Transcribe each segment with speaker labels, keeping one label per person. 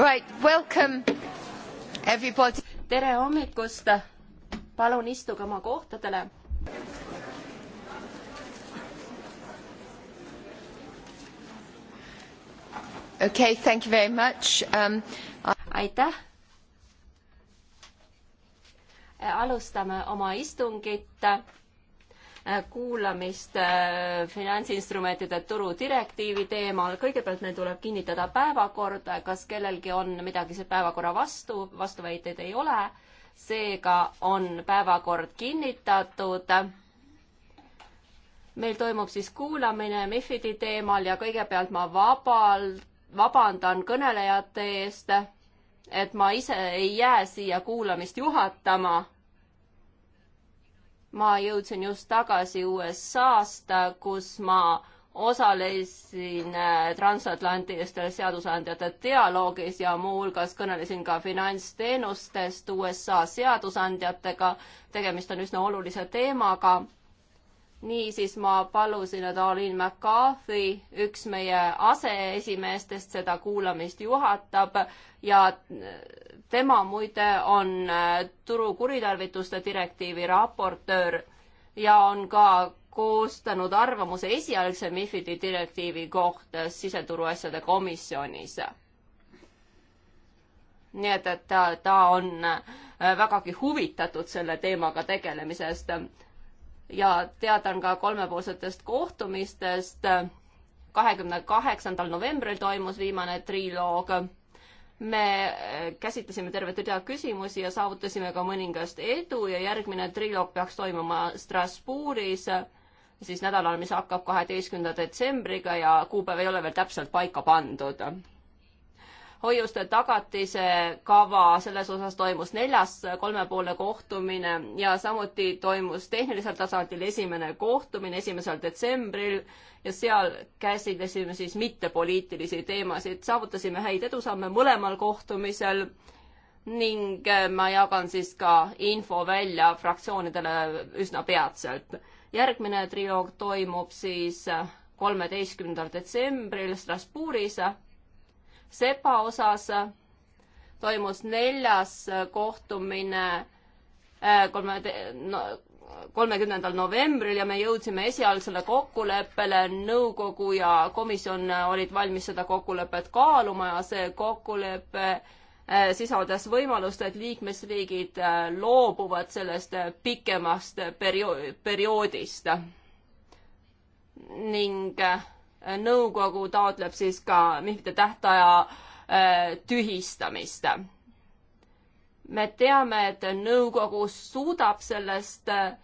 Speaker 1: Right, welcome everybody. tere
Speaker 2: hommikust, palun istuge oma kohtadele. Okay, thank you very much um,. aitäh. alustame oma istungit Äh, kuulamist äh, finantsinstrumentide turudirektiivi teemal. kõigepealt meil tuleb kinnitada päevakord, kas kellelgi on midagi selle päevakorra vastu, vastuväiteid ei ole. seega on päevakord kinnitatud. meil toimub siis kuulamine MIFID-i teemal ja kõigepealt ma vabal, vabandan kõnelejate eest, et ma ise ei jää siia kuulamist juhatama ma jõudsin just tagasi USA-st, kus ma osalesin äh, transatlantilistel seadusandjate dialoogis ja muuhulgas kõnelesin ka finantsteenustest USA seadusandjatega. tegemist on üsna olulise teemaga. niisiis ma palusin, et Arlene McCarthy, üks meie aseesimeestest, seda kuulamist juhatab ja äh, tema muide on äh, turu kuritarvituste direktiivi raportöör ja on ka koostanud arvamuse esialgse MIFID-i direktiivi kohta siseturuasjade komisjonis. nii et, et ta, ta on äh, vägagi huvitatud selle teemaga tegelemisest ja teadan ka kolmepoolsetest kohtumistest. kahekümne kaheksandal novembril toimus viimane triloog me äh, käsitlesime tervet rida küsimusi ja saavutasime ka mõningast edu ja järgmine triloog peaks toimuma Strasbourgis siis nädalal, mis hakkab kaheteistkümnenda detsembriga ja kuupäev ei ole veel täpselt paika pandud hoiuste tagatise kava, selles osas toimus neljas kolmepoolne kohtumine ja samuti toimus tehnilisel tasandil esimene kohtumine esimesel detsembril ja seal käsitlesime siis mittepoliitilisi teemasid, saavutasime häid edusamme mõlemal kohtumisel ning eh, ma jagan siis ka info välja fraktsioonidele üsna peatselt. järgmine trioog toimub siis eh, kolmeteistkümnendal detsembril Strasbourgis sepa osas äh, toimus neljas äh, kohtumine äh, kolmekümnendal novembril ja me jõudsime esialgsele kokkuleppele, nõukogu ja komisjon olid valmis seda kokkulepet kaaluma ja see kokkulepe sisaldas võimalust, et liikmesriigid loobuvad sellest pikemast perio-, perioodist. ning nõukogu taotleb siis ka mingite tähtaja äh, tühistamist. me teame, et nõukogu suudab sellest äh,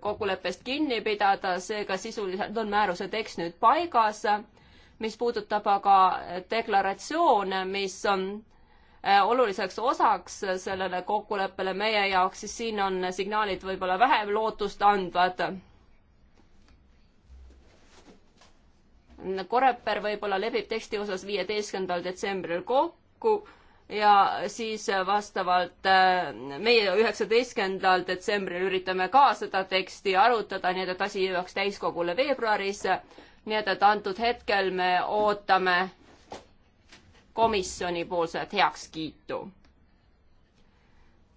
Speaker 2: kokkuleppest kinni pidada, seega sisuliselt on määruse tekst nüüd paigas. mis puudutab aga deklaratsioone, mis on äh, oluliseks osaks sellele kokkuleppele meie jaoks, siis siin on signaalid võib-olla vähem lootustandvad Koreper võib-olla lepib teksti osas viieteistkümnendal detsembril kokku ja siis vastavalt äh, meie üheksateistkümnendal detsembril üritame ka seda teksti arutada, nii et asi jõuaks täiskogule veebruaris. nii et, et antud hetkel me ootame komisjoni poolset heakskiitu.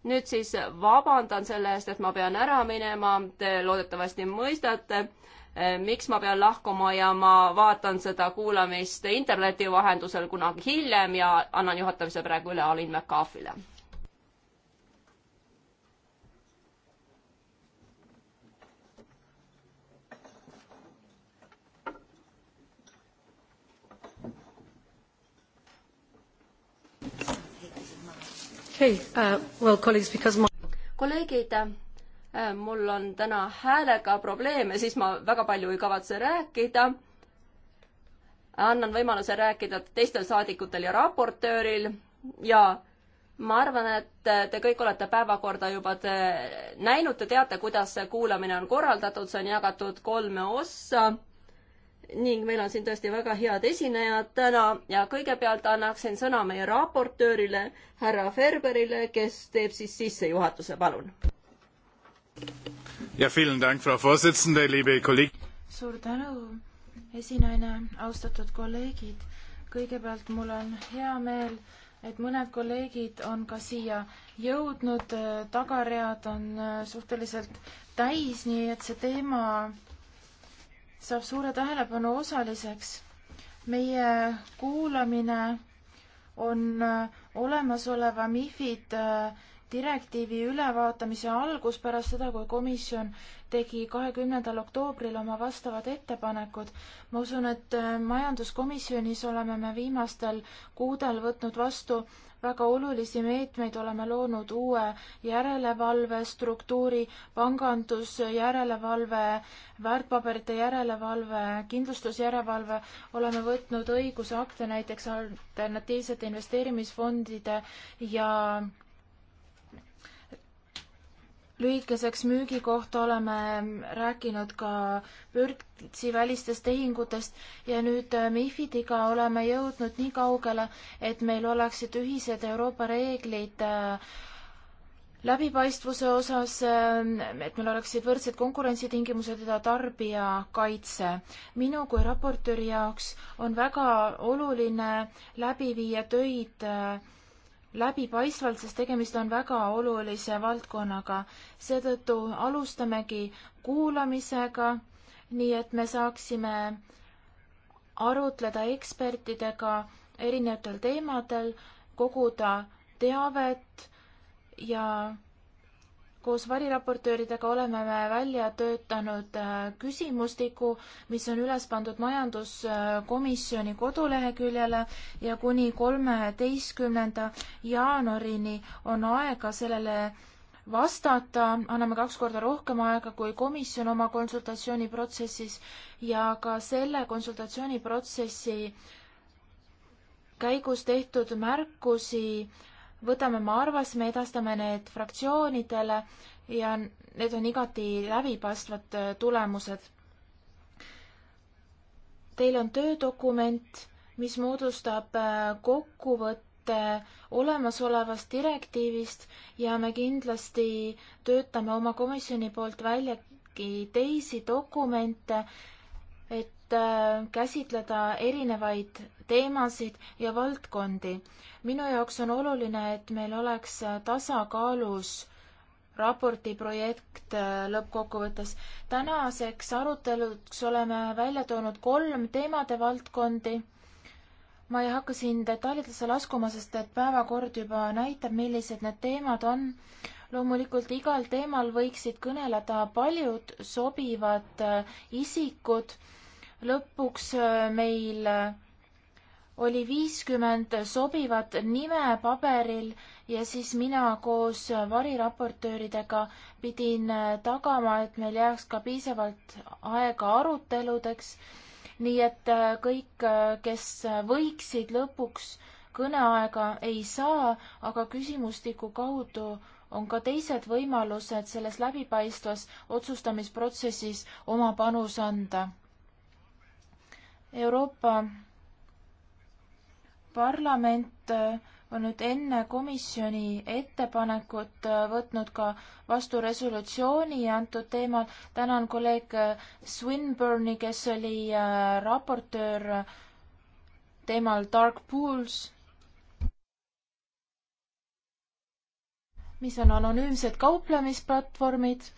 Speaker 2: nüüd siis vabandan selle eest, et ma pean ära minema, te loodetavasti mõistate Eh, miks ma pean lahkuma ja ma vaatan seda kuulamist interneti vahendusel kunagi hiljem ja annan juhatamise praegu üle Alin McCaffile. Uh, kolleegid Äh, mul on täna häälega probleeme, siis ma väga palju ei kavatse rääkida. annan võimaluse rääkida teistel saadikutel ja raportööril ja ma arvan, et te kõik olete päevakorda juba te näinud, te teate, kuidas see kuulamine on korraldatud, see on jagatud kolme ossa ning meil on siin tõesti väga head esinejad täna ja kõigepealt annaksin sõna meie raportöörile, härra Ferberile, kes teeb siis sissejuhatuse, palun
Speaker 1: suur tänu, esinaine, austatud kolleegid. kõigepealt mul on hea meel, et mõned kolleegid on ka siia jõudnud, tagaread on äh, suhteliselt täis, nii et see teema saab suure tähelepanu osaliseks. meie kuulamine on äh, olemasoleva MIFID äh, direktiivi ülevaatamise algus pärast seda, kui komisjon tegi kahekümnendal oktoobril oma vastavad ettepanekud. ma usun, et äh, majanduskomisjonis oleme me viimastel kuudel võtnud vastu väga olulisi meetmeid, oleme loonud uue järelevalvestruktuuri, pangandusjärelevalve, väärtpaberite järelevalve, kindlustusjärelevalve, oleme võtnud õigusakte näiteks alternatiivsete investeerimisfondide ja lühikeseks müügi kohta oleme rääkinud ka börsi välistest tehingutest ja nüüd äh, MIFIDiga oleme jõudnud nii kaugele, et meil oleksid ühised Euroopa reeglid äh, läbipaistvuse osas, äh, et meil oleksid võrdsed konkurentsitingimused ja tarbijakaitse. minu kui raportööri jaoks on väga oluline läbi viia töid äh, läbipaistvalt, sest tegemist on väga olulise valdkonnaga. seetõttu alustamegi kuulamisega, nii et me saaksime arutleda ekspertidega erinevatel teemadel, koguda teavet ja koos variraportööridega oleme me välja töötanud äh, küsimustiku, mis on üles pandud majanduskomisjoni koduleheküljele ja kuni kolmeteistkümnenda jaanuarini on aega sellele vastata, anname kaks korda rohkem aega kui komisjon oma konsultatsiooniprotsessis ja ka selle konsultatsiooniprotsessi käigus tehtud märkusi võtame me arvesse, me edastame need fraktsioonidele ja need on igati läbipaistvad äh, tulemused. Teil on töödokument, mis moodustab äh, kokkuvõtte olemasolevast direktiivist ja me kindlasti töötame oma komisjoni poolt väljagi teisi dokumente, Äh, käsitleda erinevaid teemasid ja valdkondi. minu jaoks on oluline, et meil oleks äh, tasakaalus raporti projekt äh, lõppkokkuvõttes. tänaseks aruteluks oleme välja toonud kolm teemade valdkondi. ma ei hakka siin detailidesse laskuma, sest et päevakord juba näitab, millised need teemad on. loomulikult igal teemal võiksid kõneleda paljud sobivad isikud lõpuks äh, meil äh, oli viiskümmend sobivat nime paberil ja siis mina koos äh, variraportööridega pidin tagama, et meil jääks ka piisavalt aega aruteludeks. nii et kõik, kes võiksid lõpuks kõneaega ei saa, aga küsimustiku kaudu on ka teised võimalused selles läbipaistvas otsustamisprotsessis oma panus anda Euroopa Parlament on nüüd enne komisjoni ettepanekut võtnud ka vastu resolutsiooni antud teemal. tänan kolleeg Swinburne'i, kes oli äh, raportöör teemal Dark Pools, mis on anonüümsed kauplemisplatvormid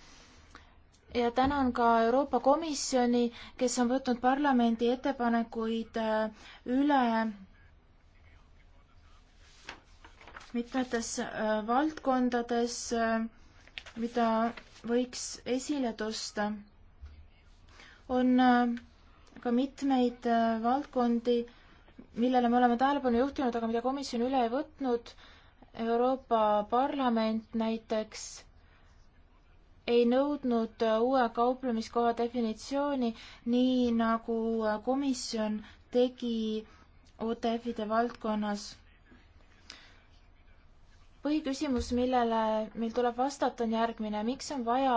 Speaker 1: ja tänan ka Euroopa Komisjoni, kes on võtnud parlamendi ettepanekuid äh, üle mitmetes äh, valdkondades, äh, mida võiks esile tõsta. on ka mitmeid valdkondi, millele me oleme tähelepanu juhtinud, aga mida komisjon üle ei võtnud. Euroopa Parlament näiteks ei nõudnud äh, uue kauplemiskoha definitsiooni, nii nagu äh, komisjon tegi OTF-ide valdkonnas. põhiküsimus, millele meil tuleb vastata, on järgmine. miks on vaja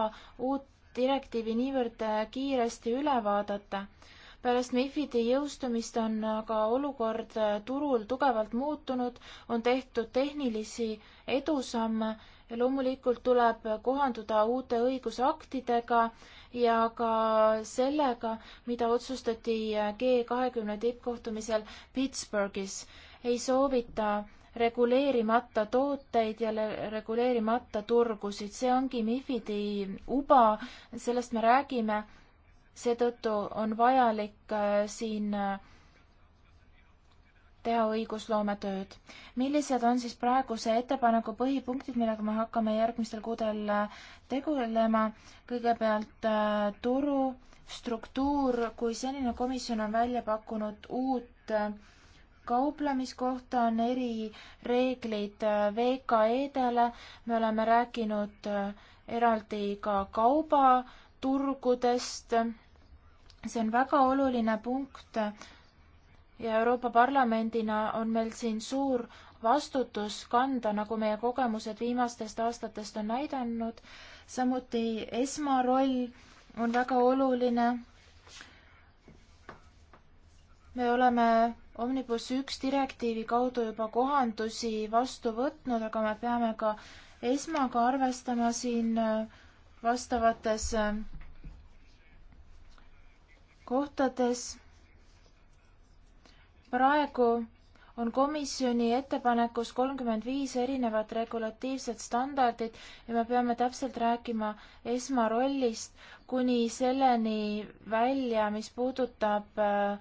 Speaker 1: uut direktiivi niivõrd äh, kiiresti üle vaadata? pärast MIFID-i jõustumist on aga olukord turul tugevalt muutunud, on tehtud tehnilisi edusamme loomulikult tuleb kohanduda uute õigusaktidega ja ka sellega, mida otsustati G20 tippkohtumisel Pittsburghis. ei soovita reguleerimata tooteid ja reguleerimata turgusid, see ongi MIFID-i uba, sellest me räägime. seetõttu on vajalik äh, siin äh, teha õigusloometööd. millised on siis praeguse ettepaneku põhipunktid, millega me hakkame järgmistel kuudel äh, tegelema? kõigepealt äh, turu struktuur, kui senine komisjon on välja pakkunud uut äh, kauplemiskohta, on erireeglid VKE-dele, me oleme rääkinud eraldi ka kaubaturgudest, see on väga oluline punkt ja Euroopa Parlamendina on meil siin suur vastutus kanda, nagu meie kogemused viimastest aastatest on näidanud. samuti esmaroll on väga oluline. me oleme Omnibus üks direktiivi kaudu juba kohandusi vastu võtnud, aga me peame ka esmaga arvestama siin äh, vastavates äh, kohtades praegu on komisjoni ettepanekus kolmkümmend viis erinevat regulatiivset standardit ja me peame täpselt rääkima esmarollist kuni selleni välja, mis puudutab äh,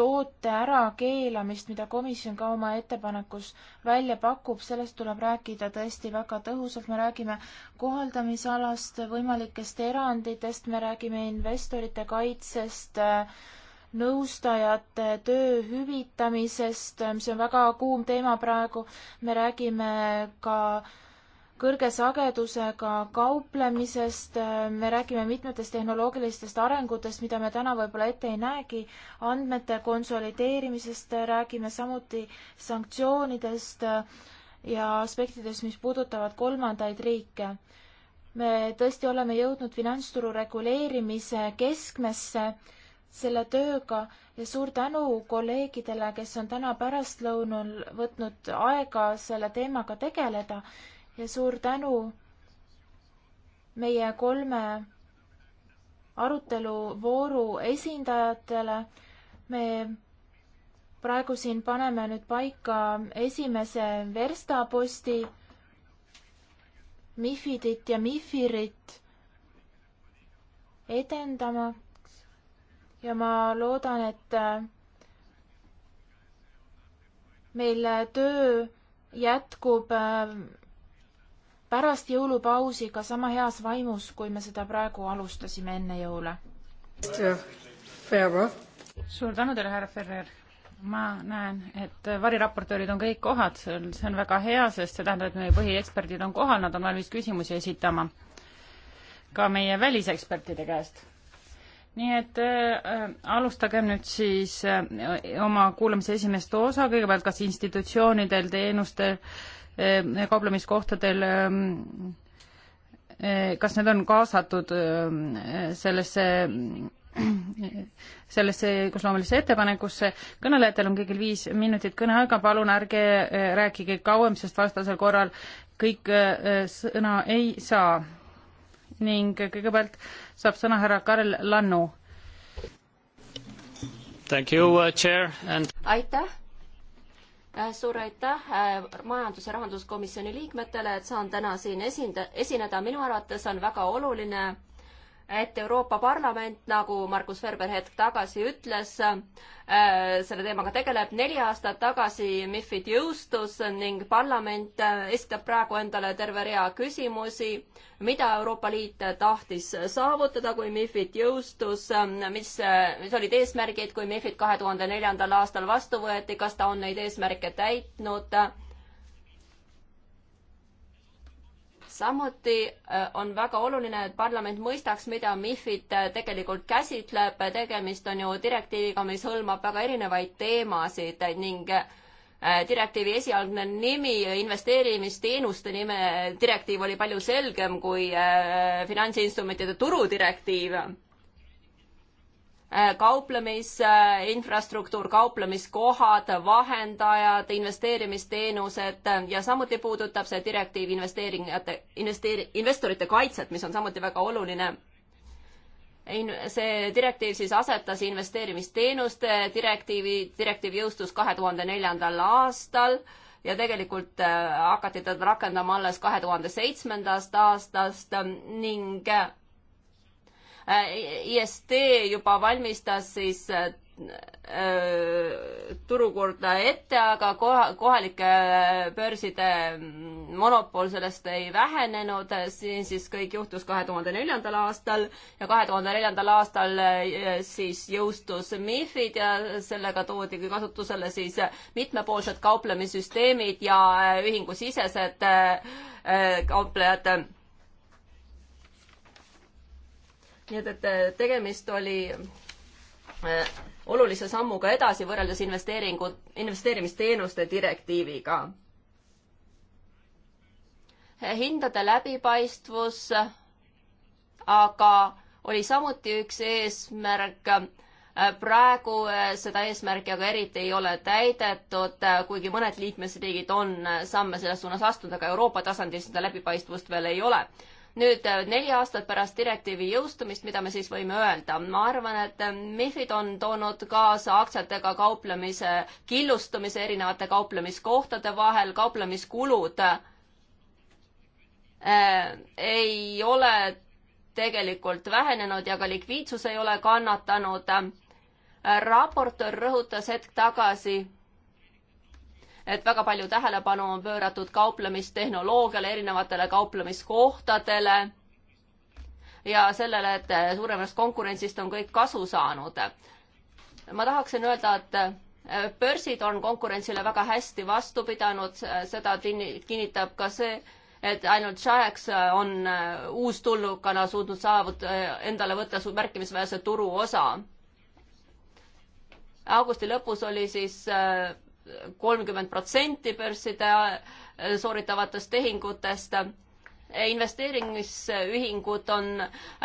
Speaker 1: toote ärakeelamist, mida komisjon ka oma ettepanekus välja pakub, sellest tuleb rääkida tõesti väga tõhusalt, me räägime kohaldamisalast, võimalikest eranditest, me räägime investorite kaitsest äh,, nõustajate töö hüvitamisest, mis on väga kuum teema praegu. me räägime ka kõrge sagedusega kauplemisest, me räägime mitmetest tehnoloogilistest arengutest, mida me täna võib-olla ette ei näegi, andmete konsolideerimisest räägime samuti sanktsioonidest ja aspektidest, mis puudutavad kolmandaid riike. me tõesti oleme jõudnud finantsturu reguleerimise keskmesse selle tööga ja suur tänu kolleegidele, kes on täna pärastlõunal võtnud aega selle teemaga tegeleda ja suur tänu meie kolme aruteluvooru esindajatele. me praegu siin paneme nüüd paika esimese verstaposti Mifidit ja Mifirit edendama ja ma loodan, et äh, meil töö jätkub äh, pärast jõulupausi ka sama heas vaimus, kui me seda praegu alustasime enne jõule.
Speaker 3: suur
Speaker 1: tänu teile, härra Ferrer. ma näen, et
Speaker 3: variraportöörid on kõik kohad, see on väga hea, sest see tähendab, et meie põhieksperdid on kohal, nad on valmis küsimusi esitama ka meie välisekspertide käest nii et äh, alustagem nüüd siis äh, oma kuulamise esimest osa, kõigepealt kas institutsioonidel, teenustel äh,, kauplemiskohtadel ähm, äh,, kas need on kaasatud äh, sellesse äh, sellesse õigusloomelisse ettepanekusse. kõnelejatel on kõigil viis minutit kõneaega, palun ärge äh, rääkige kauem, sest vastasel korral kõik äh, äh sõna ei saa. ning kõigepealt äh, saab sõna härra Karel Lannu. Uh, and... aitäh
Speaker 2: äh, suur aitäh äh, majandus- ja rahanduskomisjoni liikmetele, et saan täna siin esinda, esineda. minu arvates on väga oluline et Euroopa Parlament, nagu Markus Ferber hetk tagasi ütles, äh, selle teemaga tegeleb. neli aastat tagasi MIFID jõustus ning parlament äh, esitab praegu endale terve rea küsimusi, mida Euroopa Liit tahtis saavutada, kui MIFID jõustus, äh, mis, mis olid eesmärgid, kui MIFID kahe tuhande neljandal aastal vastu võeti, kas ta on neid eesmärke täitnud samuti äh, on väga oluline, et parlament mõistaks, mida MIFID äh, tegelikult käsitleb, tegemist on ju direktiiviga, mis hõlmab väga erinevaid teemasid ning äh, direktiivi esialgne nimi, investeerimisteenuste nime direktiiv oli palju selgem kui finantsinstrumentide turudirektiiv Äh, kauplemisinfrastruktuur, äh, kauplemiskohad, vahendajad, investeerimisteenused äh, ja samuti puudutab see direktiiv investeeringute, investeeri-, investorite kaitset, mis on samuti väga oluline. see direktiiv siis asetas investeerimisteenuste direktiivi, direktiiv jõustus kahe tuhande neljandal aastal ja tegelikult hakati teda rakendama alles kahe tuhande seitsmendast aastast ning Äh, IST juba valmistas siis äh, äh, turukorda ette, aga koha, kohalike börside monopol sellest ei vähenenud, siin siis kõik juhtus kahe tuhande neljandal aastal ja kahe tuhande neljandal aastal siis jõustus MIFID ja sellega toodi kasutusele siis mitmepoolsed kauplemissüsteemid ja ühingusisesed kauplejad nii et, et äh, tegemist oli äh, olulise sammuga edasi võrreldes investeeringu, investeerimisteenuste direktiiviga. hindade läbipaistvus aga oli samuti üks eesmärk. praegu äh, seda eesmärki aga eriti ei ole täidetud, kuigi mõned liikmesriigid on samme selles suunas astunud, aga Euroopa tasandil seda läbipaistvust veel ei ole nüüd äh, neli aastat pärast direktiivi jõustumist, mida me siis võime öelda? ma arvan, et äh, MIFID on toonud kaasa aktsiatega kauplemise killustumise erinevate kauplemiskohtade vahel, kauplemiskulud äh, ei ole tegelikult vähenenud ja ka likviidsus ei ole kannatanud. raportöör rõhutas hetk tagasi et väga palju tähelepanu on pööratud kauplemistehnoloogiale, erinevatele kauplemiskohtadele ja sellele, et suuremast konkurentsist on kõik kasu saanud. ma tahaksin öelda, et börsid on konkurentsile väga hästi vastu pidanud, seda kinnitab ka see, et ainult Shaex on uustulnukana suutnud saavut-, endale võtta märkimisväärse turuosa. augusti lõpus oli siis äh, kolmkümmend protsenti börside äh, sooritavatest tehingutest. investeerimisühingud on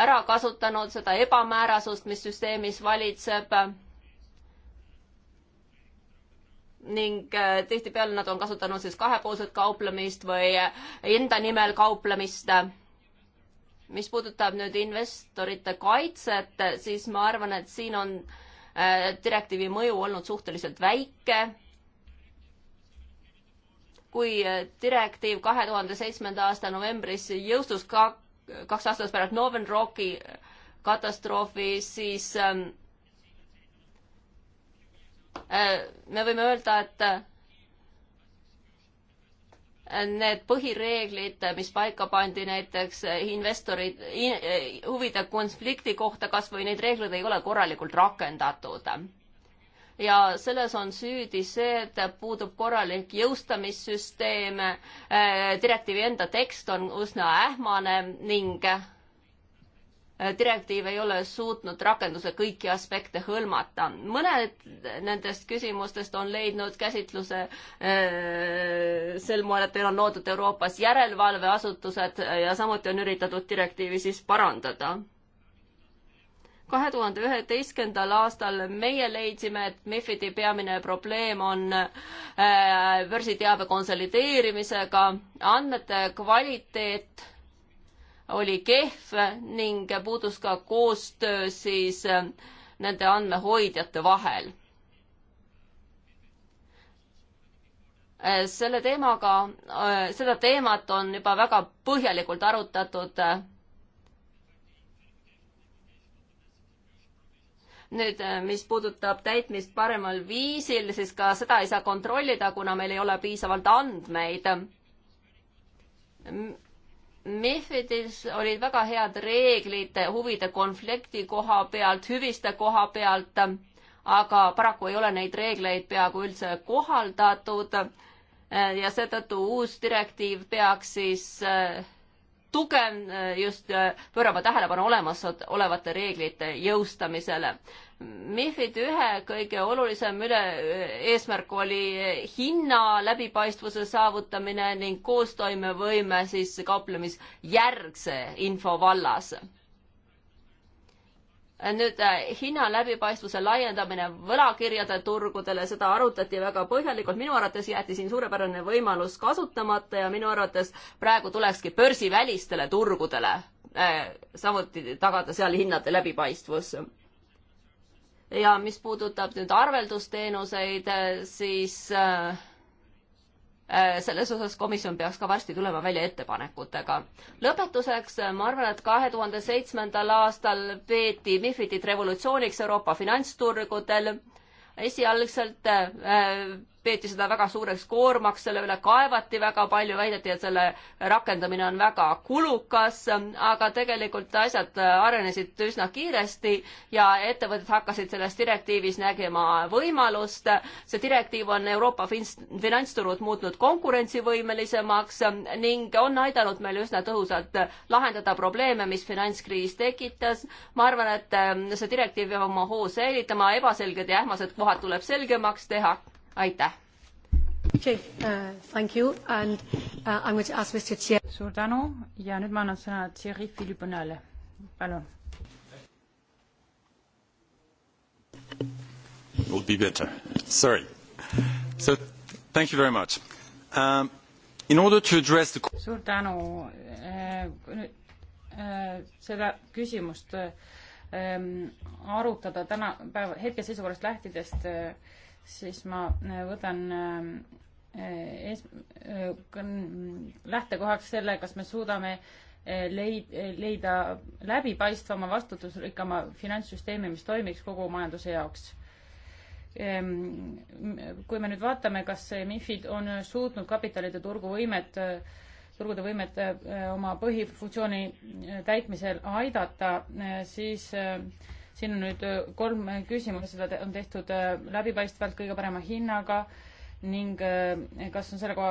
Speaker 2: ära kasutanud seda ebamäärasust, mis süsteemis valitseb ning äh, tihtipeale nad on kasutanud siis kahepoolset kauplemist või äh, enda nimel kauplemist. mis puudutab nüüd investorite kaitset, siis ma arvan, et siin on direktiivi mõju olnud suhteliselt väike kui äh, direktiiv kahe tuhande seitsmenda aasta novembris jõustus ka kaks aastat pärast Northern Rocki äh, katastroofi, siis ähm, äh, me võime öelda, et äh, need põhireeglid, mis paika pandi näiteks investorid in,, huvide konflikti kohta kas või neid reegleid ei ole korralikult rakendatud ja selles on süüdi see, et puudub korralik jõustamissüsteem, äh, direktiivi enda tekst on üsna ähmane ning äh, direktiiv ei ole suutnud rakenduse kõiki aspekte hõlmata. mõned nendest küsimustest on leidnud käsitluse äh, sel moel, et meil on loodud Euroopas järelevalveasutused ja samuti on üritatud direktiivi siis parandada kahe tuhande üheteistkümnendal aastal meie leidsime, et MIFID-i peamine probleem on äh, börsiteabe konsolideerimisega, andmete kvaliteet oli kehv ning puudus ka koostöö siis äh, nende andmehoidjate vahel. Äh, selle teemaga, seda teemat on juba väga põhjalikult arutatud nüüd, äh, mis puudutab täitmist paremal viisil, siis ka seda ei saa kontrollida, kuna meil ei ole piisavalt andmeid. Mihvidis olid väga head reeglid huvide konflikti koha pealt, hüviste koha pealt, aga paraku ei ole neid reegleid peaaegu üldse kohaldatud äh, ja seetõttu uus direktiiv peaks siis äh, tugev äh, just äh, pöörama tähelepanu olemasolevate reeglite jõustamisele. MIFID ühe kõige olulisem üle, äh, eesmärk oli hinna läbipaistvuse saavutamine ning koostoimevõime siis kauplemisjärgse info vallas nüüd äh, hinna läbipaistvuse laiendamine võlakirjade turgudele, seda arutati väga põhjalikult, minu arvates jäeti siin suurepärane võimalus kasutamata ja minu arvates praegu tulekski börsivälistele turgudele äh, samuti tagada seal hinnade läbipaistvus. ja mis puudutab nüüd arveldusteenuseid, äh, siis äh, Äh, selles osas komisjon peaks ka varsti tulema välja ettepanekutega. lõpetuseks, äh, ma arvan, et kahe tuhande seitsmendal aastal peeti MIFIDit revolutsiooniks Euroopa finantsturgudel. esialgselt äh, peeti seda väga suureks koormaks, selle üle kaevati väga palju, väideti, et selle rakendamine on väga kulukas, aga tegelikult asjad arenesid üsna kiiresti ja ettevõtted hakkasid selles direktiivis nägema võimalust. see direktiiv on Euroopa finantsturud muutnud konkurentsivõimelisemaks ning on aidanud meil üsna tõhusalt lahendada probleeme, mis finantskriis tekitas. ma arvan, et see direktiiv peab oma hoo säilitama, ebaselged ja ähmased kohad tuleb selgemaks teha aitäh!
Speaker 3: Uh, uh, suur tänu ja nüüd ma annan sõna Thierry Philippinale, palun. Will be better, sorry. So thank you very much um,. In order to address the suur tänu äh, äh, seda küsimust äh, arutada täna päeva hetkeseisukorrast lähtidest äh, siis ma äh, võtan äh, äh, ees-, lähtekohaks selle, kas me suudame leid-, leida läbipaistvama, vastutusrikkama finantssüsteemi, mis toimiks kogu majanduse jaoks. Ehm, kui me nüüd vaatame, kas MIFID on suutnud kapitalide turgu võimet, turgude võimet oma põhifunktsiooni täitmisel aidata, siis äh, siin on nüüd äh, kolm äh, küsimust, seda on tehtud äh, läbipaistvalt kõige parema hinnaga ning kas on sellega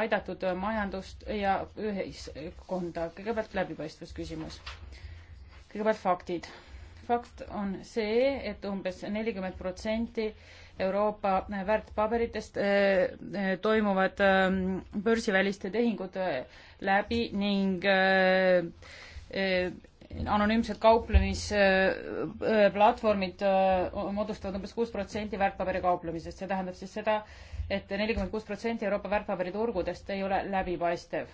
Speaker 3: aidatud majandust ja ühiskonda. kõigepealt läbipaistvusküsimus. kõigepealt faktid. fakt on see, et umbes nelikümmend protsenti Euroopa väärtpaberitest toimuvad ähm, börsiväliste tehingute läbi ning anonüümsed kauplemisplatvormid äh, äh, moodustavad umbes kuus protsenti väärtpaberi kauplemisest, see tähendab siis seda et, et nelikümmend kuus protsenti Euroopa väärtpaberiturgudest ei ole läbipaistev.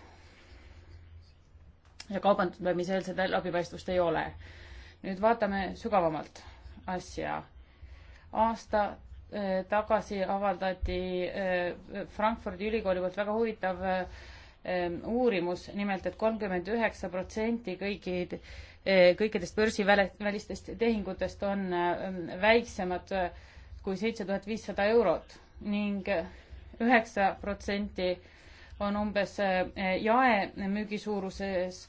Speaker 3: ja kaubandamisel seda läbipaistvust ei ole. nüüd vaatame sügavamalt asja. aasta äh, tagasi avaldati Frankfurdi ülikooli poolt väga huvitav äh, Ehm, uurimus, nimelt et kolmkümmend üheksa protsenti kõigid, eh, kõikidest börsivälistest tehingutest on ehm, väiksemad eh, kui seitse tuhat viissada eurot ning üheksa protsenti on umbes eh, jaemüügi suuruses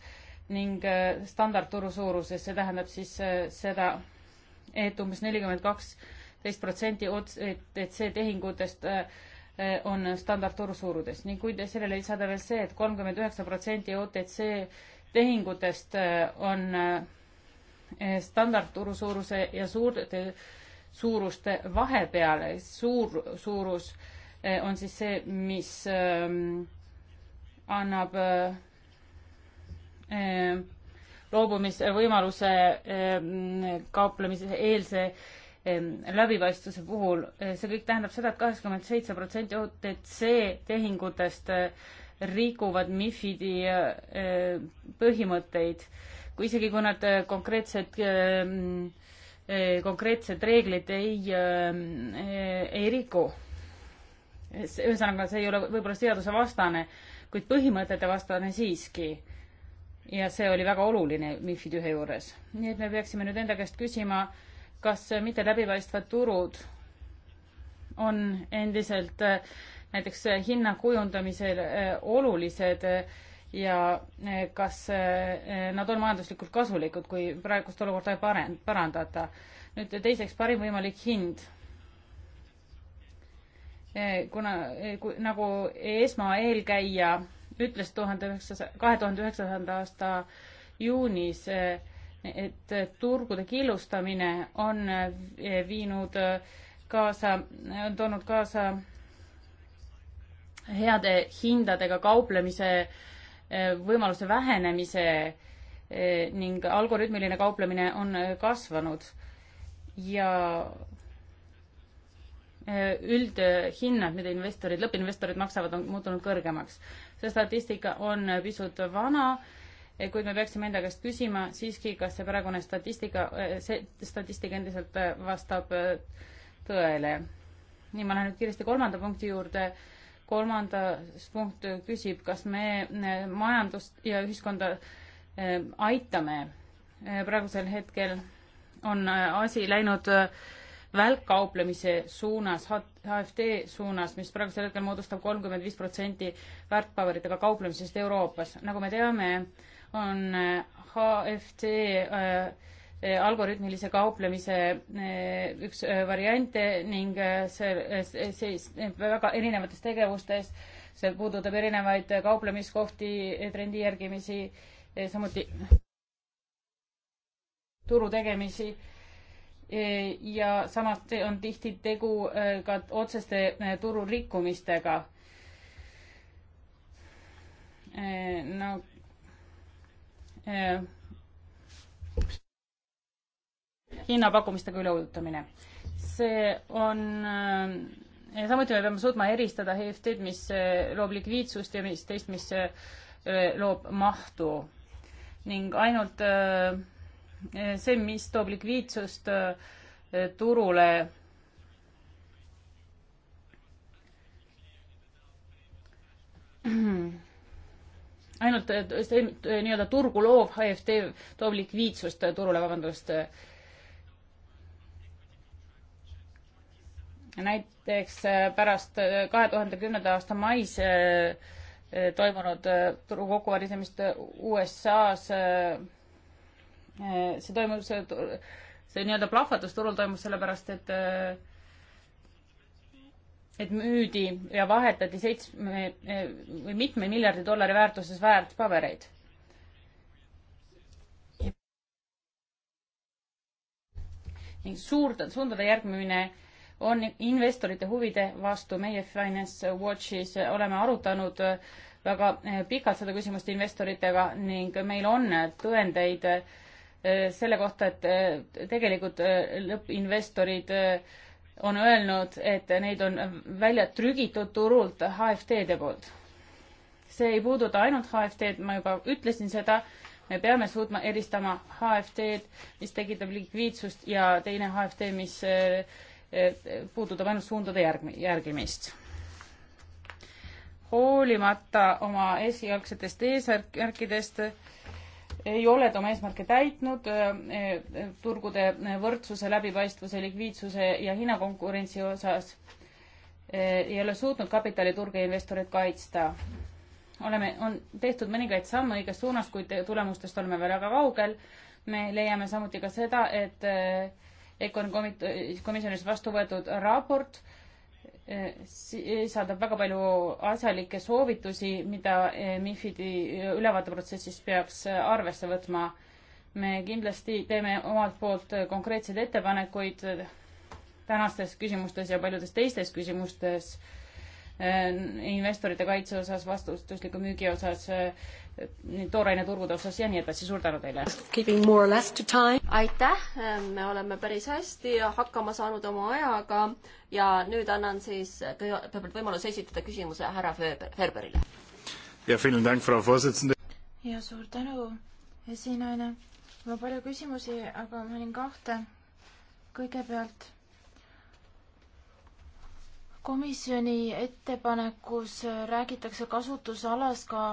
Speaker 3: ning standardturu suuruses, see tähendab siis seda, et umbes nelikümmend kaks teist protsenti ots-, et, et see tehingutest äh, Eh, on standardturu suurudes ning kui sellele lisada veel see et, et kolmkümmend üheksa protsenti OTC tehingutest eh, on eh, standardturu suuruse ja suurte suuruste vahepeale, suur suurus on siis see, mis annab loobumisvõimaluse kauplemise eelse läbipaistvuse puhul, eh, see kõik tähendab seda et, et kaheksakümmend seitse protsenti OTC tehingutest eh, rikuvad MIFID-i eh, põhimõtteid. kui isegi, kui nad konkreetsed, konkreetsed reeglid ei, ei riku. ühesõnaga, see ei ole võib-olla seadusevastane, kuid põhimõtete vastane siiski ja see oli väga oluline MIFID ühe juures. nii et me peaksime nüüd enda käest küsima, kas mitte läbipaistvad turud on endiselt äh, näiteks äh, hinna kujundamisel äh, olulised ja kas nad on majanduslikult kasulikud, kui praegust olukorda ei parandata. nüüd teiseks, parim võimalik hind. kuna, nagu ESMA eelkäija ütles tuhande üheksasaja, kahe tuhande üheksasanda aasta juunis, et turgude killustamine on viinud kaasa, on toonud kaasa heade hindadega kauplemise eh, võimaluse vähenemise eh, ning algoritmiline kauplemine on kasvanud ja eh, üldhinnad, mida investorid, lõppinvestorid maksavad, on muutunud kõrgemaks. see statistika on pisut vana kuid me peaksime enda käest küsima siiski, kas see praegune statistika, äh, see statistika endiselt äh, vastab äh, tõele. nii, ma lähen nüüd kiiresti kolmanda punkti juurde. kolmandas punkt küsib, kas me majandust ja ühiskonda aitame. praegusel hetkel on asi läinud välkkauplemise suunas, HFD suunas, mis praegusel hetkel moodustab kolmkümmend viis protsenti väärtpaberitega kauplemisest Euroopas. nagu me teame, on HFT äh, äh, äh, algoritmilise kauplemise üks variante ning see, siis väga erinevates tegevustes, see puudutab erinevaid kauplemiskohti, trendi järgimisi, samuti turu tegemisi ja samas on tihti tegu ka otseste turu rikkumistega no Äh, hinnapakkumistega üleujutamine. see on, äh, samuti me peame suutma eristada EFT-d, mis äh, loob likviidsust ja mis teist, mis loob mahtu ning ainult see, mis toob likviidsust turule, ainult see nii-öelda turgu loov HFT toob likviidsust turule, vabandust. näiteks äh, pärast äh, kahe tuhande kümnenda aasta mais äh, toimunud turu kokkuvarisemist USA-s, see toimus, see, see nii-öelda plahvatus turul toimus sellepärast, et et müüdi ja vahetati seitsme või mitme miljardi dollari väärtuses väärtpabereid. ning suurde, suundade järgmine on investorite huvide vastu. meie Finance Watchis oleme arutanud väga pikalt seda küsimust investoritega ning meil on tõendeid eh, selle kohta, et eh, tegelikult eh, lõppinvestorid äh, on öelnud, et neid on välja trügitud turult HFT-de poolt. see ei puuduta ainult HFT-d, ma juba ütlesin seda, me peame suutma eristama HFT-d, mis tekitab likviidsust ja teine HFT, mis eh, eh, puudutab ainult suundade järg-, järgimist. hoolimata oma esialgsetest eesmärkidest eesärk ei ole ta oma eesmärke täitnud eh, eh, turgude võrdsuse, läbipaistvuse, likviidsuse ja hinnakonkurentsi osas eh, ei ole suutnud kapitaliturge ja investoreid kaitsta. oleme, on tehtud mõningaid samme õiges suunas, kuid tulemustest oleme veel väga kaugel. me leiame samuti ka seda, et EKOn komisjonis vastu võetud raport äh, sisaldab väga palju asjalikke soovitusi, mida eh, MIFID-i eh, ülevaateprotsessis peaks eh, arvesse võtma. me kindlasti teeme omalt poolt konkreetseid ettepanekuid tänastes küsimustes ja paljudes teistes küsimustes Äh, investorite kaitse osas, vastustusliku müügi osas, äh, tooraineturgude osas ja nii edasi. suur tänu teile!
Speaker 2: aitäh, äh, me oleme päris hästi hakkama saanud oma ajaga ja nüüd annan siis kõigepealt võimaluse esitada küsimuse härra Ferber, Ferberile.
Speaker 1: ja suur tänu, esinaine. mul on palju küsimusi, aga ma olin kahte. kõigepealt komisjoni ettepanekus räägitakse kasutusalas ka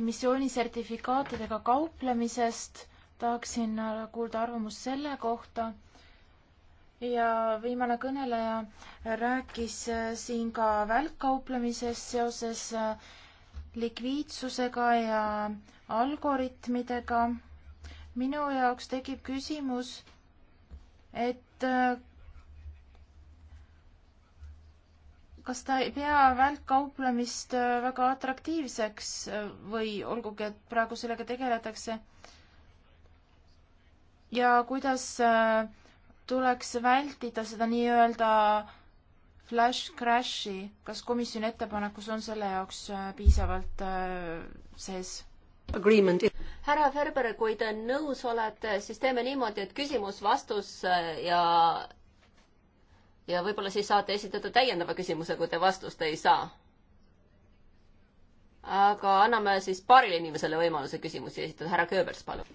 Speaker 1: emissioonisertifikaatidega kauplemisest. tahaksin kuulda arvamust selle kohta. ja viimane kõneleja rääkis siin ka välkkauplemisest seoses likviidsusega ja algoritmidega. minu jaoks tekib küsimus, et kas ta ei pea välkkauplemist äh, väga atraktiivseks äh, või olgugi, et praegu sellega tegeletakse? ja kuidas äh, tuleks vältida seda nii-öelda flash crash'i, kas komisjoni ettepanekus on selle jaoks piisavalt sees? agreement.
Speaker 2: härra Ferber, kui te nõus olete, siis teeme niimoodi, et küsimus-vastus ja ja võib-olla siis saate esitada täiendava küsimuse, kui te vastust ei saa. aga anname siis paarile inimesele võimaluse küsimusi esitada. härra Kööbers, palun.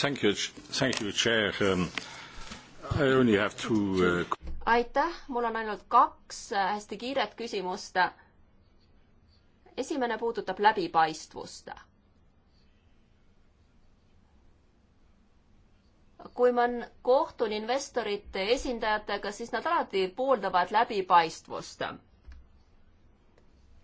Speaker 1: Thank you, thank you, chair um,.
Speaker 3: I only have two uh...
Speaker 2: aitäh, mul on ainult kaks äh, hästi kiiret küsimust. esimene puudutab läbipaistvust kui ma kohtun investorite esindajatega, siis nad alati pooldavad läbipaistvust.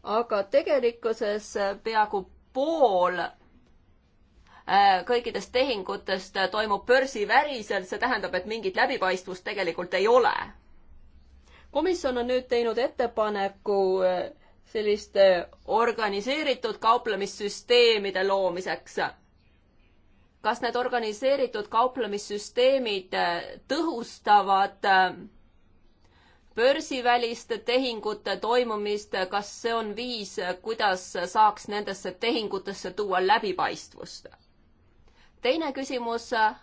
Speaker 2: aga tegelikkuses peaaegu pool äh, kõikidest tehingutest toimub börsiväliselt, see tähendab, et mingit läbipaistvust tegelikult ei ole. komisjon on nüüd teinud ettepaneku äh, selliste organiseeritud kauplemissüsteemide loomiseks kas need organiseeritud kauplemissüsteemid äh, tõhustavad äh, börsiväliste tehingute toimumist, kas see on viis, kuidas saaks nendesse tehingutesse tuua läbipaistvust? teine küsimus äh,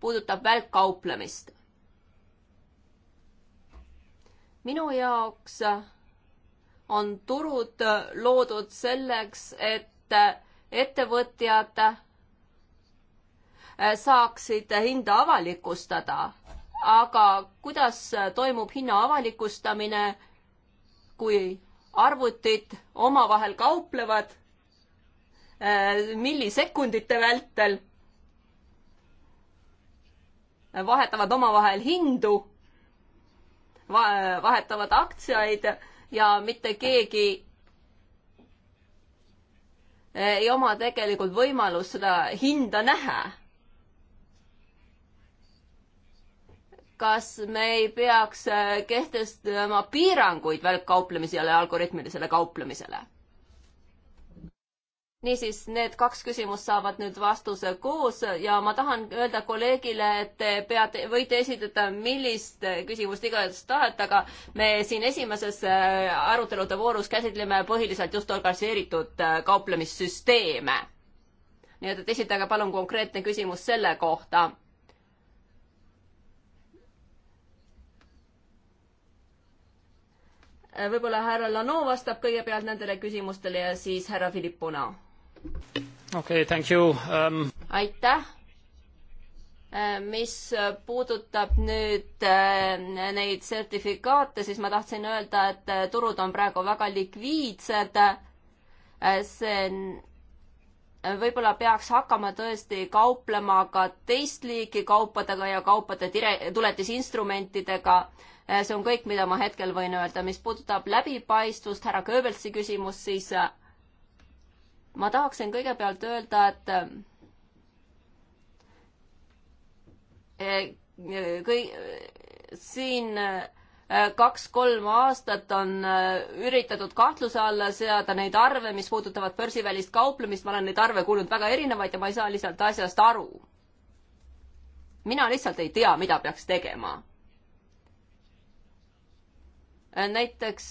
Speaker 2: puudutab välkkauplemist. minu jaoks on turud loodud selleks, et ettevõtjad Äh, saaksid hinda avalikustada. aga kuidas toimub hinna avalikustamine, kui arvutid omavahel kauplevad äh, millisekundite vältel, vahetavad omavahel hindu, vahetavad aktsiaid ja mitte keegi ei oma tegelikult võimalust seda hinda näha kas me ei peaks äh, kehtestama piiranguid välkkauplemisele ja algoritmilisele kauplemisele? niisiis, need kaks küsimust saavad nüüd vastuse koos ja ma tahan öelda kolleegile, et te peate, võite esitada millist küsimust iganes tahate, aga me siin esimeses äh, arutelude voorus käsitleme põhiliselt just organiseeritud äh, kauplemissüsteeme. nii et, et esitage palun konkreetne küsimus selle kohta Äh, võib-olla härra Lano vastab kõigepealt nendele küsimustele ja siis härra Filippuna. okei
Speaker 3: okay,, thank you um....
Speaker 2: aitäh. Äh, mis puudutab nüüd äh, neid sertifikaate, siis ma tahtsin öelda, et turud on praegu väga likviidsed. see võib-olla peaks hakkama tõesti kauplema ka teist liiki kaupadega ja kaupade dire-, tuletisinstrumentidega Äh, see on kõik, mida ma hetkel võin öelda. mis puudutab läbipaistvust, härra Goebbelsi küsimus, siis äh, ma tahaksin kõigepealt öelda, et äh, kõi-, siin kaks-kolm aastat on üritatud kahtluse alla seada neid arve, mis puudutavad börsivälist kauplemist, ma olen neid arve kuulnud väga erinevaid ja ma ei saa lihtsalt asjast aru. mina lihtsalt ei tea, mida peaks tegema Äh, näiteks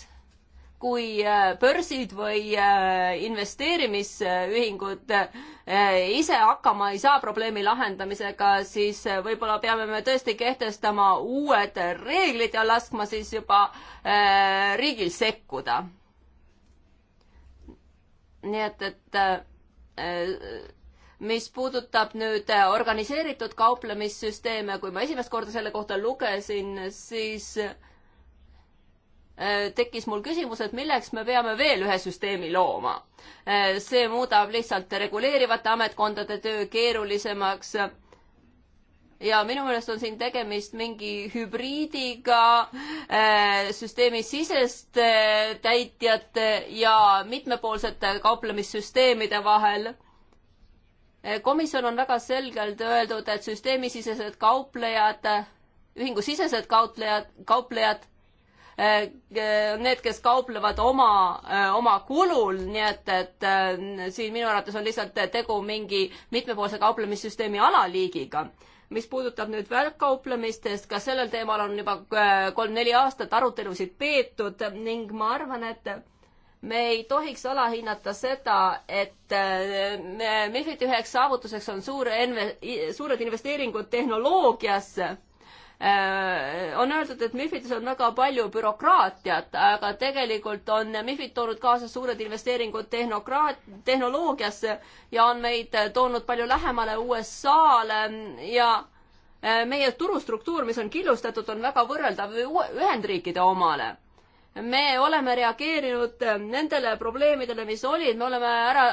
Speaker 2: kui äh, börsid või äh, investeerimisühingud ise hakkama ei saa probleemi lahendamisega, siis võib-olla peame me tõesti kehtestama uued reeglid ja laskma siis juba riigil sekkuda. nii et, et mis puudutab nüüd organiseeritud kauplemissüsteeme, kui ma esimest korda selle kohta lugesin, siis äh, Äh, tekkis mul küsimus, et milleks me peame veel ühe süsteemi looma. Äh, see muudab lihtsalt reguleerivate ametkondade töö keerulisemaks. ja minu meelest on siin tegemist mingi hübriidiga äh, süsteemisiseste täitjate ja mitmepoolsete kauplemissüsteemide vahel komisjon on väga selgelt öeldud, et süsteemisisesed kauplejad, ühingusisesed kauplejad, kauplejad Äh, äh, need, kes kauplevad oma, äh, oma kulul, nii et, et siin minu arvates on lihtsalt tegu mingi mitmepoolse kauplemissüsteemi alaliigiga mis puudutab nüüd välkkauplemist, sest ka sellel teemal on juba kolm-neli aastat arutelusid peetud ning ma arvan, et me ei tohiks alahinnata seda, et MIFID üheks saavutuseks on suur, suured investeeringud tehnoloogiasse Äh, on öeldud, et MIFIDis on väga palju bürokraatiat, aga tegelikult on MIFID toonud kaasa suured investeeringud tehnokraat-, tehnoloogiasse ja on meid toonud palju lähemale USA-le ja äh, meie turustruktuur, mis on killustatud, on väga võrreldav Ühendriikide omale me oleme reageerinud äh, nendele probleemidele, mis olid, me oleme ära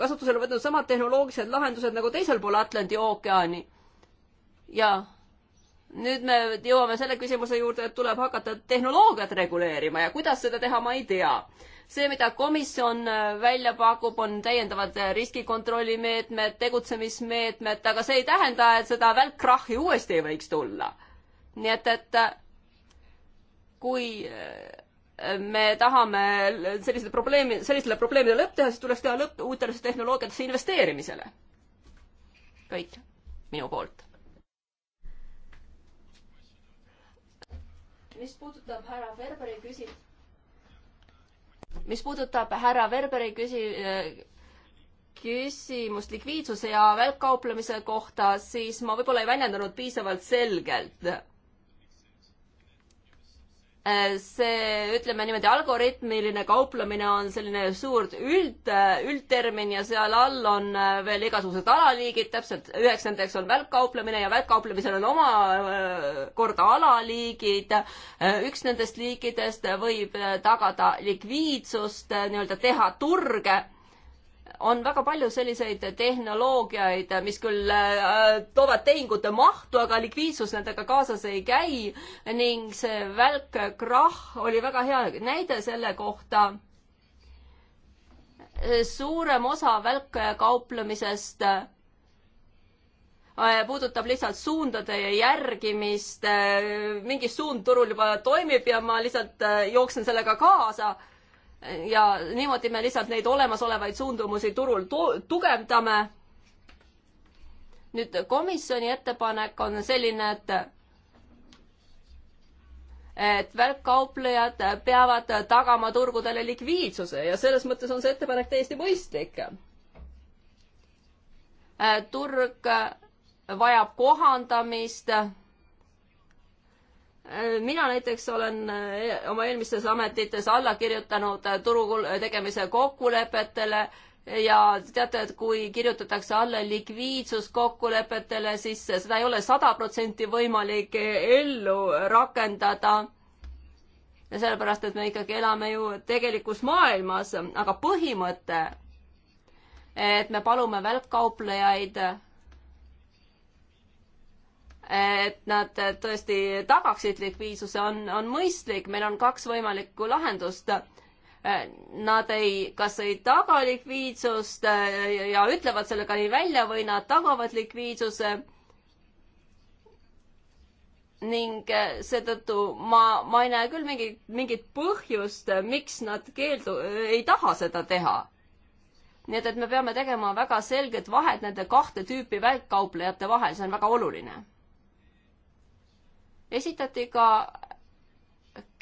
Speaker 2: kasutusele võtnud samad tehnoloogilised lahendused nagu teisel pool Atlandi ookeani. ja nüüd me jõuame selle küsimuse juurde, et tuleb hakata tehnoloogiat reguleerima ja kuidas seda teha, ma ei tea. see, mida komisjon äh, välja pakub, on täiendavad äh, riskikontrollimeetmed, tegutsemismeetmed, aga see ei tähenda, et seda välkkrahhi uuesti ei võiks tulla. nii et, et äh, kui me tahame sellisele probleemi, sellisele probleemile lõpp teha, siis tuleks teha lõpp uutesse tehnoloogiatesse investeerimisele. kõik minu poolt mis puudutab härra Verberi küsi-, mis puudutab härra Verberi küsi-, küsimust likviidsuse ja välkkauplemise kohta, siis ma võib-olla ei väljendanud piisavalt selgelt Äh, see, ütleme niimoodi, algoritmiline kauplemine on selline suur üld, äh, üldtermin ja seal all on äh, veel igasugused alaliigid, täpselt üheksandaks on välkkauplemine ja välkkauplemisel on omakorda alaliigid. üks nendest liikidest võib tagada likviidsust, nii-öelda teha turge on väga palju selliseid tehnoloogiaid, mis küll äh, toovad tehingute mahtu, aga likviidsus nendega kaasas ei käi ning see välk krahh oli väga hea näide selle kohta. suurem osa välkkauplemisest äh, puudutab lihtsalt suundade järgimist, äh, mingi suund turul juba toimib ja ma lihtsalt jooksen sellega kaasa ja niimoodi me lihtsalt neid olemasolevaid suundumusi turul tugevdame. nüüd komisjoni ettepanek on selline, et et välkkauplejad peavad tagama turgudele likviidsuse ja selles mõttes on see ettepanek täiesti mõistlik. turg vajab kohandamist mina näiteks olen eh, oma eelmistes ametites alla kirjutanud eh, turu tegemise kokkulepetele ja teate, et kui kirjutatakse alla likviidsuskokkulepetele, siis seda ei ole sada protsenti võimalik eh, ellu rakendada. ja sellepärast, et me ikkagi elame ju tegelikus maailmas, aga põhimõte, et me palume välkkauplejaid et nad tõesti tagaksid likviidsuse, on, on mõistlik, meil on kaks võimalikku lahendust. Nad ei, kas ei taga likviidsust ja, ja ütlevad selle ka nii välja või nad tagavad likviidsuse. ning seetõttu ma, ma ei näe küll mingit, mingit põhjust, miks nad keeldu, ei taha seda teha nii et, et me peame tegema väga selget vahet nende kahte tüüpi välkkauplejate vahel, see on väga oluline esitati ka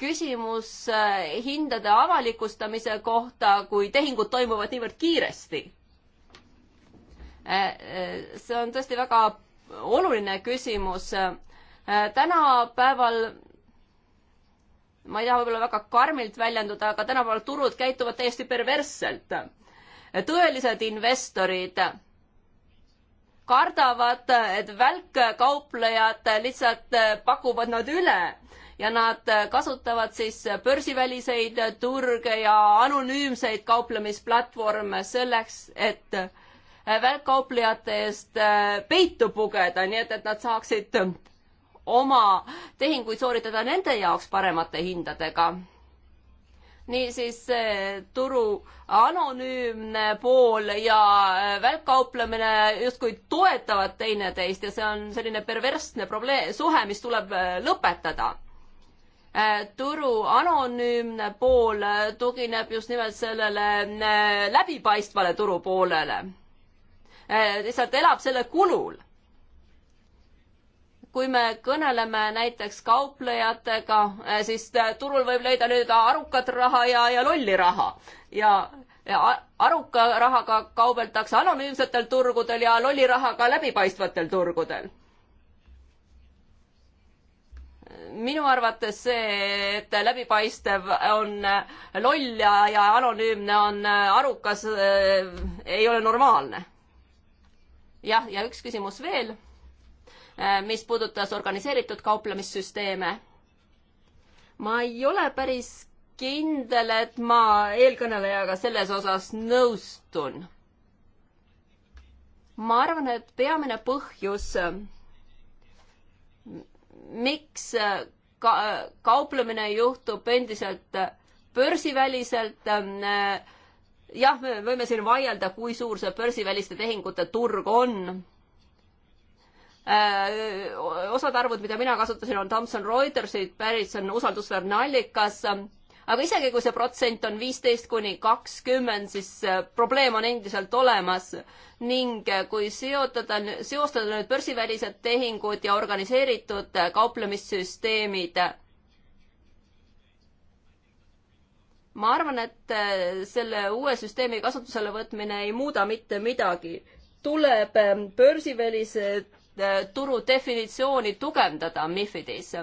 Speaker 2: küsimus äh, hindade avalikustamise kohta, kui tehingud toimuvad niivõrd kiiresti. Äh, äh, see on tõesti väga oluline küsimus. tänapäeval ma ei taha võib-olla väga karmilt väljenduda, aga tänapäeval turud käituvad täiesti perversselt. tõelised investorid kardavad, et välkkauplejad lihtsalt pakuvad nad üle ja nad kasutavad siis börsiväliseid turge ja anonüümseid kauplemisplatvorme selleks, et välkkauplejate eest peitu pugeda, nii et, et nad saaksid oma tehinguid sooritada nende jaoks paremate hindadega niisiis turu anonüümne pool ja äh, välkkauplemine justkui toetavad teineteist ja see on selline perversne probleem, suhe, mis tuleb äh, lõpetada. Äh, turu anonüümne pool tugineb just nimelt sellele läbipaistvale turupoolele. lihtsalt elab selle kulul kui me kõneleme näiteks kauplejatega, eh, siis eh, turul võib leida nüüd arukat raha ja, ja lolli raha ja, ja aruka rahaga kaubeldakse anonüümsetel turgudel ja lolli rahaga läbipaistvatel turgudel. minu arvates see, et läbipaistev on eh, loll ja, ja anonüümne on arukas, ei ole normaalne. jah, ja üks küsimus veel Äh, mis puudutas organiseeritud kauplemissüsteeme. ma ei ole päris kindel, et ma eelkõnelejaga selles osas nõustun. ma arvan, et peamine põhjus, miks äh, ka kauplemine juhtub endiselt börsiväliselt äh, jah, me võime siin vaielda, kui suur see börsiväliste tehingute turg on. Äh, osad arvud, mida mina kasutasin, on Thomson Reutersid pärit, see on usaldusväärne allikas. aga isegi, kui see protsent on viisteist kuni kakskümmend, siis äh, probleem on endiselt olemas ning äh, kui seotada, seostada nüüd börsivälised tehingud ja organiseeritud kauplemissüsteemid, ma arvan, et selle uue süsteemi kasutusele võtmine ei muuda mitte midagi tuleb ähm, börsivälised turu definitsiooni tugevdada MIFIDis.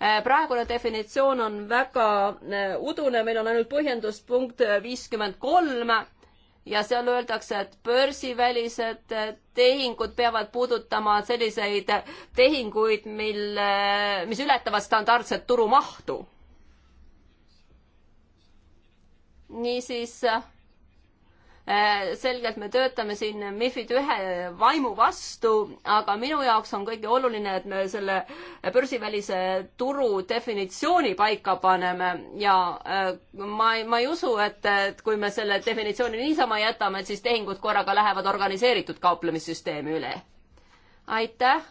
Speaker 2: Äh, praegune definitsioon on väga äh, udune, meil on ainult põhjenduspunkt äh, viiskümmend kolm ja seal öeldakse, et börsivälised tehingud peavad puudutama selliseid tehinguid, mil, mis ületavad standardset turumahtu. niisiis Äh, selgelt me töötame siin MIFID ühe vaimu vastu, aga minu jaoks on kõige oluline, et me selle börsivälise turu definitsiooni paika paneme ja äh, ma ei, ma ei usu, et, et kui me selle definitsiooni niisama jätame, et siis tehingud korraga lähevad organiseeritud kauplemissüsteemi üle. aitäh.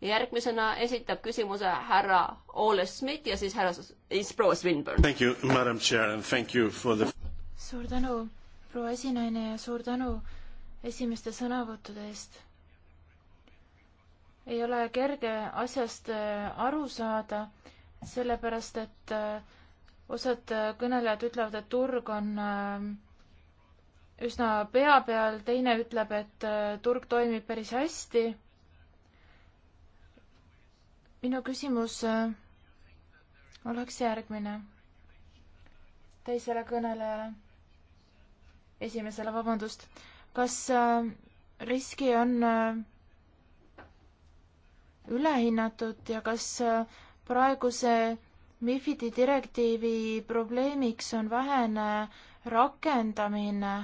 Speaker 2: järgmisena esitab küsimuse härra Ole Schmidt ja siis härra proua Swinburne.
Speaker 1: suur tänu proua esinaine ja suur tänu esimeste sõnavõttude eest. ei ole kerge asjast äh, aru saada, sellepärast et äh, osad äh, kõnelejad ütlevad, et turg on üsna pea peal, teine ütleb, et turg toimib päris hästi. minu küsimus oleks järgmine teisele kõnelejale esimesele, vabandust. kas äh, riski on äh, ülehinnatud ja kas äh, praeguse MIFID-i direktiivi probleemiks on vähene rakendamine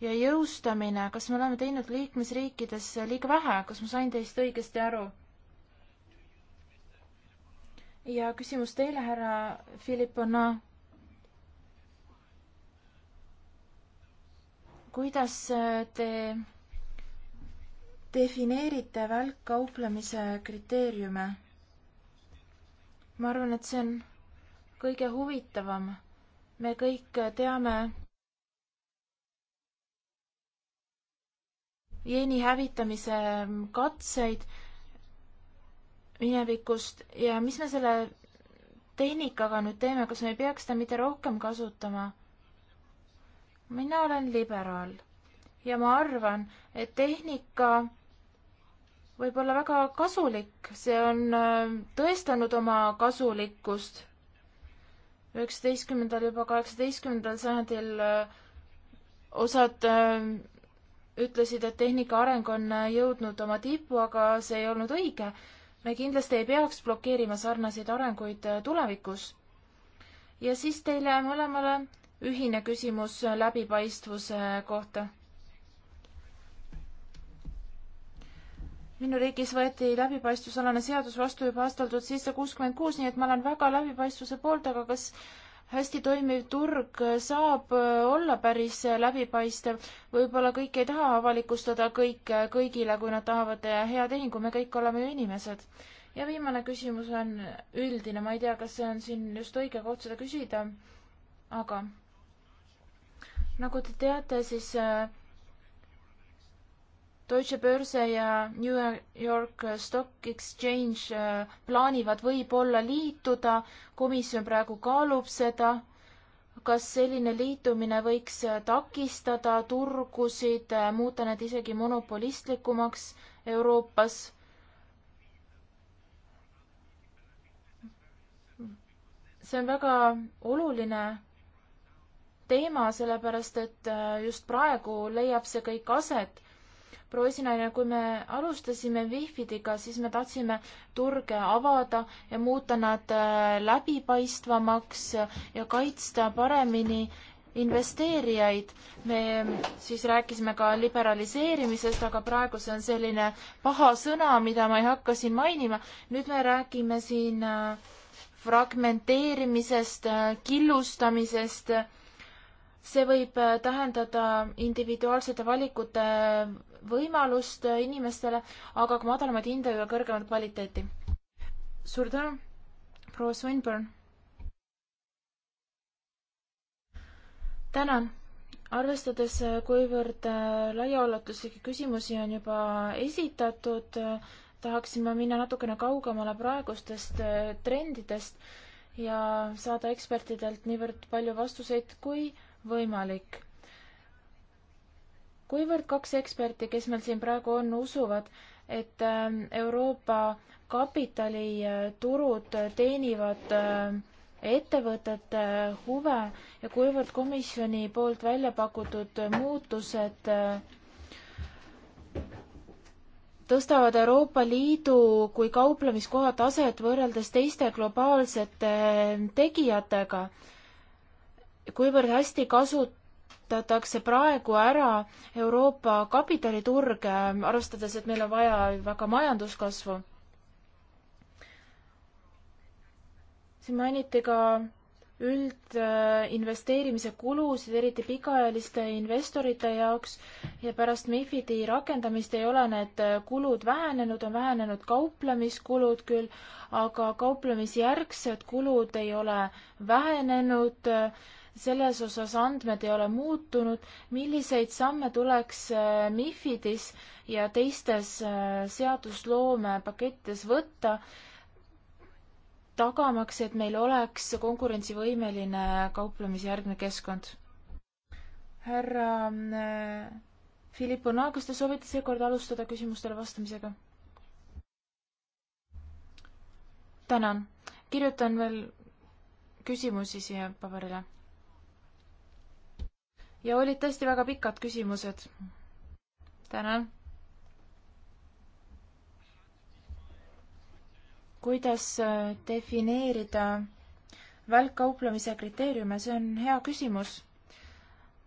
Speaker 1: ja jõustamine, kas me oleme teinud liikmesriikides liiga vähe, kas ma sain teist õigesti aru? ja küsimus teile, härra Filippona. kuidas te defineerite välkkauplemise kriteeriume? ma arvan, et see on kõige huvitavam. me kõik teame jeeni hävitamise katseid minevikust ja mis me selle tehnikaga nüüd teeme, kas me ei peaks seda mitte rohkem kasutama? mina olen liberaal ja ma arvan, et tehnika võib olla väga kasulik, see on äh, tõestanud oma kasulikkust. üheksateistkümnendal, juba kaheksateistkümnendal sajandil äh, osad äh, ütlesid, et tehnika areng on jõudnud oma tippu, aga see ei olnud õige. me kindlasti ei peaks blokeerima sarnaseid arenguid tulevikus. ja siis teile mõlemale ühine küsimus läbipaistvuse kohta. minu riigis võeti läbipaistvusalane seadus vastu juba aastal tuhat seitsesada kuuskümmend kuus, nii et ma olen väga läbipaistvuse poolt, aga kas hästi toimiv turg saab olla päris läbipaistev, võib-olla kõik ei taha avalikustada kõike kõigile, kui nad tahavad hea tehingu, me kõik oleme ju inimesed. ja viimane küsimus on üldine, ma ei tea, kas see on siin just õige koht seda küsida, aga nagu te teate, siis äh, Deutsche Börse ja New York Stock Exchange äh, plaanivad võib-olla liituda, komisjon praegu kaalub seda, kas selline liitumine võiks äh, takistada turgusid, muuta need isegi monopolistlikumaks Euroopas. see on väga oluline teema, sellepärast et äh, just praegu leiab see kõik aset. proua esinaine, kui me alustasime Wifidiga, siis me tahtsime turge avada ja muuta nad äh, läbipaistvamaks ja kaitsta paremini investeerijaid. me siis rääkisime ka liberaliseerimisest, aga praegu see on selline paha sõna, mida ma ei hakka siin mainima. nüüd me räägime siin äh, fragmenteerimisest, killustamisest see võib äh, tähendada individuaalsete valikute äh, võimalust äh, inimestele, aga ka madalamaid hinde ja kõrgemat kvaliteeti. suur tänu, proua Swinburne. tänan, arvestades, kuivõrd laiaulatuslikke küsimusi on juba esitatud, tahaksin ma minna natukene kaugemale praegustest trendidest ja saada ekspertidelt niivõrd palju vastuseid, kui võimalik. kuivõrd kaks eksperti, kes meil siin praegu on, usuvad, et ähm, Euroopa kapitaliturud äh, teenivad äh, ettevõtete äh, huve ja kuivõrd komisjoni poolt välja pakutud muutused tõstavad Euroopa Liidu kui kauplemiskoha taset võrreldes teiste globaalsete tegijatega kuivõrd hästi kasutatakse praegu ära Euroopa kapitaliturge, arvestades, et meil on vaja väga majanduskasvu. siin mainiti ka üldinvesteerimise kulusid, eriti pikaajaliste investorite jaoks ja pärast MIFID-i rakendamist ei ole need kulud vähenenud, on vähenenud kauplemiskulud küll, aga kauplemisjärgsed kulud ei ole vähenenud selles osas andmed ei ole muutunud, milliseid samme tuleks äh, MIFIDis ja teistes äh, seadusloome pakettides võtta, tagamaks, et meil oleks konkurentsivõimeline kauplemisjärgne keskkond? härra äh, Filippo Naa, kas te soovite seekord alustada küsimustele vastamisega? tänan, kirjutan veel küsimusi siia paberile ja olid tõesti väga pikad küsimused. tänan. kuidas äh, defineerida välkkauplemise kriteeriume, see on hea küsimus.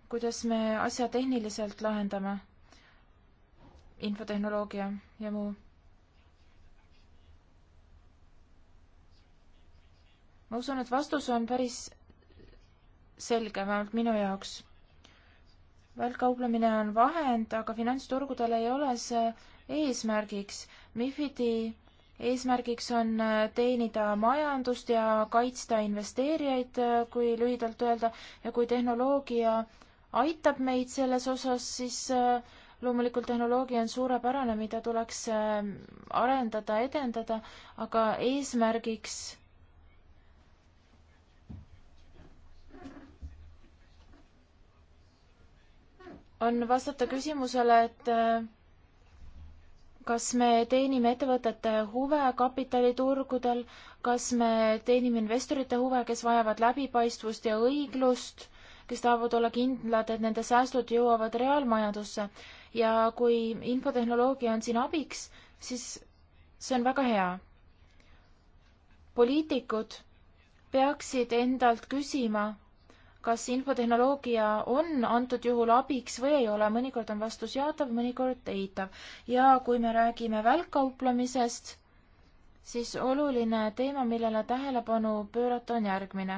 Speaker 1: kuidas me asja tehniliselt lahendame? infotehnoloogia ja muu. ma usun, et vastus on päris selge, vähemalt minu jaoks välkkauplemine on vahend, aga finantsturgudel ei ole see eesmärgiks. MIFIDi eesmärgiks on äh, teenida majandust ja kaitsta investeerijaid, äh, kui lühidalt öelda, ja kui tehnoloogia aitab meid selles osas, siis äh, loomulikult tehnoloogia on suurepärane, mida tuleks arendada, edendada, aga eesmärgiks on vastata küsimusele, et kas me teenime ettevõtete huve kapitaliturgudel, kas me teenime investorite huve, kes vajavad läbipaistvust ja õiglust, kes tahavad olla kindlad, et nende säästud jõuavad reaalmajandusse. ja kui infotehnoloogia on siin abiks, siis see on väga hea. poliitikud peaksid endalt küsima, kas infotehnoloogia on antud juhul abiks või ei ole, mõnikord on vastus jaatav, mõnikord eitav. ja kui me räägime välkkauplemisest, siis oluline teema, millele tähelepanu pöörata, on järgmine.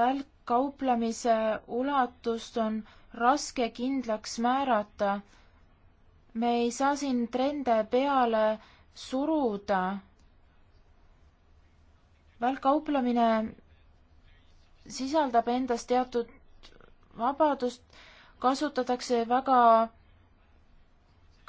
Speaker 1: välkkauplemise ulatust on raske kindlaks määrata. me ei saa siin trende peale suruda välkkauplemine sisaldab endas teatud vabadust, kasutatakse väga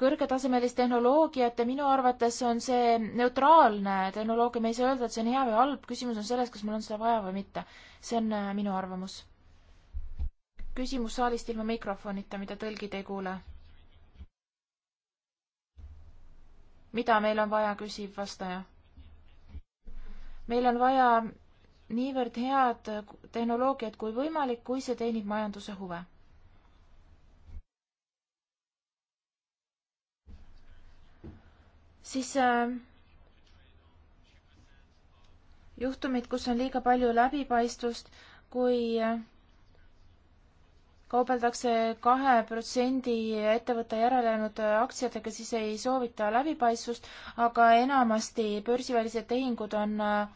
Speaker 1: kõrgetasemelist tehnoloogiat ja minu arvates on see neutraalne tehnoloogia, me ei saa öelda, et see on hea või halb, küsimus on selles, kas mul on seda vaja või mitte. see on äh, minu arvamus. küsimus saalist ilma mikrofonita, mida tõlgid ei kuule. mida meil on vaja, küsib vastaja meil on vaja niivõrd head tehnoloogiat kui võimalik, kui see teenib majanduse huve. siis äh, juhtumid, kus on liiga palju läbipaistvust, kui äh, kaubeldakse kahe protsendi ettevõtte järelejäänud äh, aktsiatega, siis ei soovita läbipaistvust, aga enamasti börsivälised tehingud on äh,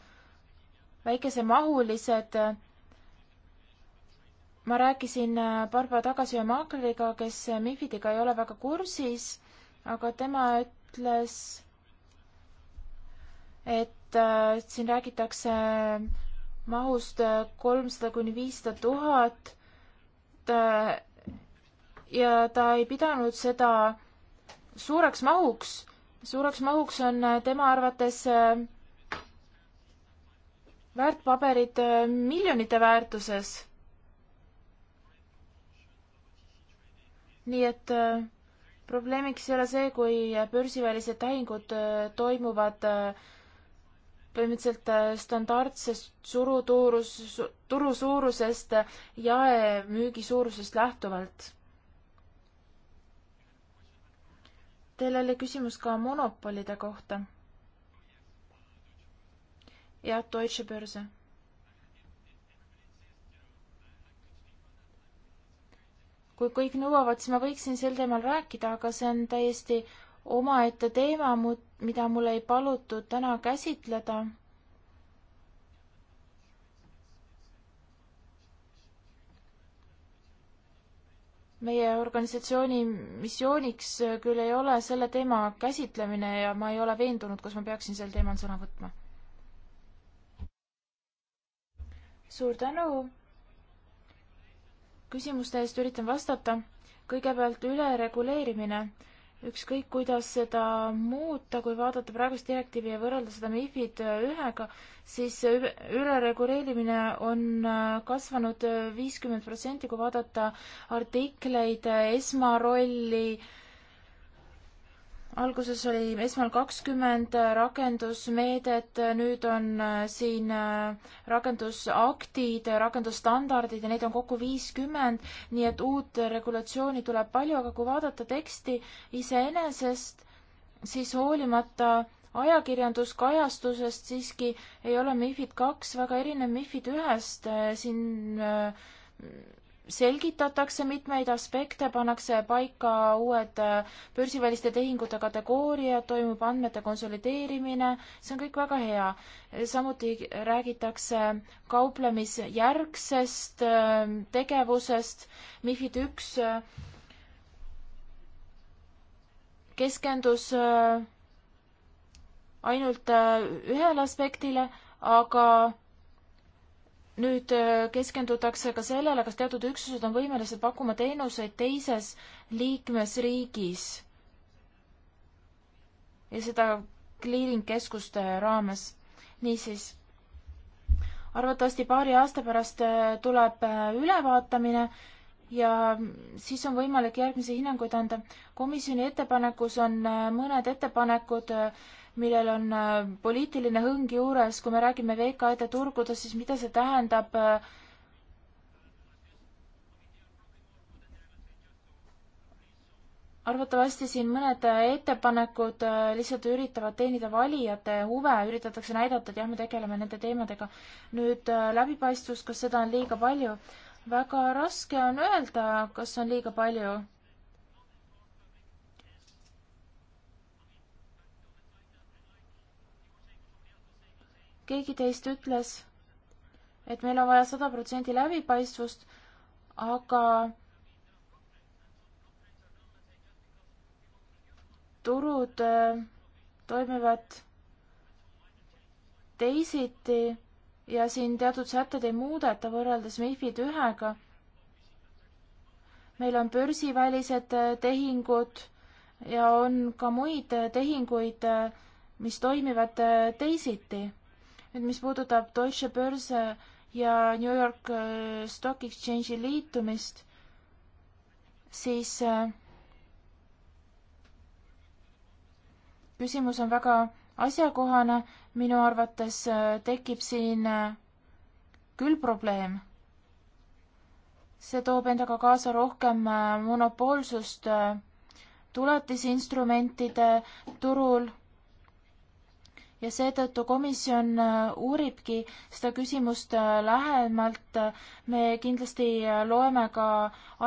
Speaker 1: väikesemahulised. ma rääkisin äh, paar päeva tagasi ühe maakleriga, kes äh, MIFIDiga ei ole väga kursis, aga tema ütles, et äh, siin räägitakse mahust kolmsada kuni viissada tuhat ja ta ei pidanud seda suureks mahuks. suureks mahuks on tema arvates väärtpaberid äh, miljonite väärtuses. nii et äh, probleemiks ei ole see, kui börsivälised tehingud äh, toimuvad põhimõtteliselt standardsest surutuurus, turu suurusest, jaemüügi suurusest lähtuvalt. Teil oli küsimus ka monopolide kohta ja Deutsche Börse. kui kõik nõuavad, siis ma võiksin sel teemal rääkida, aga see on täiesti omaette teema, mida mul ei palutud täna käsitleda. meie organisatsiooni missiooniks küll ei ole selle teema käsitlemine ja ma ei ole veendunud, kas ma peaksin sel teemal sõna võtma suur tänu küsimuste eest, üritan vastata. kõigepealt ülereguleerimine. ükskõik, kuidas seda muuta, kui vaadata praegust direktiivi ja võrrelda seda MIFID ühega, siis ülereguleerimine on äh, kasvanud äh, viiskümmend protsenti, kui vaadata artikleid, äh, esmarolli äh, alguses oli esmal kakskümmend rakendusmeedet, nüüd on äh, siin äh, rakendusaktid, rakendusstandardid ja neid on kokku viiskümmend, nii et uut regulatsiooni tuleb palju, aga kui vaadata teksti iseenesest, siis hoolimata ajakirjanduskajastusest siiski ei ole MIFID kaks väga erinev MIFID ühest, äh, siin selgitatakse mitmeid aspekte, pannakse paika uued äh, börsiväliste tehingute kategooriad, toimub andmete konsolideerimine, see on kõik väga hea. samuti räägitakse kauplemisjärgsest äh, tegevusest, MIFID üks äh, keskendus ainult ühele aspektile, aga nüüd äh, keskendutakse ka sellele, kas teatud üksused on võimelised pakkuma teenuseid teises liikmesriigis ja seda kliiringkeskuste raames. niisiis, arvatavasti paari aasta pärast äh, tuleb äh, ülevaatamine ja siis on võimalik järgmisi hinnanguid anda. komisjoni ettepanekus on mõned ettepanekud äh, millel on äh, poliitiline hõng juures, kui me räägime VKE-de turgudest, siis mida see tähendab äh? arvatavasti siin mõned ettepanekud äh, lihtsalt üritavad teenida valijate huve, üritatakse näidata, et jah, me tegeleme nende teemadega. nüüd läbipaistvus, kas seda on liiga palju? väga raske on öelda, kas on liiga palju. keegi teist ütles, et meil on vaja sada protsenti läbipaistvust, aga turud äh, toimivad teisiti ja siin teatud sätted ei muudeta võrreldes MIFID ühega. meil on börsivälised äh, tehingud ja on ka muid äh, tehinguid, mis toimivad teisiti nüüd, mis puudutab Deutsche Börse ja New York äh, Stock Exchange'i liitumist, siis äh, küsimus on väga asjakohane, minu arvates äh, tekib siin küll probleem. see toob endaga kaasa rohkem monopoolsust tuletisinstrumentide turul ja seetõttu komisjon äh, uuribki seda küsimust äh, lähemalt. me kindlasti äh, loeme ka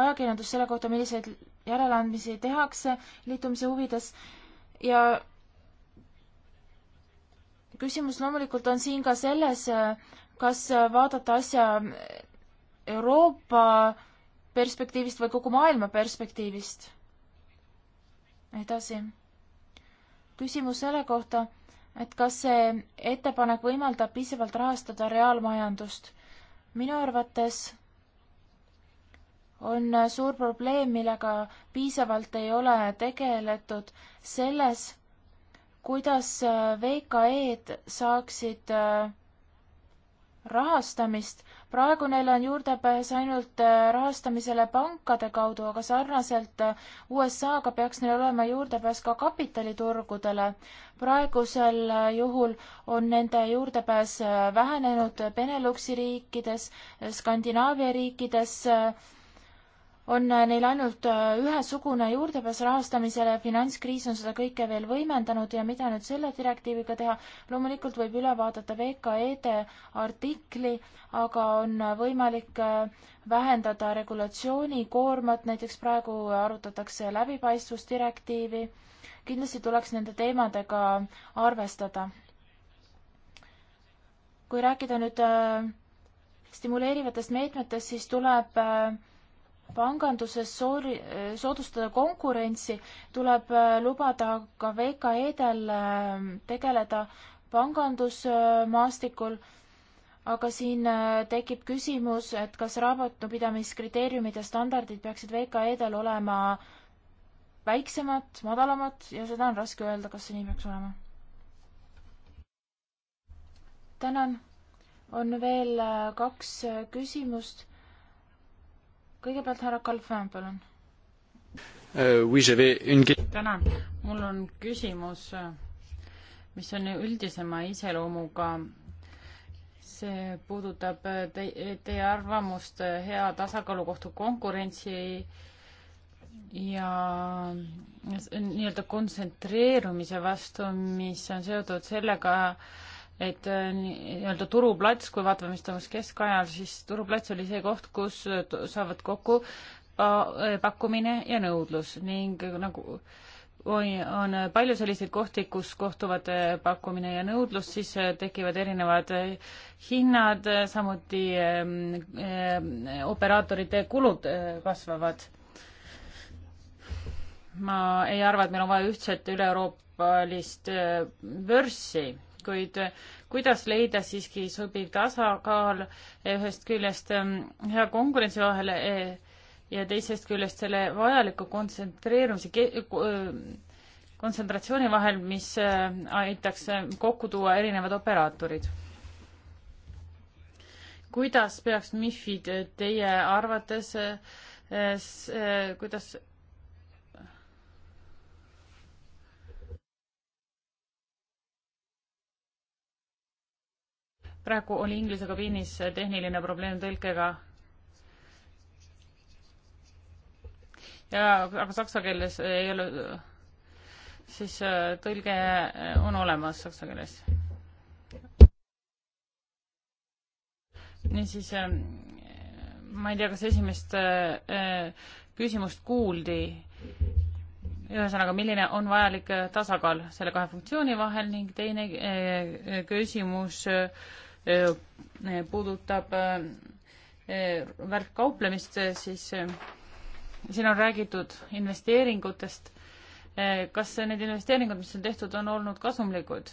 Speaker 1: ajakirjandust selle kohta, milliseid järeleandmisi tehakse liitumise huvides ja küsimus loomulikult on siin ka selles, kas vaadata asja Euroopa perspektiivist või kogu maailma perspektiivist. edasi. küsimus selle kohta et kas see ettepanek võimaldab piisavalt rahastada reaalmajandust. minu arvates on suur probleem, millega piisavalt ei ole tegeletud selles, kuidas VKE-d saaksid äh, rahastamist praegu neil on juurdepääs ainult äh, rahastamisele pankade kaudu, aga sarnaselt äh, USA-ga peaks neil olema juurdepääs ka kapitaliturgudele. praegusel äh, juhul on nende juurdepääs vähenenud Beneluxi riikides, Skandinaavia riikides, on neil ainult äh, ühesugune juurdepääs rahastamisele ja finantskriis on seda kõike veel võimendanud ja mida nüüd selle direktiiviga teha, loomulikult võib üle vaadata VKE-de artikli, aga on võimalik äh, vähendada regulatsioonikoormat, näiteks praegu arutatakse läbipaistvusdirektiivi, kindlasti tuleks nende teemadega arvestada. kui rääkida nüüd äh, stimuleerivatest meetmetest, siis tuleb äh, panganduses soori-, soodustada konkurentsi, tuleb äh, lubada ka VKE-del äh, tegeleda pangandusmaastikul, aga siin äh, tekib küsimus, et kas raamatupidamiskriteeriumid ja standardid peaksid VKE-del olema väiksemad, madalamad ja seda on raske öelda, kas see nii peaks olema. tänan. on veel kaks küsimust kõigepealt härra Kalfan, palun
Speaker 3: uh,. Oui, une... tänan, mul on küsimus, mis on üldisema iseloomuga. see puudutab te, teie arvamust hea tasakaalu kohta konkurentsi ja nii-öelda kontsentreerumise vastu, mis on seotud sellega, et äh, nii-öelda turuplats, kui vaatame, mis toimus keskajal, siis turuplats oli see koht, kus äh, saavad kokku äh, pakkumine ja nõudlus ning nagu on, on palju selliseid kohti, kus kohtuvad pakkumine ja nõudlus, siis tekivad erinevad hinnad, samuti ähm, operaatorite kulud kasvavad. ma ei arva, et meil on vaja ühtset üle-euroopalist börssi kuid kuidas leida siiski sobiv tasakaal ühest küljest ähm, hea konkurentsi vahel eh, ja teisest küljest selle vajaliku kontsentreerumise, äh, äh, kontsentratsiooni vahel, mis äh, aitaks kokku tuua erinevad operaatorid? kuidas peaks MIFID teie arvates kuidas praegu oli Inglise kabiinis tehniline probleem tõlkega. ja, aga saksa keeles ei ole, siis äh, tõlge on olemas saksa keeles. niisiis, äh, ma ei tea, kas esimest äh, küsimust kuuldi. ühesõnaga, milline on vajalik tasakaal selle kahe funktsiooni vahel ning teine küsimus äh, puudutab väärtkauplemist, siis siin on räägitud investeeringutest. kas need investeeringud, mis on tehtud, on olnud kasumlikud?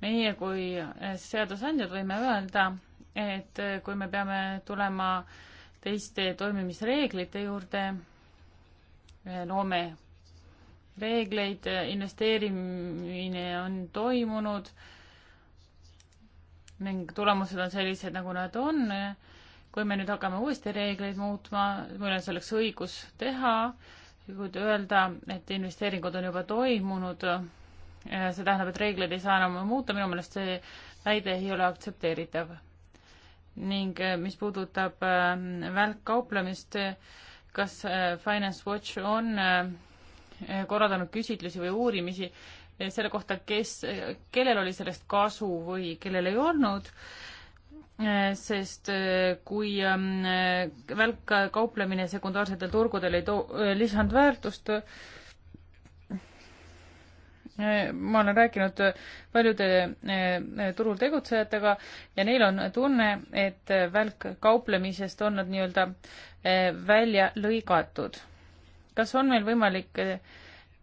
Speaker 3: meie kui seadusandjad võime öelda, et kui me peame tulema teiste toimimisreeglite juurde, loome reegleid, investeerimine on toimunud ning tulemused on sellised, nagu nad on. kui me nüüd hakkame uuesti reegleid muutma, meil on selleks õigus teha, kui öelda, et investeeringud on juba toimunud, see tähendab, et reegleid ei saa enam muuta, minu meelest see väide ei ole aktsepteeritav. ning äh, mis puudutab ähm, välkkauplemist, kas äh, Finance Watch on äh, korraldanud küsitlusi või uurimisi Eh, selle kohta, kes, kellel oli sellest kasu või kellel ei olnud, eh, sest eh, kui välk kauplemine sekundaarsetel turgudel ei too lisandväärtust, ma olen rääkinud paljude turul tegutsejatega ja neil on tunne, et välkkauplemisest on nad nii-öelda välja lõigatud. kas on meil võimalik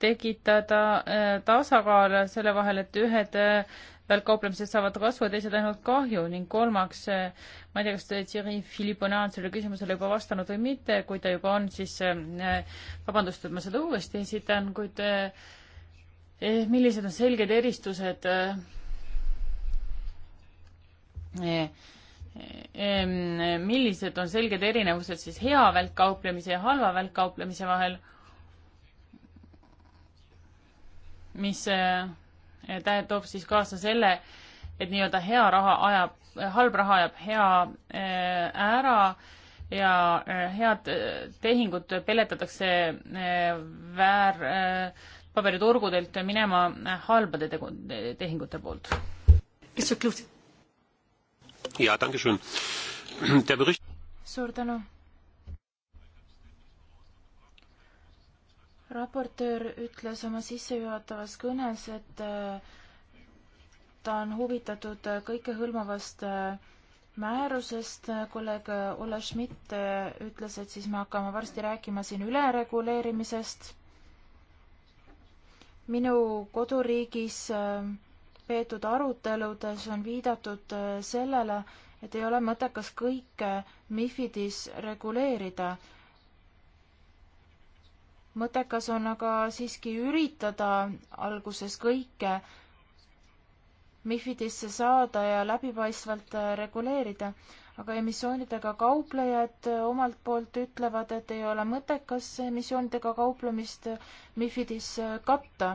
Speaker 3: tekitada äh, tasakaal selle vahel, et ühed äh, välkkauplemised saavad kasvu ja teised ainult kahju ning kolmaks, äh, ma ei tea, kas Thierry Philippon on sellele küsimusele juba vastanud või mitte, kui ta juba on, siis vabandust, et ma seda uuesti esitan, kuid eh, millised on selged eristused eh, eh, millised on selged erinevused siis hea välkkauplemise ja halva välkkauplemise vahel mis eh, toob siis kaasa selle, et nii-öelda hea raha ajab, halb raha ajab hea eh, ära ja eh, head tehingud peletatakse väärpaberiturgudelt minema halbade tegu, tehingute poolt.
Speaker 1: suur tänu raportöör ütles oma sissejuhatavas kõnes, et äh, ta on huvitatud äh, kõikehõlmavast äh, määrusest, kolleeg Olle Schmidt ütles, et siis me hakkame varsti rääkima siin ülereguleerimisest. minu koduriigis peetud aruteludes on viidatud sellele, et ei ole mõttekas kõike MIFIDis reguleerida mõttekas on aga siiski üritada alguses kõike MIFIDisse saada ja läbipaistvalt äh, reguleerida, aga emissioonidega kauplejad äh, omalt poolt ütlevad, et ei ole mõttekas emissioonidega kauplemist äh, MIFIDis katta.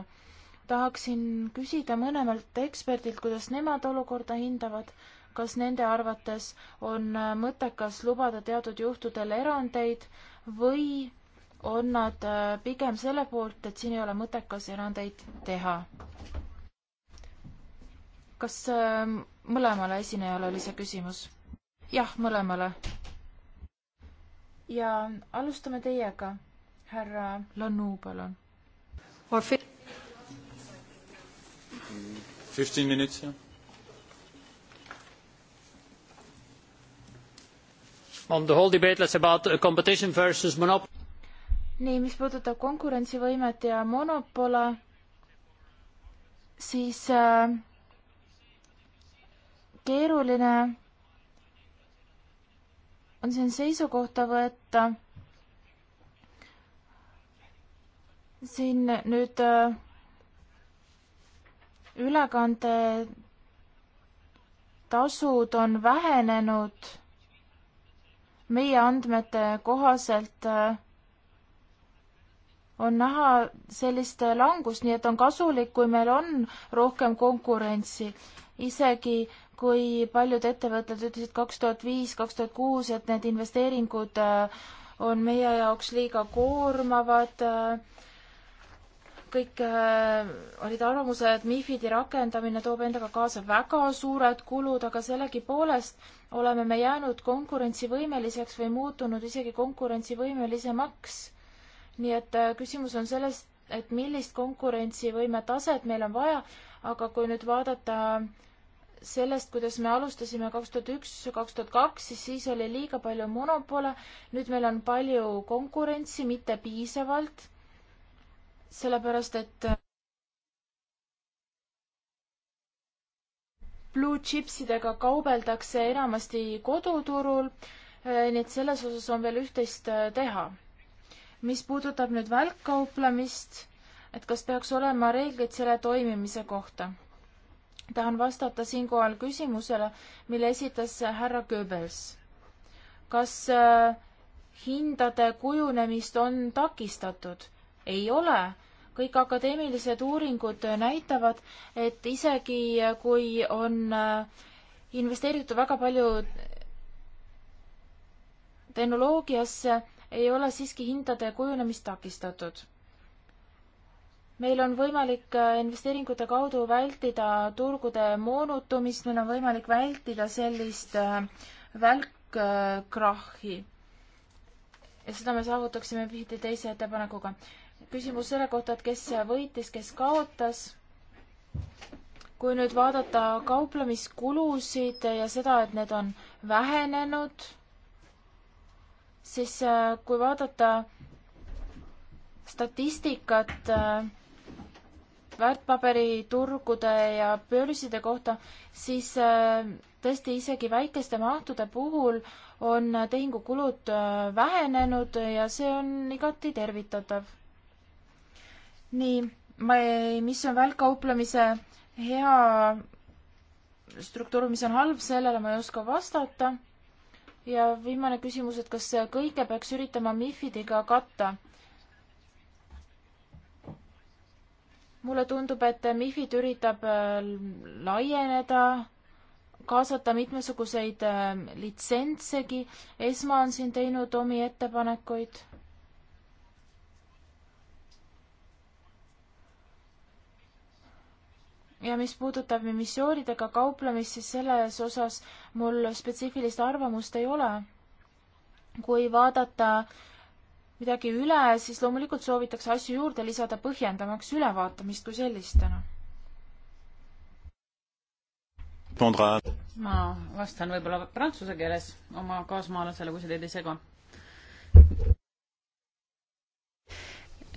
Speaker 1: tahaksin küsida mõlemalt eksperdilt, kuidas nemad olukorda hindavad, kas nende arvates on mõttekas lubada teatud juhtudel erandeid või on nad äh, pigem selle poolt, et siin ei ole mõttekas erandeid teha. kas ähm, mõlemale esinejale oli see küsimus? jah, mõlemale. ja alustame teiega, härra Lannu, palun.
Speaker 3: Fifteen minutes, jah. On the whole debate, let's about competition versus monopoly
Speaker 1: nii, mis puudutab konkurentsivõimet ja monopole, siis äh, keeruline on siin seisukohta võtta. siin nüüd äh, ülekandetasud on vähenenud meie andmete kohaselt äh, on näha sellist langust, nii et on kasulik, kui meil on rohkem konkurentsi. isegi kui paljud ettevõtted ütlesid kaks tuhat viis, kaks tuhat kuus, et need investeeringud äh, on meie jaoks liiga koormavad, äh, kõik äh, olid arvamusel, et MIFID-i rakendamine toob endaga kaasa väga suured kulud, aga sellegipoolest oleme me jäänud konkurentsivõimeliseks või muutunud isegi konkurentsivõimelisemaks nii et äh, küsimus on selles, et millist konkurentsivõime taset meil on vaja, aga kui nüüd vaadata sellest, kuidas me alustasime kaks tuhat üks, kaks tuhat kaks, siis siis oli liiga palju monopole, nüüd meil on palju konkurentsi, mitte piisavalt, sellepärast et äh, blue chipsidega kaubeldakse enamasti koduturul, äh, nii et selles osas on veel üht-teist teha mis puudutab nüüd välkkauplemist, et kas peaks olema reeglid selle toimimise kohta? tahan vastata siinkohal küsimusele, mille esitas härra Goebbels. kas äh, hindade kujunemist on takistatud? ei ole. kõik akadeemilised uuringud näitavad, et isegi äh, kui on äh, investeeritud väga palju tehnoloogiasse, ei ole siiski hindade kujunemist takistatud. meil on võimalik äh, investeeringute kaudu vältida turgude moonutumist, meil on võimalik vältida sellist äh, välkkrahhi. ja seda me saavutaksime pihti teise ettepanekuga. küsimus selle kohta, et kes võitis, kes kaotas kui nüüd vaadata kauplemiskulusid ja seda, et need on vähenenud siis äh, kui vaadata statistikat äh, väärtpaberiturgude ja börside kohta, siis äh, tõesti isegi väikeste mahtude puhul on tehingukulud vähenenud ja see on igati tervitatav. nii, ma ei, mis on välkkauplemise hea struktuur, mis on halb, sellele ma ei oska vastata ja viimane küsimus, et kas kõike peaks üritama MIFIDiga katta? mulle tundub, et MIFID üritab äh, laieneda, kaasata mitmesuguseid äh, litsentsegi. ESMA on siin teinud omi ettepanekuid ja mis puudutab emissioonidega kauplemist, siis selles osas mul spetsiifilist arvamust ei ole. kui vaadata midagi üle, siis loomulikult soovitakse asju juurde lisada, põhjendamaks ülevaatamist kui sellist täna
Speaker 3: ma vastan võib-olla prantsuse keeles oma kaasmaalasele, kui see teid ei sega.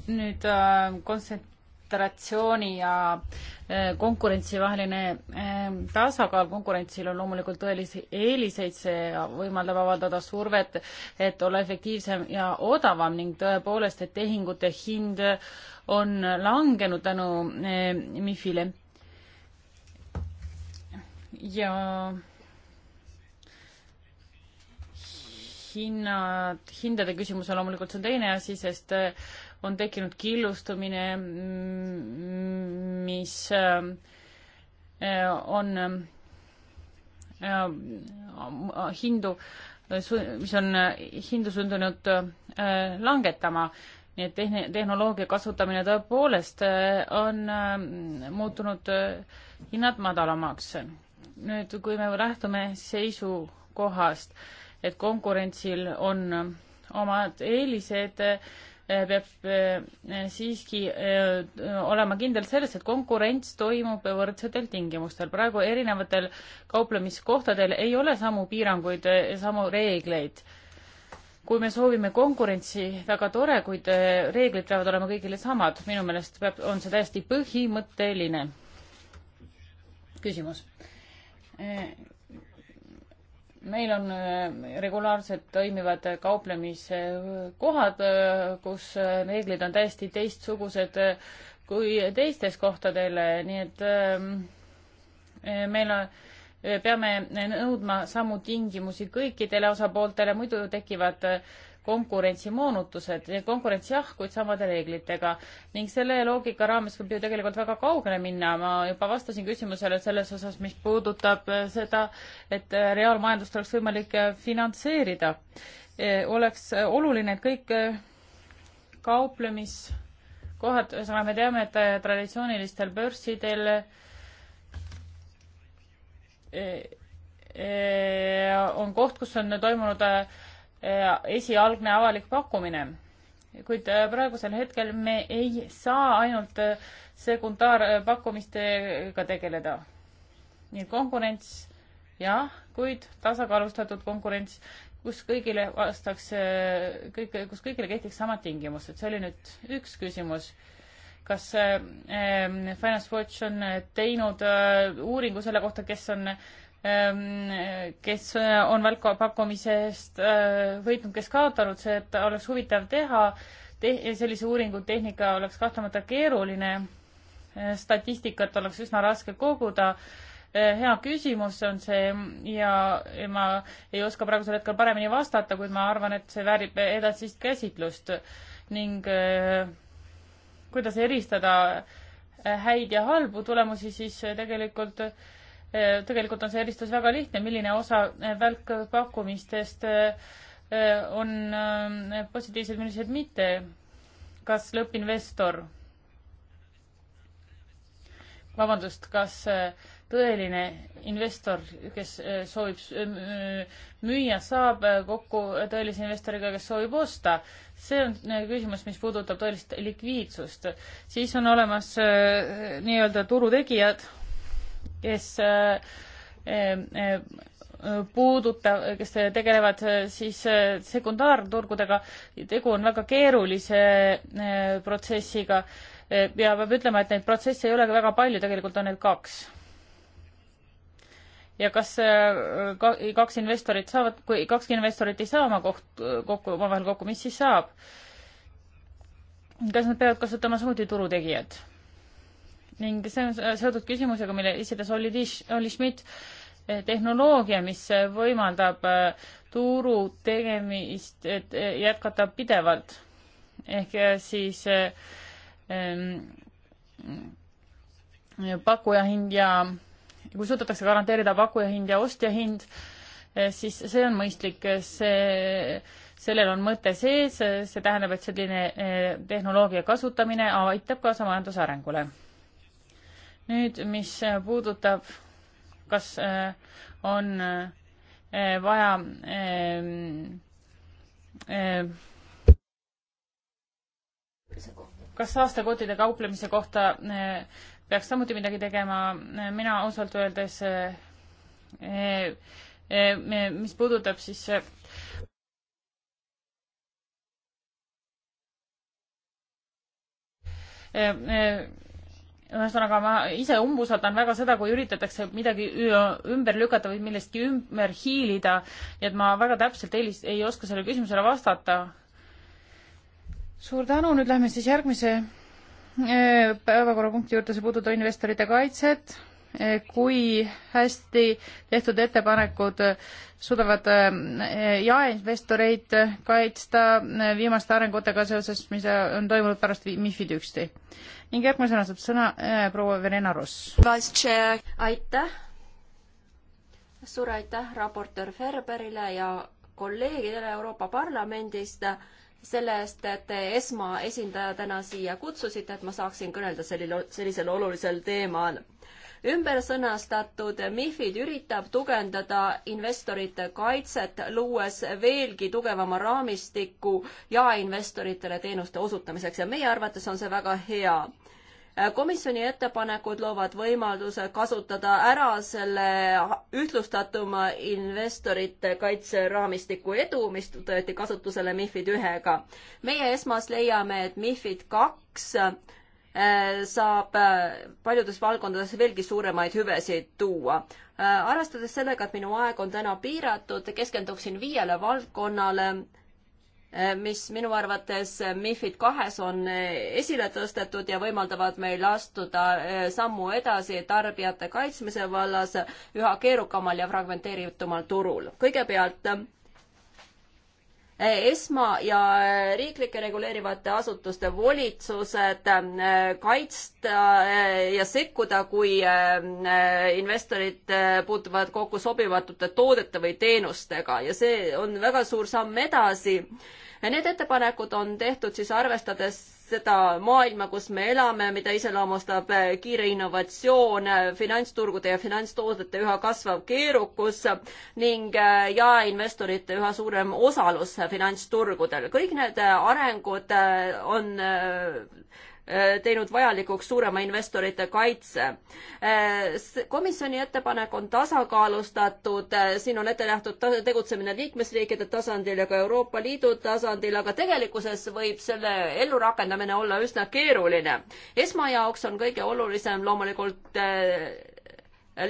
Speaker 3: nüüd äh, kontsent-, föderatsiooni ja äh, konkurentsi vaheline äh, tasakaal, konkurentsil on loomulikult tõelisi eeliseid, see võimaldab avaldada survet, et olla efektiivsem ja odavam ning tõepoolest, et tehingute hind on langenud tänu äh, MIFile. ja hinnad, hindade küsimus on loomulikult see on teine asi, sest on tekkinud killustumine, mm, äh, äh, mis on hindu, äh, mis on hindu sundunud langetama. nii et tehn-, tehnoloogia kasutamine tõepoolest on muutunud hinnad madalamaks. nüüd, kui me lähtume seisukohast, et konkurentsil on omad eelised, Äh, peab äh, siiski äh, olema kindel selles, et konkurents toimub võrdsetel tingimustel. praegu erinevatel kauplemiskohtadel ei ole samu piiranguid, samu reegleid. kui me soovime konkurentsi, väga tore, kuid reeglid peavad olema kõigile samad. minu meelest peab, on see täiesti põhimõtteline küsimus meil on äh, regulaarselt toimivad kauplemiskohad, äh, äh, kus reeglid on täiesti teistsugused kui teistes kohtadel, nii et ähm, meil on, peame nõudma samu tingimusi kõikidele osapooltele, muidu tekivad konkurentsimoonutused, nii et konkurents jah, kuid samade reeglitega. ning selle loogika raames võib ju tegelikult väga kaugele minna, ma juba vastasin küsimusele selles osas, mis puudutab äh, seda, et äh, reaalmajandust oleks võimalik äh, finantseerida. oleks oluline, et kõik kauplemiskohad, ühesõnaga me teame, et traditsioonilistel börsidel on koht, kus on toimunud Äh, esialgne avalik pakkumine. kuid äh, praegusel hetkel me ei saa ainult äh, sekundaarpakkumistega tegeleda. nii et konkurents jah, kuid tasakaalustatud konkurents, kus kõigile vastaks, kõik, kus kõigile kehtiks samad tingimused, see oli nüüd üks küsimus. kas äh, Finance Watch on teinud äh, uuringu selle kohta, kes on äh, Ehm, kes äh, on välkapakkumise eest äh, võitnud, kes kaotanud, see oleks huvitav teha Te. sellise uuringu tehnika oleks kahtlemata keeruline, äh, statistikat oleks üsna raske koguda hea küsimus on see ja ma ei oska praegusel hetkel paremini vastata, kuid ma arvan, et see väärib edasist käsitlust ning kuidas eristada häid ja halbu tulemusi, siis tegelikult äh, Äh, tegelikult on see eristus väga lihtne, milline osa äh, välkpakkumistest äh, on positiivsed, millised mitte. kas lõppinvestor, vabandust, kas tõeline investor, kes soovib müüa, saab kokku tõelise investoriga, kes soovib osta. see on küsimus, mis puudutab tõelist likviidsust. siis on olemas nii-öelda turutegijad kes eh, eh, puudutav, kes tegelevad eh, siis sekundaarturgudega, tegu on väga keerulise protsessiga ja peab ütlema, et neid protsesse ei olegi väga palju, tegelikult on neid kaks ja kas ka, kaks investorit saavad, kui kaks investorit ei saa oma koht kokku, omavahel kokku, mis siis saab? kas nad peavad kasutama samuti turutegijat? ning see on seotud küsimusega, mille esitas Olli Tiš-, Olli Schmidt, eh, tehnoloogia, mis eh, võimaldab eh, turu tegemist jätkata pidevalt. ehk siis pakkuja hind ja kui suudetakse garanteerida pakkuja hind ja ostja hind, siis see on mõistlik, see, sellel on mõte sees, see tähendab, et selline tehnoloogia kasutamine aitab kaasa majanduse arengule nüüd, mis äh, puudutab, kas äh, on äh, vaja ähm, kas saastekottide kauplemise kohta peaks samuti midagi tegema, mina ausalt öeldes, mis puudutab siis ühesõnaga, ma ise umbusaldan väga seda, kui üritatakse midagi ümber lükata või millestki ümber hiilida, nii et ma väga täpselt eelis-, ei oska sellele küsimusele vastata. suur tänu, nüüd lähme siis järgmise äh, päevakorrapunkti juurde, see puudutab investorite kaitset kui hästi tehtud ettepanekud suudavad eh, jaeinvestoreid kaitsta viimaste arengutega seoses, mis on toimunud pärast MIFID üksti. ning järgmisena saab sõna eh, proua Verena Ross. aitäh!
Speaker 2: suur aitäh raportöör Ferberile ja kolleegidele Euroopa Parlamendist selle eest, et te esmaesindajatena siia kutsusite, et ma saaksin kõnelda sellil, sellisel olulisel teemal ümber sõnastatud. MIFID üritab tugevdada investorite kaitset, luues veelgi tugevama raamistiku jaeinvestoritele teenuste osutamiseks ja meie arvates on see väga hea komisjoni ettepanekud loovad võimaluse kasutada ära selle ühtlustatuma investorite kaitseraamistiku edu, mis võeti kasutusele MIFID ühega. meie esmas leiame, et MIFID kaks 2 Äh, saab äh, paljudes valdkondades veelgi suuremaid hüvesid tuua. Äh, arvestades sellega, et minu aeg on täna piiratud, keskenduksin viiele valdkonnale, mis minu arvates MIFID kahes on esile tõstetud ja võimaldavad meil astuda sammu edasi tarbijate kaitsmise vallas üha keerukamal ja fragmenteeritumal turul. kõigepealt ESMA ja äh, riiklike reguleerivate asutuste volitsused äh, kaitsta äh, ja sekkuda, kui ähm, investorid puutuvad kokku sobivatute toodete või teenustega ja see on väga suur samm edasi. Need ettepanekud on tehtud siis arvestades seda maailma, kus me elame, mida iseloomustab eh, kiire innovatsioon, eh, finantsturgude ja finantstoodete üha kasvav keerukus ning eh, jaeinvestorite üha suurem osalus finantsturgudel. kõik need arengud on Äh, teinud vajalikuks suurema investorite kaitse. Äh, komisjoni ettepanek on tasakaalustatud, äh, siin on ette nähtud tegutsemine liikmesriikide tasandil ja ka Euroopa Liidu tasandil, aga tegelikkuses võib selle ellurakendamine olla üsna keeruline. esmajaoks on kõige olulisem loomulikult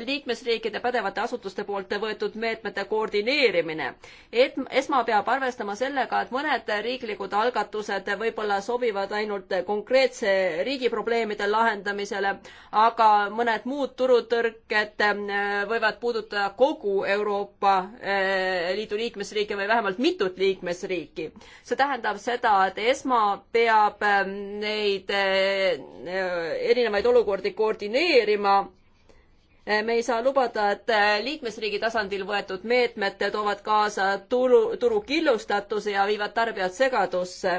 Speaker 2: liikmesriikide pädevate asutuste poolt võetud meetmete koordineerimine. et esma peab arvestama sellega, et mõned riiklikud algatused võib-olla sobivad ainult konkreetse riigi probleemide lahendamisele, aga mõned muud turutõrked äh, võivad puudutada kogu Euroopa äh, Liidu liikmesriike või vähemalt mitut liikmesriiki. see tähendab seda, et esma peab äh, neid erinevaid olukordi koordineerima Eh, me ei saa lubada, et eh, liikmesriigi tasandil võetud meetmed toovad kaasa turu, turu killustatuse ja viivad tarbijad segadusse.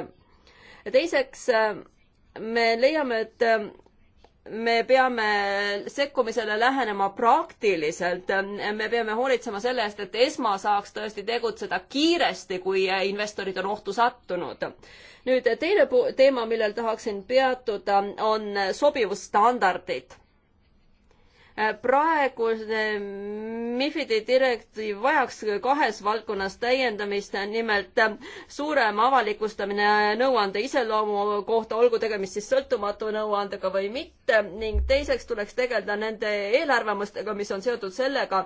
Speaker 2: teiseks, eh, me leiame, et me peame sekkumisele lähenema praktiliselt, me peame hoolitsema selle eest, et esma saaks tõesti tegutseda kiiresti, kui investorid on ohtu sattunud nüüd teine teema, millel tahaksin peatuda, on sobivusstandardid Äh, praegune MIFID-i direktiiv vajaks kahes valdkonnas täiendamist, nimelt äh, suurem avalikustamine nõuande iseloomu kohta, olgu tegemist siis sõltumatu nõuandega või mitte, ning teiseks tuleks tegeleda nende eelarvamustega, mis on seotud sellega,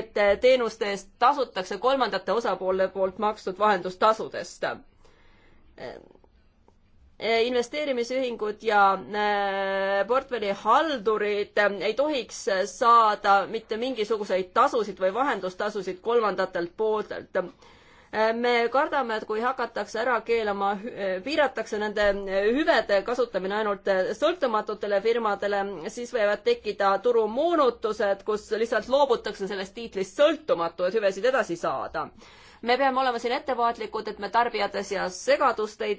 Speaker 2: et äh, teenuste eest tasutakse kolmandate osapoolte poolt makstud vahendustasudest Eh, investeerimisühingud ja eh, portfellihaldurid eh, ei tohiks saada mitte mingisuguseid tasusid või vahendustasusid kolmandatelt pooltelt. me kardame, et kui hakatakse ära keelama, piiratakse nende hüvede kasutamine ainult sõltumatutele firmadele, siis võivad tekkida turumoonutused, kus lihtsalt loobutakse sellest tiitlist sõltumatu, et hüvesid edasi saada me peame olema siin ettevaatlikud, et me tarbijate seas segadust ei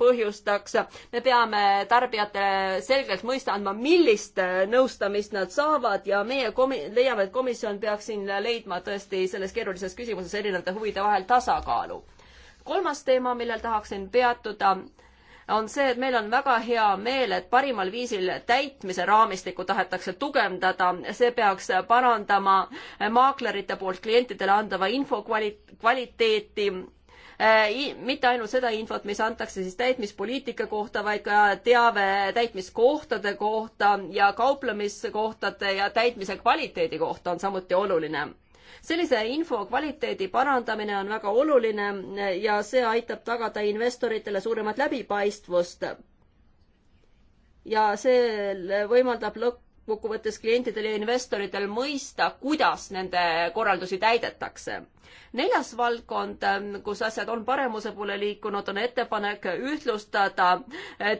Speaker 2: põhjustaks. me peame tarbijatele selgelt mõista andma, millist nõustamist nad saavad ja meie komi-, leiame, et komisjon peaks siin leidma tõesti selles keerulises küsimuses erinevate huvide vahel tasakaalu. kolmas teema, millel tahaksin peatuda on see, et meil on väga hea meel, et parimal viisil täitmise raamistikku tahetakse tugevdada, see peaks parandama maaklerite poolt klientidele andava info kvali-, kvaliteeti äh, mitte ainult seda infot, mis antakse siis täitmispoliitika kohta, vaid ka teave täitmiskohtade kohta ja kauplemiskohtade ja täitmise kvaliteedi kohta on samuti oluline sellise info kvaliteedi parandamine on väga oluline ja see aitab tagada investoritele suuremat läbipaistvust. ja see võimaldab lõppkokkuvõttes klientidel ja investoritel mõista, kuidas nende korraldusi täidetakse neljas valdkond, kus asjad on paremuse poole liikunud, on ettepanek ühtlustada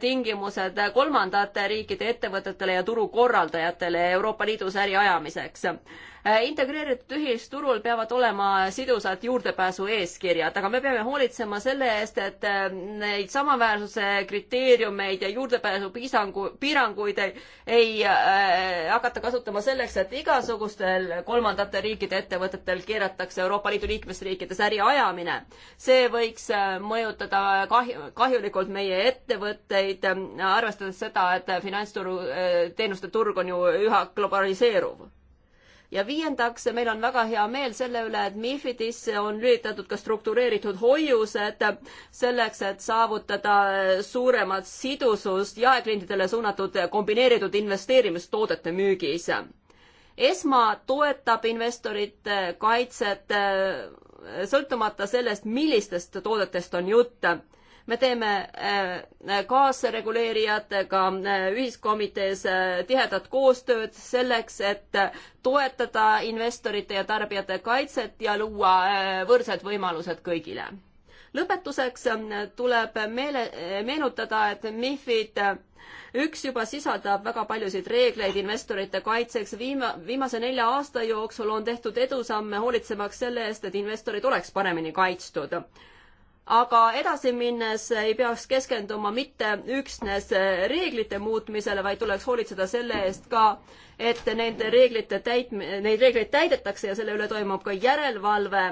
Speaker 2: tingimused kolmandate riikide ettevõtetele ja turukorraldajatele Euroopa Liidus äri ajamiseks integreeritud ühisturul peavad olema sidusad juurdepääsu eeskirjad, aga me peame hoolitsema selle eest, et neid samaväärsuse kriteeriumeid ja juurdepääsu piisangu, piiranguid ei, ei äh, hakata kasutama selleks, et igasugustel kolmandate riikide ettevõtetel keeratakse Euroopa Liidu liikmesriikides äri ajamine. see võiks äh, mõjutada kahju, kahjulikult meie ettevõtteid, äh, arvestades seda, et finantsturu, äh, teenuste turg on ju üha globaliseeruv ja viiendaks, meil on väga hea meel selle üle, et MIFIDisse on lülitatud ka struktureeritud hoiused selleks, et saavutada suuremat sidusust jaeklientidele suunatud kombineeritud investeerimistoodete müügis ESMA toetab investorite kaitset äh, sõltumata sellest, millistest toodetest on jutt me teeme äh, kaasreguleerijatega äh, ühiskomitees tihedat koostööd selleks, et toetada investorite ja tarbijate kaitset ja luua võrdsed võimalused kõigile. lõpetuseks tuleb meele, meenutada, et MIFID üks juba sisaldab väga paljusid reegleid investorite kaitseks. viima-, viimase nelja aasta jooksul on tehtud edusamme hoolitsemaks selle eest, et investorid oleks paremini kaitstud aga edasi minnes ei peaks keskenduma mitte üksnes reeglite muutmisele, vaid tuleks hoolitseda selle eest ka, et nende reeglite täitm-, neid reegleid täidetakse ja selle üle toimub ka järelevalve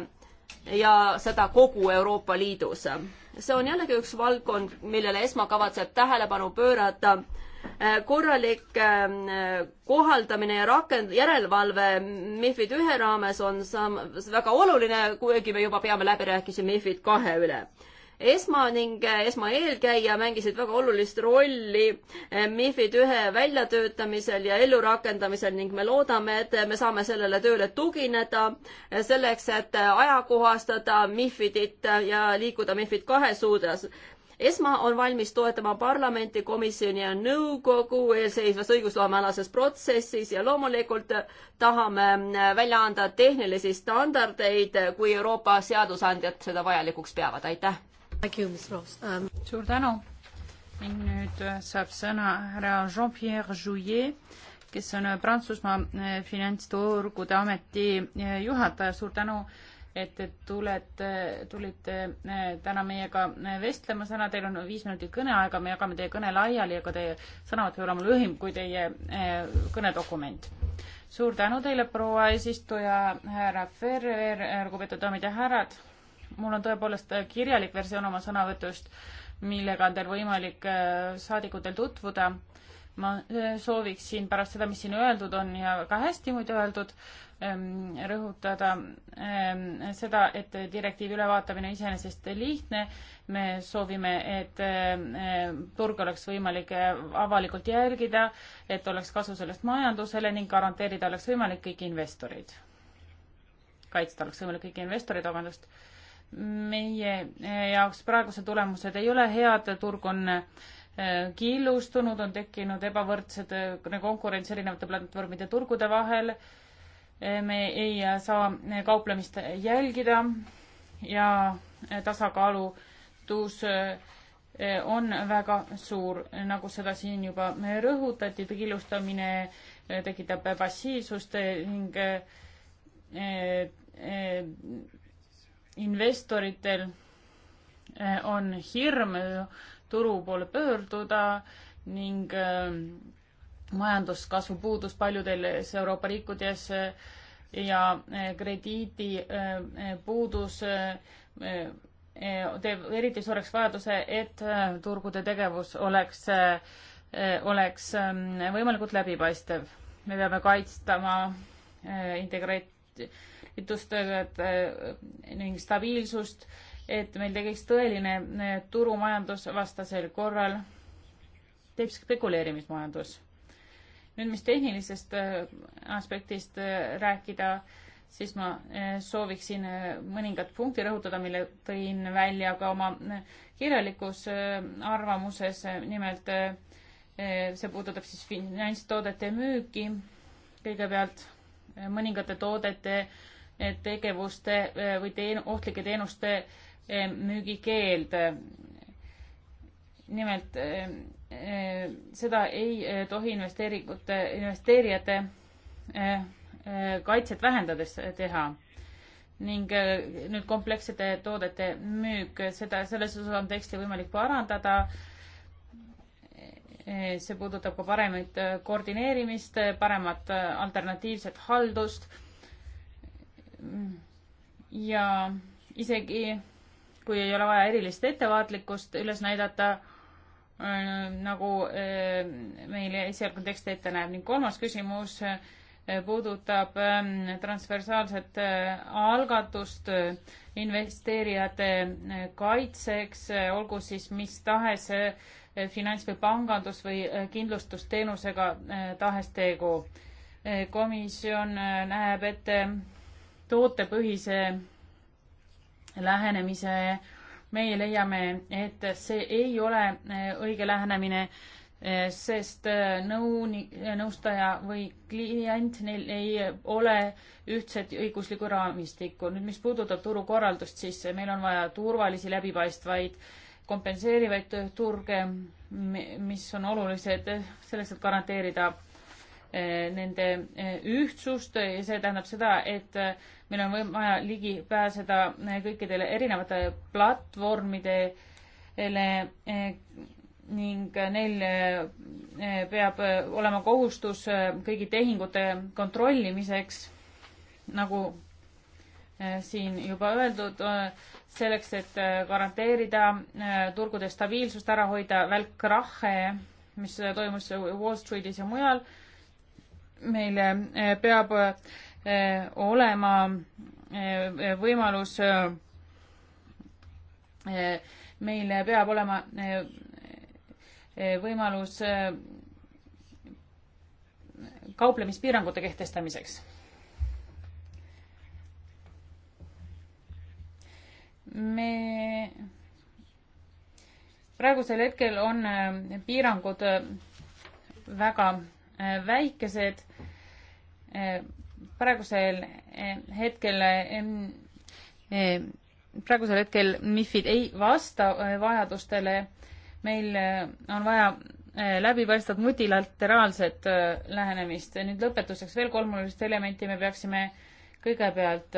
Speaker 2: ja seda kogu Euroopa Liidus see on jällegi üks valdkond, millele ESMA kavatseb tähelepanu pöörata äh, korralik äh, kohaldamine ja rakend-, järelevalve MIFID ühe raames on sam-, väga oluline, kuigi me juba peame läbirääkimisi MIFID kahe üle esma ning äh, esma eelkäija mängisid väga olulist rolli äh, MIFID ühe väljatöötamisel ja ellurakendamisel ning me loodame, et me saame sellele tööle tugineda äh, selleks, et ajakohastada MIFIDit ja liikuda MIFID kahe suunas esma on valmis toetama parlamenti, komisjoni ja nõukogu eelseisvas õigusloomealases protsessis ja loomulikult tahame välja anda tehnilisi standardeid, kui Euroopa seadusandjad seda vajalikuks
Speaker 3: peavad, aitäh! Um... suur tänu ning nüüd äh, saab sõna härra Jean-Pierre Jouyet, kes on äh, Prantsusmaa äh, finantsturgude ameti juhataja. suur tänu, et te tulete, tulite täna meiega vestlema. täna teil on viis minutit kõneaega, me jagame teie kõne laiali, aga teie sõnavõtt peab olema lühim kui teie kõnedokument. suur tänu teile, proua eesistuja, härra Ferrer, lugupeetud daamid ja härrad mul on tõepoolest äh, kirjalik versioon oma sõnavõtust, millega on teil võimalik äh, saadikutel tutvuda. ma äh, sooviksin pärast seda, mis siin öeldud on ja ka hästi muidu öeldud, ähm, rõhutada ähm, seda, et direktiivi ülevaatamine iseenesest lihtne. me soovime, et turg oleks võimalik avalikult jälgida, et oleks kasu sellest majandusele ning garanteerida oleks võimalik kõik investorid. kaitsta oleks võimalik kõik investorid, vabandust meie eh, jaoks praegused tulemused ei ole head, turg on eh, killustunud, on tekkinud ebavõrdsed eh, konkurents erinevate platvormide turgude vahel. me ei saa kauplemist jälgida ja tasakaalutus on väga suur, nagu seda siin juba rõhutati, killustamine tekitab passiivsust ning investoritel eh, on hirm eh, turu poole pöörduda ning eh, majanduskasvu puudus paljudes Euroopa riikides ja krediidi puudus teeb eriti suureks vajaduse, et turgude tegevus oleks, oleks mm, võimalikult läbipaistev. me peame kaitstama integreet-, ütlustavad eh, ning stabiilsust, et meil tekiks tõeline eh, turumajandus vastasel korral, teeb spekuleerimismajandus. nüüd, mis tehnilisest eh, aspektist rääkida, siis ma sooviksin mõningat punkti rõhutada, mille tõin välja ka oma kirjalikus arvamuses, nimelt see puudutab siis finantstoodete müüki kõigepealt mõningate toodete äh, tegevuste eh, või teen-, ohtlike teenuste eh, müügikeeld. nimelt eh, seda ei tohi investeeringute, investeerijate kaitset vähendades teha. ning nüüd komplekssete toodete müük, seda, selles osas on teksti võimalik parandada. see puudutab ka paremat koordineerimist, paremat alternatiivset haldust ja isegi kui ei ole vaja erilist ettevaatlikkust üles näidata, äh, nagu äh, meil esialgne tekst ette näeb ning kolmas küsimus äh, puudutab ähm, transversaalset algatust investeerijate kaitseks, olgu siis mis tahes finants või pangandus või kindlustusteenusega tahes tegu. komisjon näeb ette tootepõhise lähenemise. meie leiame, et see ei ole e, õige lähenemine, e, sest e, nõuni-, nõustaja või klient, neil ei ole ühtset õiguslikku raamistikku. nüüd, mis puudutab turukorraldust, siis meil on vaja turvalisi, läbipaistvaid kompenseerivaid turge, mis on olulised selleks, et garanteerida Eh, nende eh, ühtsust ja see tähendab seda, et eh, meil on vaja ligi pääseda kõikidele erinevate platvormidele ning neil peab olema kohustus kõigi tehingute kontrollimiseks, nagu siin juba öeldud, selleks, et garanteerida turgude stabiilsust, ära hoida välkkrahe, mis toimus Wall Streetis ja mujal Eh, eh, eh, meil peab olema võimalus, meil peab olema võimalus kauplemispiirangute kehtestamiseks. me praegusel hetkel on piirangud väga Äh, väikesed. Äh, praegusel äh, hetkel, praegusel hetkel MIFID ei vasta vajadustele. meil on vaja läbipaistvat multilateraalset lähenemist. nüüd lõpetuseks veel kolm olulist elementi me peaksime kõigepealt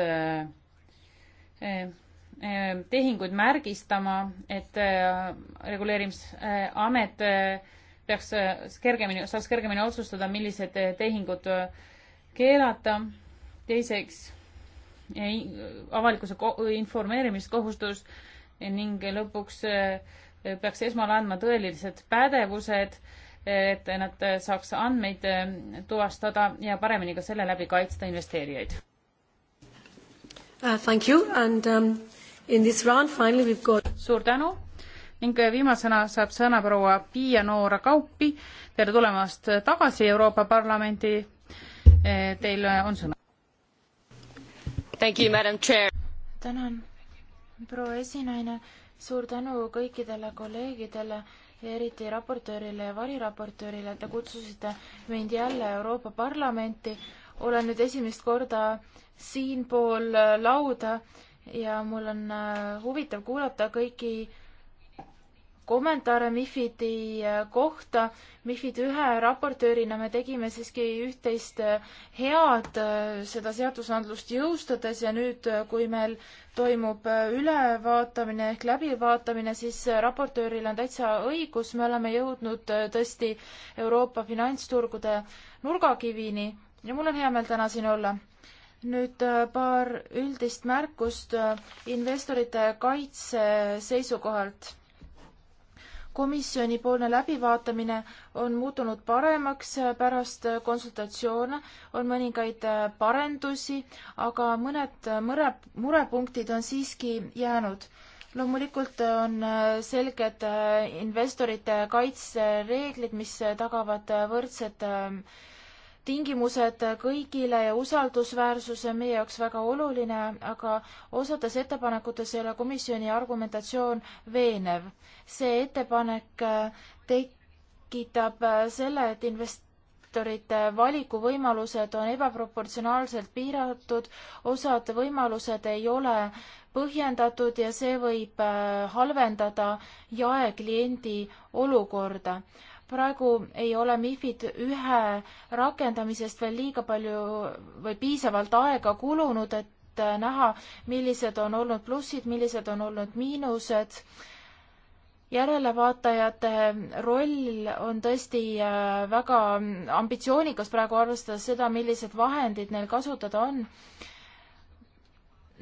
Speaker 3: tehinguid märgistama, et reguleerimisamet peaks äh, kergemini, saaks kergemini otsustada, millised äh, tehingud äh, keelata. teiseks, avalikkuse informeerimiskohustus ning lõpuks peaks esmale andma tõelised pädevused, et nad saaks andmeid tuvastada ja paremini ka selle läbi kaitsta investeerijaid uh,. Thank you and um, in this round finally we have got. suur tänu ning viimasena saab sõna proua Piia Noora Kaupi. tere tulemast tagasi Euroopa Parlamendi. Eh, teil on sõna.
Speaker 1: tänan, proua esinaine. suur tänu kõikidele kolleegidele ja eriti raportöörile ja variraportöörile, et te kutsusite mind jälle Euroopa Parlamenti. olen nüüd esimest korda siinpool lauda ja mul on äh, huvitav kuulata kõiki äh, kommentaare MIFIDi äh, kohta. MIFID ühe raportöörina me tegime siiski üht-teist äh, head äh, seda seadusandlust jõustades ja nüüd, kui meil toimub ülevaatamine ehk läbivaatamine, siis raportööril on täitsa õigus, me oleme jõudnud tõesti Euroopa finantsturgude nurgakivini ja mul on hea meel täna siin olla nüüd paar üldist märkust investorite kaitse seisukohalt komisjonipoolne läbivaatamine on muutunud paremaks pärast konsultatsioone, on mõningaid parendusi, aga mõned mure, murepunktid on siiski jäänud. loomulikult on selged investorite kaitsereeglid, mis tagavad võrdsed tingimused kõigile ja usaldusväärsus on meie jaoks väga oluline, aga osades ettepanekutes ei ole komisjoni argumentatsioon veenev. see ettepanek äh, tekitab äh, selle, et investorite valikuvõimalused on ebaproportsionaalselt piiratud, osad võimalused ei ole põhjendatud ja see võib äh, halvendada jaekliendi olukorda praegu ei ole MIFID ühe rakendamisest veel liiga palju või piisavalt aega kulunud, et äh, näha, millised on olnud plussid, millised on olnud miinused. järelevaatajate roll on tõesti äh, väga ambitsioonikas praegu, arvestades seda, millised vahendid neil kasutada on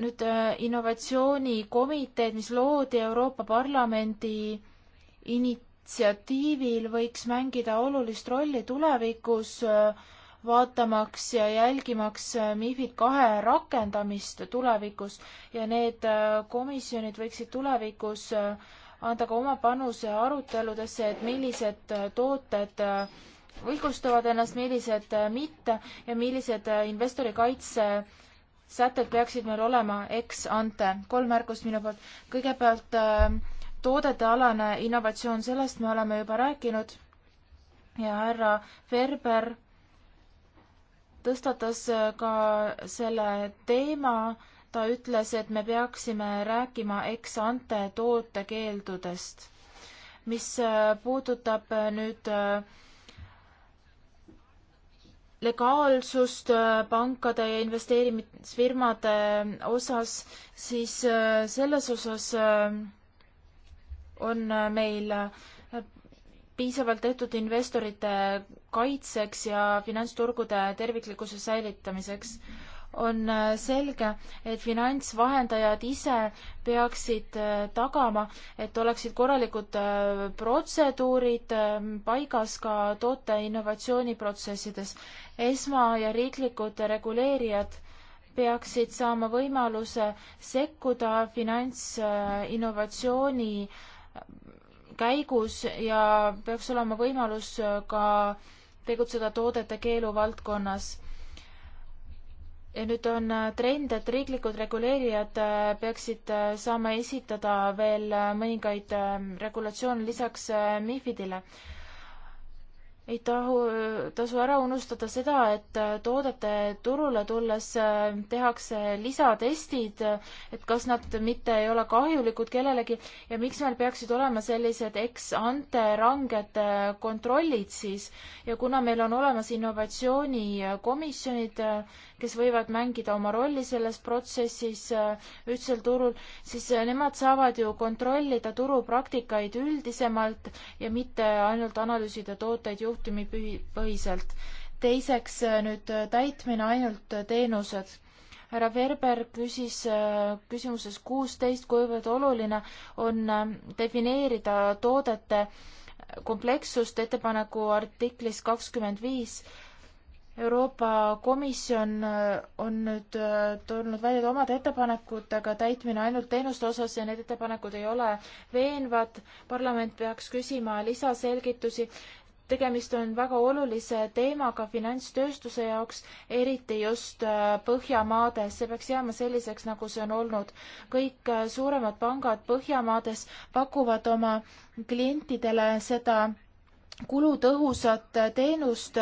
Speaker 1: nüüd äh, innovatsioonikomiteed, mis loodi Euroopa Parlamendi ini-, initsiatiivil võiks mängida olulist rolli tulevikus, vaatamaks ja jälgimaks MIFID kahe rakendamist tulevikus ja need äh, komisjonid võiksid tulevikus äh, anda ka oma panuse aruteludesse, et millised äh, tooted õigustavad ennast, millised mitte ja millised investori kaitse sätted peaksid meil olema ex ante. kolm märkust minu poolt. kõigepealt äh, toodetealane innovatsioon, sellest me oleme juba rääkinud ja härra Ferber tõstatas ka selle teema, ta ütles, et me peaksime rääkima ex-ante tootekeeldudest. mis puudutab nüüd äh, legaalsust äh, pankade ja investeerimisfirmade osas, siis äh, selles osas on äh, meil äh, piisavalt tehtud investorite kaitseks ja finantsturgude terviklikkuse säilitamiseks, on äh, selge, et finantsvahendajad ise peaksid tagama, et oleksid korralikud protseduurid paigas ka toote innovatsiooniprotsessides. esma- ja riiklikud reguleerijad peaksid saama võimaluse sekkuda finantsinnovatsiooni äh, käigus ja peaks olema võimalus ka tegutseda toodete keelu valdkonnas. ja nüüd on trend, et riiklikud reguleerijad peaksid saama esitada veel mõningaid regulatsioone lisaks MIFIDile ei tahu, tasu ära unustada seda, et äh, toodete turule tulles äh, tehakse lisatestid, et kas nad mitte ei ole kahjulikud kellelegi ja miks meil peaksid olema sellised ex-ante ranged äh, kontrollid siis. ja kuna meil on olemas innovatsioonikomisjonid, kes võivad mängida oma rolli selles protsessis ühtsel turul, siis nemad saavad ju kontrollida turupraktikaid üldisemalt ja mitte ainult analüüsida tooteid juhtumisi juhtumipõhiselt. teiseks äh, nüüd äh, täitmine ainult äh, teenused härra Verber küsis küsimuses kuusteist, kuivõrd oluline on ähm, defineerida toodete komplekssust ettepaneku artiklis kakskümmend viis. Euroopa Komisjon on nüüd tulnud välja omade ettepanekutega täitmine ainult teenuste osas ja need ettepanekud ei ole veenvad. parlament peaks küsima lisaselgitusi tegemist on väga olulise teemaga finantstööstuse jaoks, eriti just äh, Põhjamaades, see peaks jääma selliseks, nagu see on olnud. kõik äh, suuremad pangad Põhjamaades pakuvad oma klientidele seda kulutõhusat äh, teenust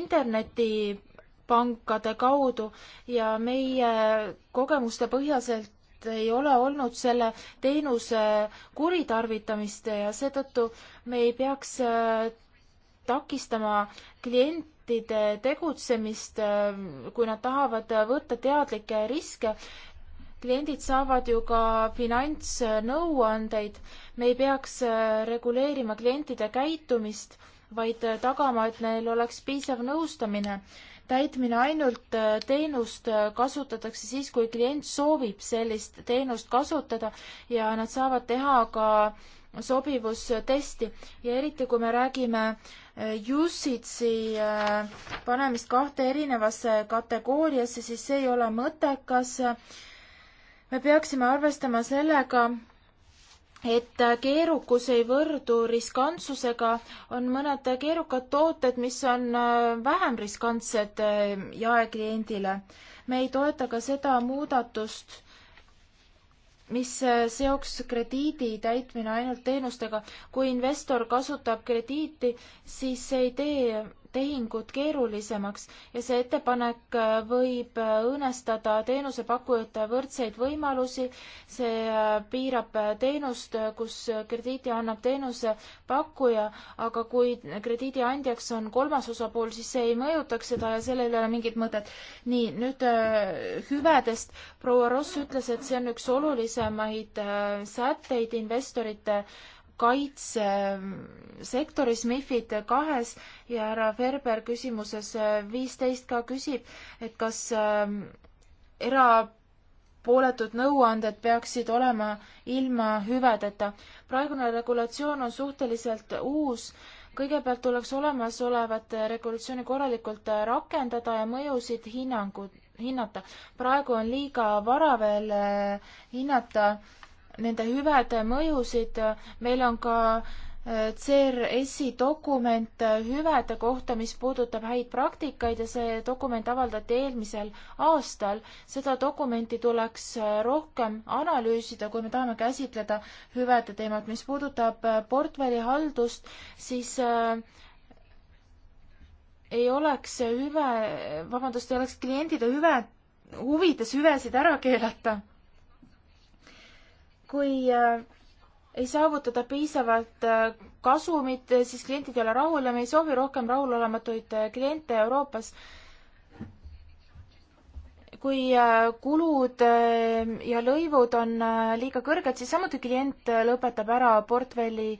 Speaker 1: internetipankade kaudu ja meie kogemuste põhjaselt ei ole olnud selle teenuse kuritarvitamist ja seetõttu me ei peaks takistama klientide tegutsemist, äh, kui nad tahavad võtta teadlikke riske. kliendid saavad ju ka finantsnõuandeid. me ei peaks äh, reguleerima klientide käitumist, vaid äh, tagama, et neil oleks piisav nõustamine. täitmine ainult teenust kasutatakse siis, kui klient soovib sellist teenust kasutada ja nad saavad teha ka sobivustesti ja eriti, kui me räägime äh, Jussitsi äh, panemist kahte erinevasse kategooriasse, siis see ei ole mõttekas. me peaksime arvestama sellega, et keerukus ei võrdu riskantsusega, on mõned keerukad tooted, mis on äh, vähem riskantsed äh, jaekliendile. me ei toeta ka seda muudatust, mis äh, seoks krediidi täitmine ainult teenustega. kui investor kasutab krediiti, siis see ei tee tehingud keerulisemaks ja see ettepanek äh, võib äh, õõnestada teenusepakkujate võrdseid võimalusi, see äh, piirab teenust, kus krediidi annab teenusepakkuja, aga kui krediidi andjaks on kolmas osapool, siis see ei mõjutaks seda ja sellel ei ole mingit mõtet. nii, nüüd hüvedest. proua Ross ütles, et see on üks olulisemaid sätteid investorite kaitsesektoris MIFID kahes ja härra Ferber küsimuses äh, viisteist ka küsib, et kas ähm, erapooletud nõuanded peaksid olema ilma hüvedeta. praegune regulatsioon on suhteliselt uus, kõigepealt tuleks olemasolevat regulatsiooni korralikult äh, rakendada ja mõjusid hinnangud, hinnata. praegu on liiga vara veel äh, hinnata äh, nende hüvede äh, mõjusid, meil on ka äh, CRS-i dokument äh, hüvede kohta, mis puudutab häid praktikaid ja see dokument avaldati eelmisel aastal. seda dokumenti tuleks rohkem analüüsida, kui me tahame käsitleda hüvede teemat. mis puudutab portfellihaldust, siis äh, ei oleks hüve, vabandust, ei oleks kliendide hüve, huvides hüvesid ära keelata kui äh, ei saavutada piisavalt äh, kasumit, äh, siis kliendid ei ole rahul ja me ei soovi rohkem rahulolematuid kliente Euroopas. kui kulud ja lõivud on liiga kõrged, siis samuti klient lõpetab ära portfelli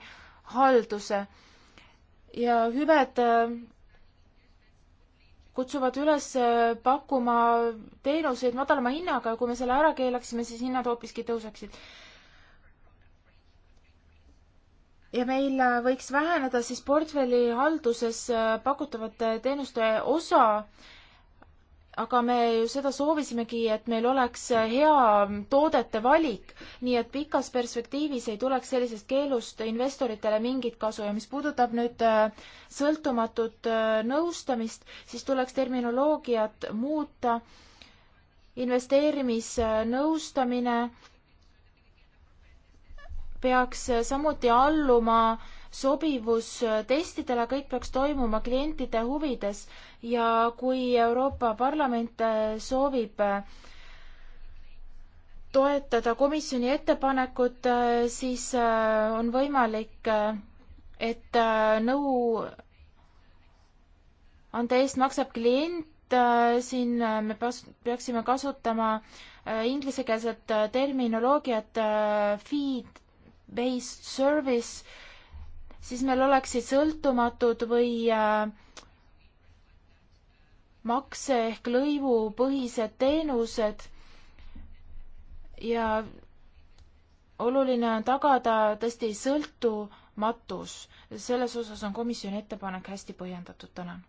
Speaker 1: halduse ja hüved kutsuvad üles pakkuma teenuseid madalama hinnaga, kui me selle ära keelaksime, siis hinnad hoopiski tõuseksid ja meil äh, võiks väheneda siis portfelli halduses äh, pakutavate teenuste osa, aga me ju seda soovisimegi, et meil oleks äh, hea toodete valik, nii et pikas perspektiivis ei tuleks sellisest keelust investoritele mingit kasu ja mis puudutab nüüd sõltumatut nõustamist, siis tuleks terminoloogiat muuta. investeerimisnõustamine peaks samuti alluma sobivustestidele, kõik peaks toimuma klientide huvides ja kui Euroopa Parlament soovib toetada komisjoni ettepanekut, siis on võimalik, et nõu anda eest maksab klient, siin me peaksime kasutama inglisekeelset terminoloogiat feed based service, siis meil oleksid sõltumatud või äh, makse ehk lõivupõhised teenused ja oluline on tagada tõesti sõltumatus. selles osas on komisjoni ettepanek hästi põhjendatud, tänan.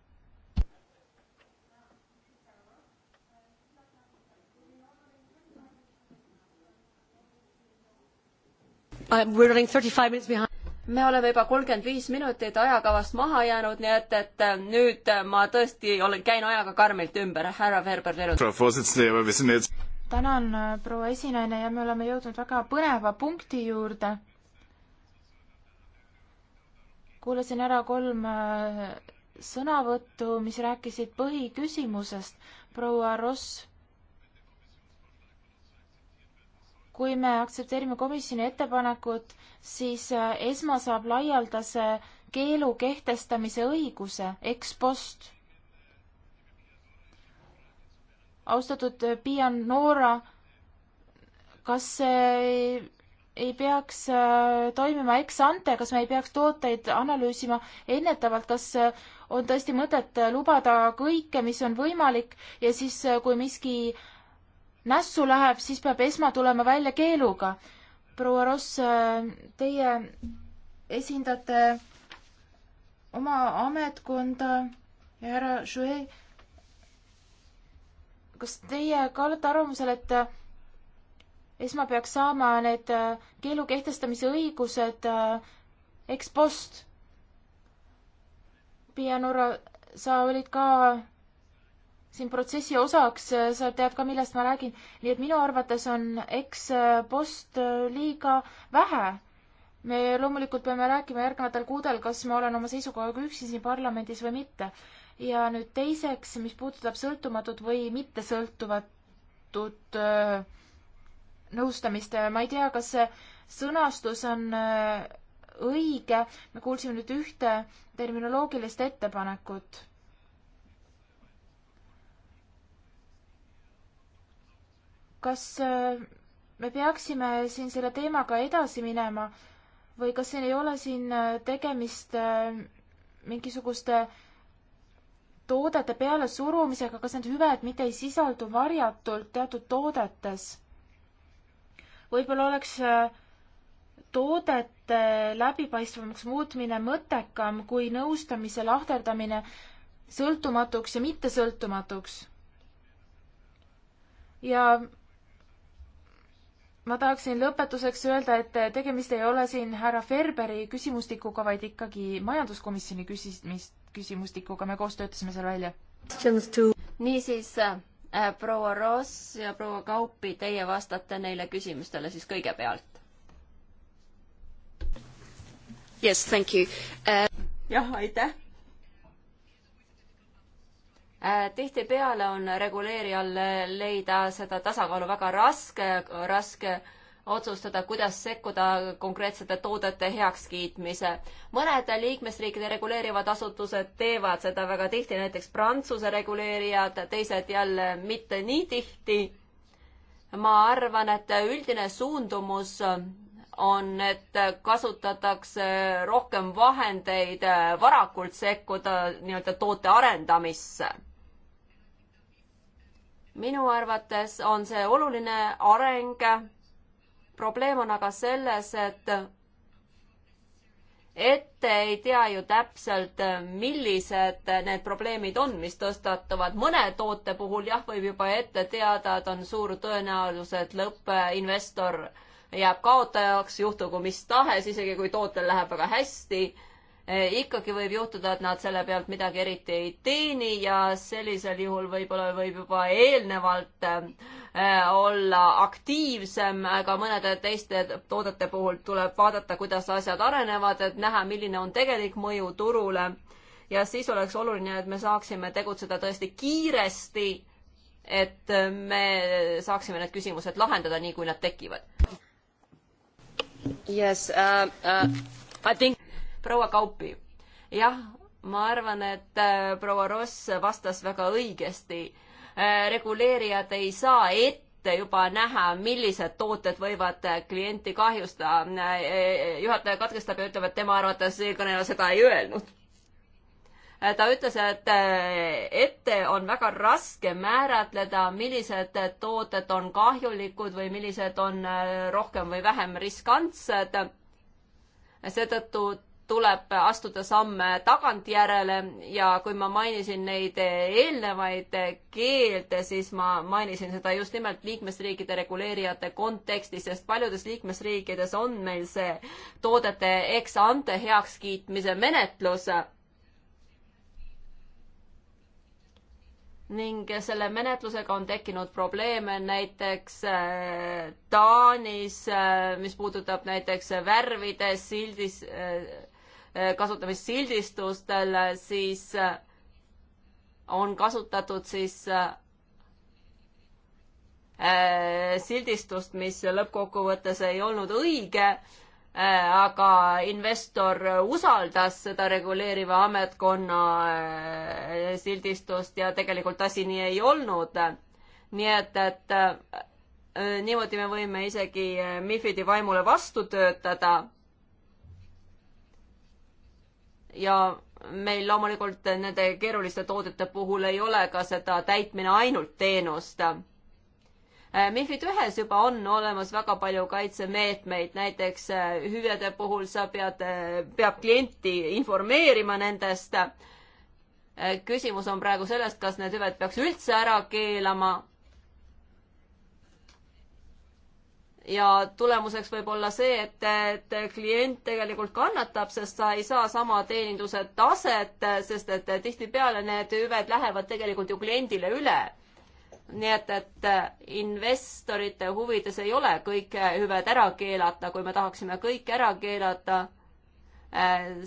Speaker 2: me oleme juba kolmkümmend viis minutit ajakavast maha jäänud, nii et, et äh, nüüd äh, ma tõesti olen, käin ajaga karmilt ümber. härra Verber, teil
Speaker 1: on. tänan, äh, proua esinaine ja me oleme jõudnud väga põneva punkti juurde. kuulasin ära kolm sõnavõttu, mis rääkisid põhiküsimusest. proua Ross kui me aktsepteerime komisjoni ettepanekut, siis äh, ESMA saab laialdase keelu kehtestamise õiguse, ex post. austatud äh, Pian Noora, kas see ei peaks äh, toimima ex ante, kas me ei peaks tooteid analüüsima ennetavalt, kas on tõesti mõtet lubada kõike, mis on võimalik ja siis, kui miski äh, nässu läheb, siis peab esma tulema välja keeluga. proua Ross, teie esindate oma ametkonda ja härra Jouet, kas teie ka olete arvamusel, et esma peaks saama need keelu kehtestamise õigused ex post? Pia Nurra, sa olid ka siin protsessi osaks, äh, sa tead ka, millest ma räägin, nii et minu arvates on ekspost äh, äh, liiga vähe. me loomulikult peame rääkima järgnevatel kuudel, kas ma olen oma seisukohaga üksi siin parlamendis või mitte. ja nüüd teiseks, mis puudutab sõltumatut või mittesõltumatut nõustamist, ma ei tea, kas see sõnastus on õige, me kuulsime nüüd ühte terminoloogilist ettepanekut kas äh, me peaksime siin selle teemaga edasi minema või kas siin ei ole siin äh, tegemist äh, mingisuguste toodete pealesurumisega, kas need hüved mitte ei sisaldu varjatult teatud toodetes? võib-olla oleks toodete läbipaistvamaks muutmine mõttekam kui nõustamise lahterdamine sõltumatuks ja mittesõltumatuks. ja ma tahaksin lõpetuseks öelda, et tegemist ei ole siin härra Ferberi küsimustikuga, vaid ikkagi majanduskomisjoni küsis-, küsimustikuga, me koos töötasime selle välja. niisiis äh,, proua Ross
Speaker 2: ja proua Kaupi, teie vastate neile küsimustele siis kõigepealt. Yes, thank you uh... Äh.... jah, aitäh Äh, tihtipeale on reguleerijal leida seda tasakaalu väga raske, raske otsustada, kuidas sekkuda konkreetsete toodete heakskiitmise. mõned liikmesriikide reguleerivad asutused teevad seda väga tihti, näiteks Prantsuse reguleerijad, teised jälle mitte nii tihti. ma arvan, et üldine suundumus on, et kasutatakse rohkem vahendeid varakult sekkuda nii-öelda toote arendamisse minu arvates on see oluline areng. probleem on aga selles, et ette ei tea ju täpselt, millised need probleemid on, mis tõstatuvad. mõne toote puhul jah, võib juba ette teada, et on suur tõenäosus, et lõppinvestor jääb kaotajaks, juhtugu mis tahes, isegi kui tootel läheb väga hästi Eh, ikkagi võib juhtuda, et nad selle pealt midagi eriti ei teeni ja sellisel juhul võib-olla võib juba eelnevalt eh, olla aktiivsem, aga mõnede teiste toodete puhul tuleb vaadata, kuidas asjad arenevad, et näha, milline on tegelik mõju turule. ja siis oleks oluline, et me saaksime tegutseda tõesti kiiresti, et me saaksime need küsimused lahendada nii, kui nad tekivad. Yes uh,, uh, I think proua Kaupi. jah, ma arvan, et äh, proua Ross vastas väga õigesti. Äh, reguleerijad ei saa ette juba näha, millised tooted võivad äh, klienti kahjustada. juhataja katkestab ja ütleb, et tema arvates eelkõneleja seda ei öelnud ta ütles, et ette on väga raske määratleda, millised tooted on kahjulikud või millised on rohkem või vähem riskantsed. seetõttu tuleb astuda samme tagantjärele ja kui ma mainisin neid eelnevaid keelde, siis ma mainisin seda just nimelt liikmesriikide reguleerijate kontekstis, sest paljudes liikmesriikides on meil see toodete ex-ante heakskiitmise menetlus. ning selle menetlusega on tekkinud probleeme näiteks äh, Taanis, äh, mis puudutab näiteks värvide sildis äh, Äh, kasutamist sildistustel, äh, siis äh, on kasutatud siis sildistust, mis lõppkokkuvõttes ei olnud õige, aga investor usaldas seda reguleeriva ametkonna sildistust ja tegelikult asi nii ei olnud. nii et, et niimoodi me võime isegi MIFID-i vaimule vastu töötada ja meil loomulikult nende keeruliste toodete puhul ei ole ka seda täitmine ainult teenust. Äh, MIFID ühes juba on olemas väga palju kaitsemeetmeid, näiteks äh, hüvede puhul sa pead, äh, peab klienti informeerima nendest. küsimus on praegu sellest, kas need hüved peaks üldse ära keelama ja tulemuseks võib olla see, et, et klient tegelikult kannatab, sest sa ei saa sama teeninduse taset, sest et tihtipeale need hüved lähevad tegelikult ju kliendile üle. nii et, et investorite huvides ei ole kõik hüved ära keelata, kui me tahaksime kõik ära keelata,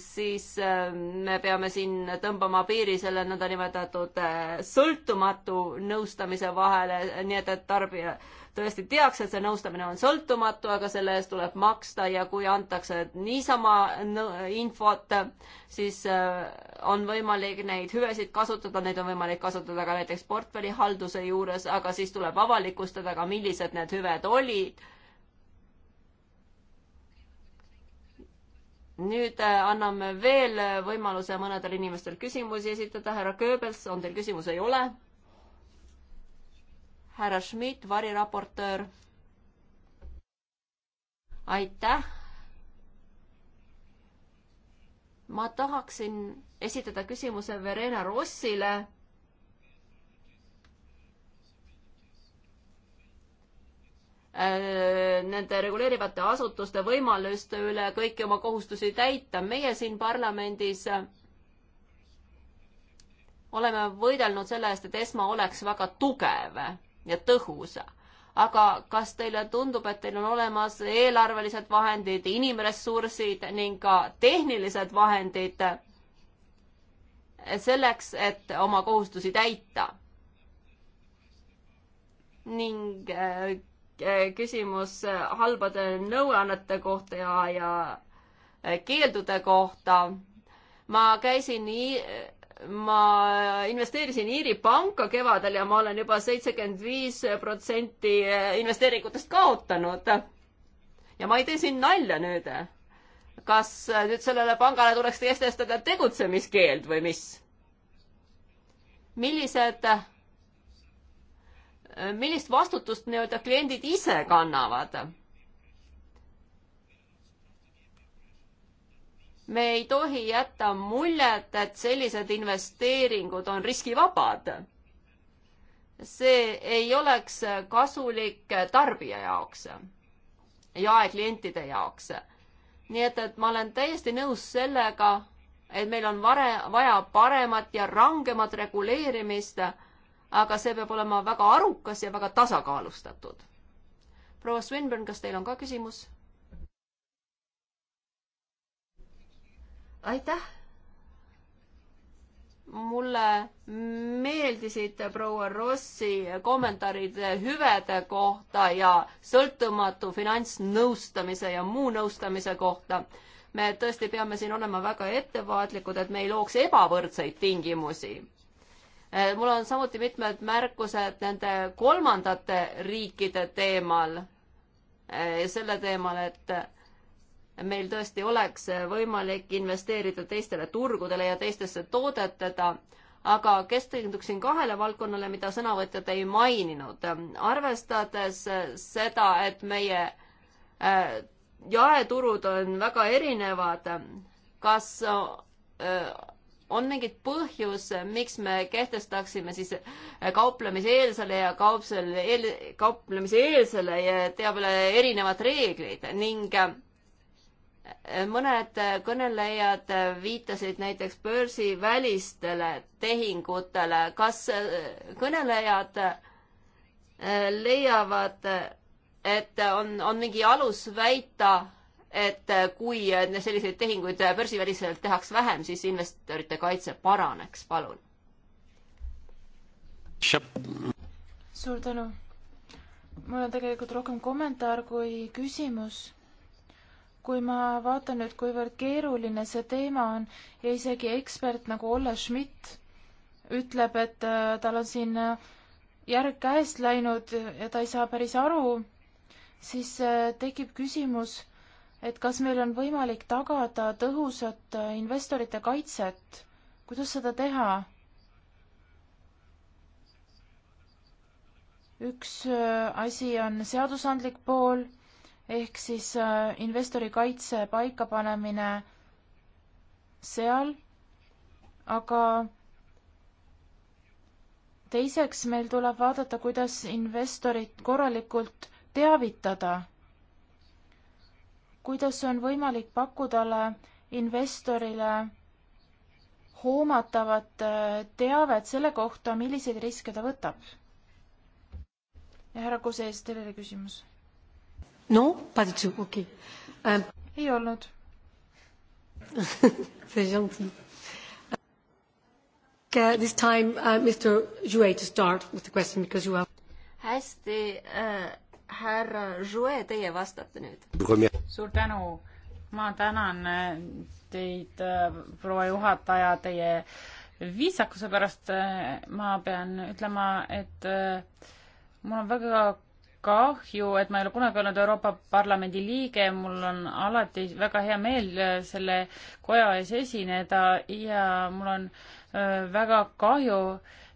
Speaker 2: siis me peame siin tõmbama piiri selle nõndanimetatud sõltumatu nõustamise vahele, nii et, et tarbija tõesti teaks, et see nõustamine on sõltumatu, aga selle eest tuleb maksta ja kui antakse niisama infot, siis äh, on võimalik neid hüvesid kasutada, neid on võimalik kasutada ka näiteks portfellihalduse juures, aga siis tuleb avalikustada ka, millised need hüved olid. nüüd äh, anname veel võimaluse mõnedel inimestel küsimusi esitada, härra Goebbels, on teil küsimus, ei ole? härra Schmidt, variraportöör. aitäh. ma tahaksin esitada küsimuse Verena Rossile. Äh, nende reguleerivate asutuste võimaluste üle kõiki oma kohustusi täita. meie siin parlamendis oleme võidelnud selle eest, et ESMA oleks väga tugev ja tõhusa. aga kas teile tundub, et teil on olemas eelarvelised vahendid, inimressursid ning ka tehnilised vahendid selleks, et oma kohustusi täita? ning äh, küsimus halbade nõuannete kohta ja, ja keeldude kohta. ma käisin ma investeerisin Iiri panka kevadel ja ma olen juba seitsekümmend viis protsenti eh, investeeringutest kaotanud. ja ma ei tee siin nalja nüüd. kas nüüd sellele pangale tuleks kehtestada tegutsemiskeeld või mis? millised, eh, millist vastutust nii-öelda kliendid ise kannavad? me ei tohi jätta muljet, et sellised investeeringud on riskivabad. see ei oleks kasulik tarbija jaoks, jaeklientide jaoks. nii et, et ma olen täiesti nõus sellega, et meil on vare, vaja paremat ja rangemat reguleerimist, aga see peab olema väga arukas ja väga tasakaalustatud. proua Swinburne, kas teil on ka küsimus? aitäh! mulle meeldisid proua Rossi kommentaarid hüvede kohta ja sõltumatu finantsnõustamise ja muu nõustamise kohta. me tõesti peame siin olema väga ettevaatlikud, et me ei looks ebavõrdseid tingimusi. Eh, mul on samuti mitmed märkused nende kolmandate riikide teemal, eh, selle teemal, et meil tõesti oleks võimalik investeerida teistele turgudele ja teistesse toodetele, aga keskenduksin kahele valdkonnale, mida sõnavõtjad ei maininud. arvestades seda, et meie äh, jaeturud on väga erinevad, kas äh, on mingit põhjus, miks me kehtestaksime siis äh, kauplemiseelsele ja kaupsel, eel, kauplemiseelsele teabele erinevad reeglid ning mõned kõnelejad viitasid näiteks börsivälistele tehingutele. kas äh, kõnelejad äh, leiavad, et on, on mingi alus väita, et kui selliseid tehinguid börsiväliselt tehakse vähem, siis investorite kaitse paraneks, palun?
Speaker 1: suur tänu. mul on tegelikult rohkem kommentaar kui küsimus kui ma vaatan nüüd, kuivõrd keeruline see teema on ja isegi ekspert nagu Olle Schmidt ütleb, et äh, tal on siin äh, järg käest läinud ja ta ei saa päris aru, siis äh, tekib küsimus, et kas meil on võimalik tagada tõhusat investorite kaitset. kuidas seda teha? üks asi on seadusandlik pool ehk siis äh, investori kaitse paikapanemine seal, aga teiseks meil tuleb vaadata, kuidas investorit korralikult teavitada. kuidas on võimalik pakkuda investorile hoomatavat äh, teavet selle kohta, milliseid riske ta võtab? ja härra Kose ees, teile küsimus
Speaker 2: no, pas du tout, okei okay. um.... ei olnud C'est gentil. Uh, okay, this time, uh, Mr. Jouet to start with the question because you are. hästi
Speaker 3: äh,, härra Jouet, teie vastate
Speaker 1: nüüd.
Speaker 3: suur tänu. ma tänan uh, teid äh,, proua juhataja, teie viisakuse pärast äh,. ma pean ütlema, et äh, mul on väga kahju, et ma ei ole kunagi olnud Euroopa Parlamendi liige, mul on alati väga hea meel äh, selle koja ees esineda ja mul on äh, väga kahju,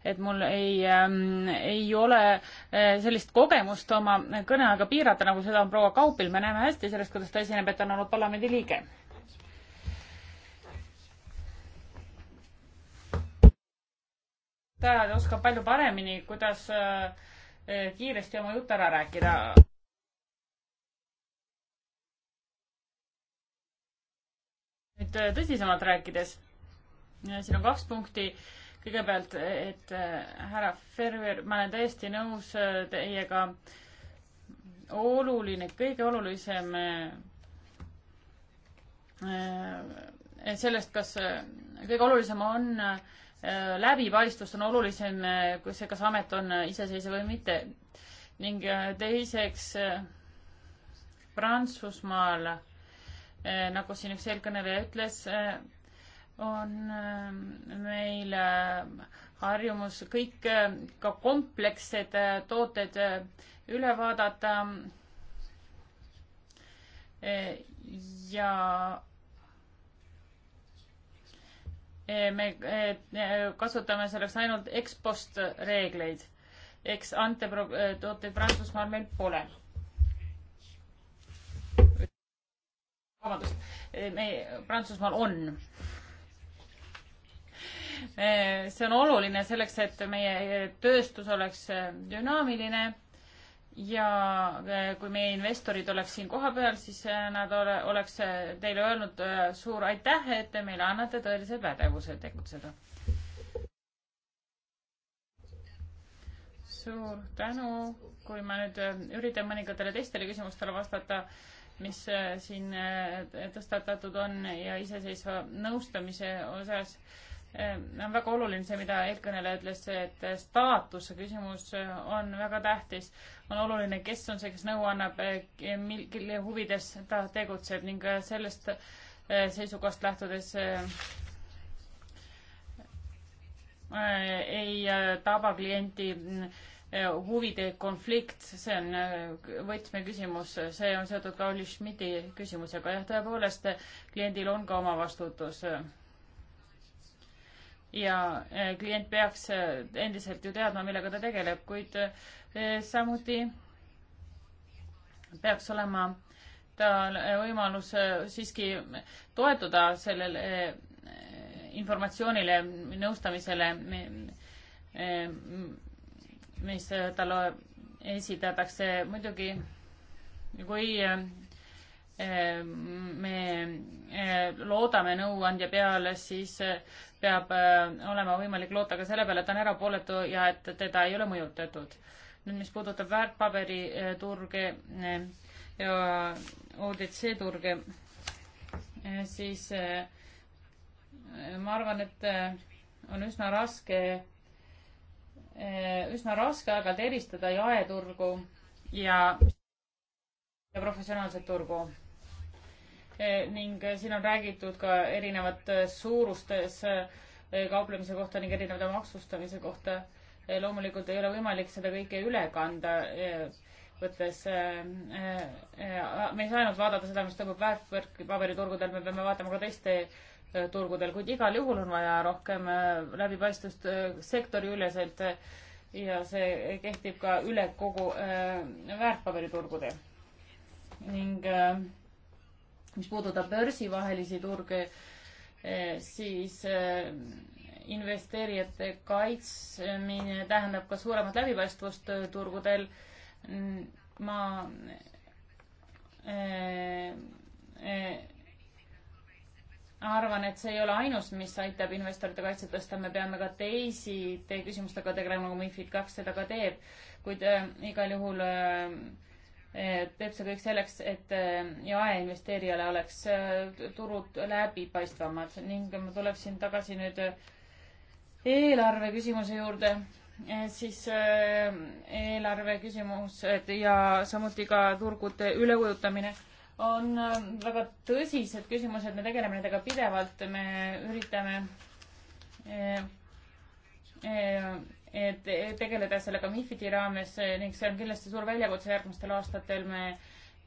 Speaker 3: et mul ei ähm,, ei ole äh, sellist kogemust oma kõneaega piirata, nagu seda on proua Kaupil, me näeme hästi sellest, kuidas ta esineb, et ta on olnud parlamendi liige ta oskab palju paremini, kuidas Eh, kiiresti oma jutt ära rääkida. nüüd eh, tõsisemalt rääkides, eh, siin on kaks punkti. kõigepealt, et härra Ferver, ma olen täiesti nõus teiega. oluline, kõige olulisem sellest, kas kõige olulisem on äh, läbipaistvus on olulisem kui see, kas amet on iseseisev või mitte. ning äh, teiseks äh, Prantsusmaal, äh, nagu siin üks eelkõneleja ütles, on meil harjumus kõik ka komplekssed tooted üle vaadata. ja me eh, kasutame selleks ainult ex-post reegleid. Ex-ante eh, tooteid Prantsusmaal meil pole. vabandust, eh, me, Prantsusmaal on. see on oluline selleks, et meie tööstus oleks dünaamiline ja eh, kui meie investorid oleks siin kohapeal, siis eh, nad ole, oleks eh, teile öelnud suur aitäh, et te meile annate tõelise pädevuse tegutseda. suur tänu, kui ma nüüd üritan mõningatele teistele küsimustele vastata, mis siin tõstatatud on ja iseseisva nõustamise osas äh, Ehm, on väga oluline see, mida eelkõneleja ütles, et staatuse küsimus eh, on väga tähtis. on oluline, kes on see, kes nõu annab, eh, mille huvides ta tegutseb ning eh, sellest seisukohast lähtudes ei taba klienti huvide konflikt, see on võtmeküsimus, see on seotud ka Olli Schmidti küsimusega, jah, tõepoolest kliendil on ka oma vastutus ja eh, klient peaks eh, endiselt ju teadma, millega ta tegeleb, kuid eh, samuti peaks olema tal võimalus siiski toetuda sellele informatsioonile, nõustamisele, mis talle esitatakse. muidugi kui me eh, loodame nõuandja peale, siis eh, peab eh, olema võimalik loota ka selle peale, et ta on erapooletu ja et teda ei ole mõjutatud. nüüd, mis puudutab väärtpaberiturge ja ODC turge, siis ma arvan, et on üsna raske, üsna raske aeg-ajalt eristada jaeturgu ja ja professionaalset turgu Eh, ning eh, siin on räägitud ka erinevate eh, suurustes kauplemise kohta ning erinevate maksustamise kohta. loomulikult ei ole võimalik seda kõike üle kanda, võttes, me ei saa ainult vaadata seda, mis toimub väärtpaberiturgudel, me peame vaatama ka teiste turgudel, kuid igal juhul on vaja rohkem läbipaistvust sektoriüleselt ja see kehtib ka üle kogu väärtpaberiturgude. ning äh, mis puudutab börsivahelisi turge, eh, siis eh, investeerijate kaitsmine tähendab ka suuremat läbipaistvust eh, turgudel. Mm, ma arvan, et see ei ole ainus, mis aitab investorite kaitset tõsta, me peame ka teisi teie küsimustega tegelema, nagu MIFID kaks seda ka teeb, kuid igal juhul äh, Eh, teeb see kõik selleks, et eh, jaeinvesteerijale oleks eh, turud läbipaistvamad ning ma tuleksin tagasi nüüd eelarve küsimuse juurde, siis eelarve küsimus ja samuti ka turgude üleujutamine on väga tõsised küsimused, me tegeleme nendega pidevalt, me üritame et tegeleda sellega MIFID-i raames eh, ning see on kindlasti suur väljakutse järgmistel aastatel. me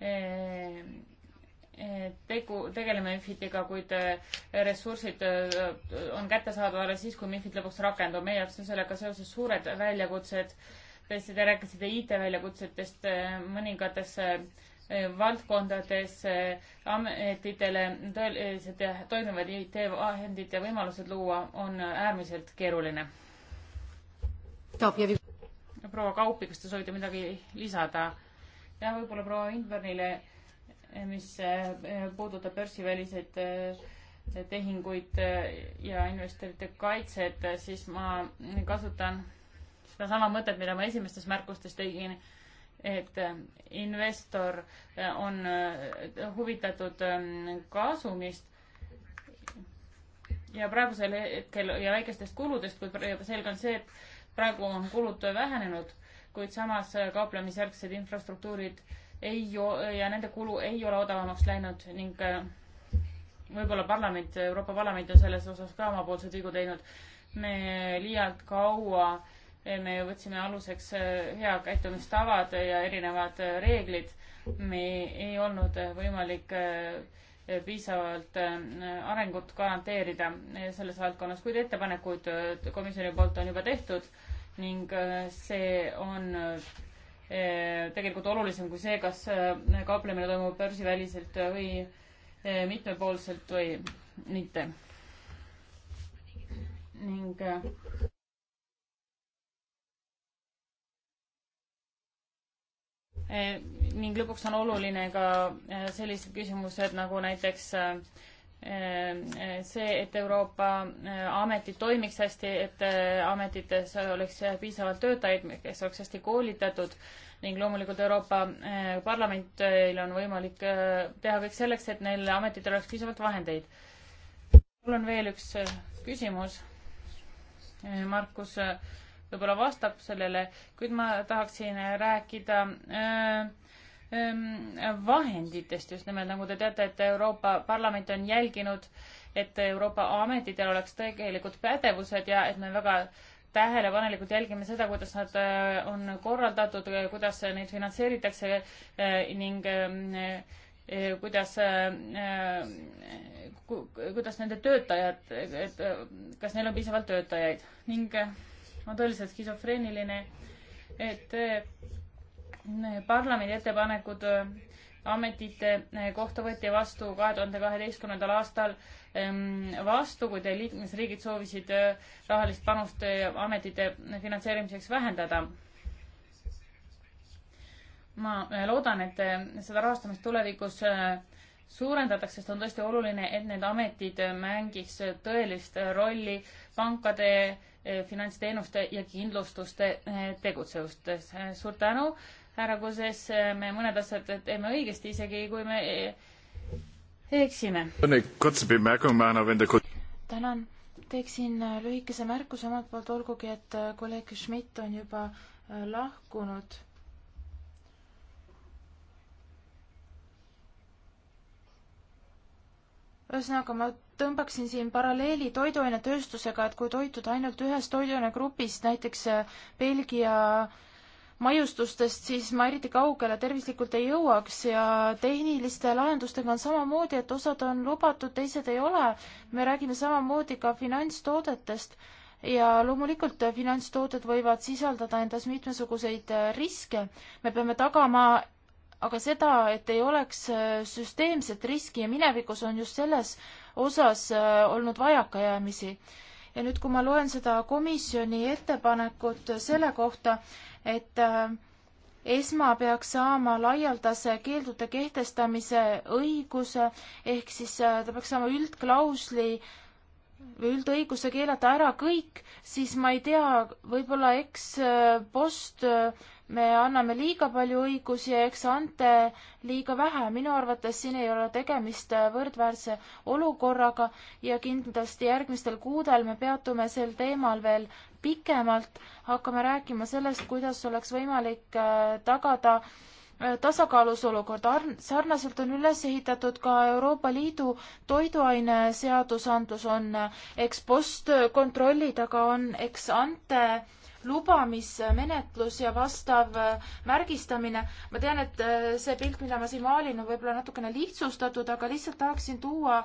Speaker 3: eh, eh, tegu, tegeleme MIFID-iga, kuid ressursid on kättesaadavad alles siis, kui MIFID lõpuks rakendub. meie jaoks on sellega seoses suured väljakutsed. tõesti, te rääkisite IT-väljakutsetest mõningates valdkondades ametitele tõeliselt toimivad IT-vahendid ja võimalused luua on äärmiselt keeruline proua Kaupi, kas te soovite midagi lisada? jah, võib-olla proua Invernile, mis eh, puudutab börsiväliseid eh, tehinguid eh, ja investorite kaitset, siis ma kasutan sedasama mõtet, mida ma esimestes märkustes tegin, et investor on huvitatud kasumist ja praegusel hetkel ja väikestest kuludest, kuid selge on see, et praegu on kulud vähenenud, kuid samas äh, kauplemisjärgsed infrastruktuurid ei, ja nende kulu ei ole odavamaks läinud ning äh, võib-olla parlament, Euroopa Parlament on selles osas ka omapoolseid vigu teinud. me liialt kaua, äh, me võtsime aluseks hea käitumistavad ja erinevad reeglid. me ei olnud võimalik äh, piisavalt äh, arengut garanteerida äh, selles valdkonnas, kuid ettepanekuid äh, komisjoni poolt on juba tehtud ning see on tegelikult olulisem kui see, kas kauplemine toimub börsiväliselt või mitmepoolselt või mitte. ning Eh, ning lõpuks on oluline ka eh, sellised küsimused nagu näiteks eh, see, et Euroopa ametid toimiks hästi, et ametites oleks piisavalt töötajaid, kes oleks hästi koolitatud ning loomulikult Euroopa Parlamentil on võimalik teha kõik selleks, et neil ametitel oleks piisavalt vahendeid. mul on veel üks küsimus. Markus võib-olla vastab sellele, kuid ma tahaksin rääkida äh, ähm, vahenditest just nimelt, nagu te teate, et Euroopa Parlament on jälginud, et Euroopa ametitel oleks tegelikult pädevused ja et me väga tähelepanelikult jälgime seda, kuidas nad äh, on korraldatud, kuidas neid finantseeritakse äh, ning kuidas, kuidas nende töötajad, et kas neil on piisavalt töötajaid ning on tõeliselt skisofreeniline, et eh, parlamendi ettepanekud eh, ametite eh, kohta võeti vastu kahe tuhande kaheteistkümnendal aastal ehm, vastu, kui teie liikmesriigid soovisid rahalist panust ametite finantseerimiseks vähendada. ma loodan, et seda rahastamist tulevikus suurendatakse, sest on tõesti oluline, et need ametid mängiks tõelist rolli pankade Eh, finantsteenuste ja kindlustuste eh, tegutsevustes. Eh, suur tänu, härra Kuses, me mõned asjad teeme õigesti, isegi kui me eksime.
Speaker 1: tänan, teeksin lühikese märkuse omalt poolt, olgugi et kolleeg Schmidt on juba lahkunud. ühesõnaga, ma tõmbaksin siin paralleeli toiduainetööstusega, et kui toituda ainult ühest toiduainegrupist, näiteks äh, Belgia maiustustest, siis ma eriti kaugele tervislikult ei jõuaks ja tehniliste lahendustega on samamoodi, et osad on lubatud, teised ei ole. me räägime samamoodi ka finantstoodetest ja loomulikult finantstooted võivad sisaldada endas mitmesuguseid äh, riske. me peame tagama aga seda, et ei oleks äh, süsteemset riski ja minevikus on just selles osas äh, olnud vajakajäämisi. ja nüüd, kui ma loen seda komisjoni ettepanekut selle kohta, et äh, ESMA peaks saama laialdase keeldude kehtestamise õiguse, ehk siis äh, ta peaks saama üldklausli või üldõiguse keelata ära kõik, siis ma ei tea, võib-olla eks post me anname liiga palju õigusi ja eks ante liiga vähe. minu arvates siin ei ole tegemist võrdväärse olukorraga ja kindlasti järgmistel kuudel me peatume sel teemal veel pikemalt, hakkame rääkima sellest, kuidas oleks võimalik äh, tagada äh, tasakaalus olukord. sarnaselt on üles ehitatud ka Euroopa Liidu toiduaine seadusandlus, on äh, ex post kontrollid, aga on ex ante lubamismenetlus ja vastav äh, märgistamine. ma tean, et äh, see pilt, mida ma siin maalin, on võib-olla natukene lihtsustatud, aga lihtsalt tahaksin tuua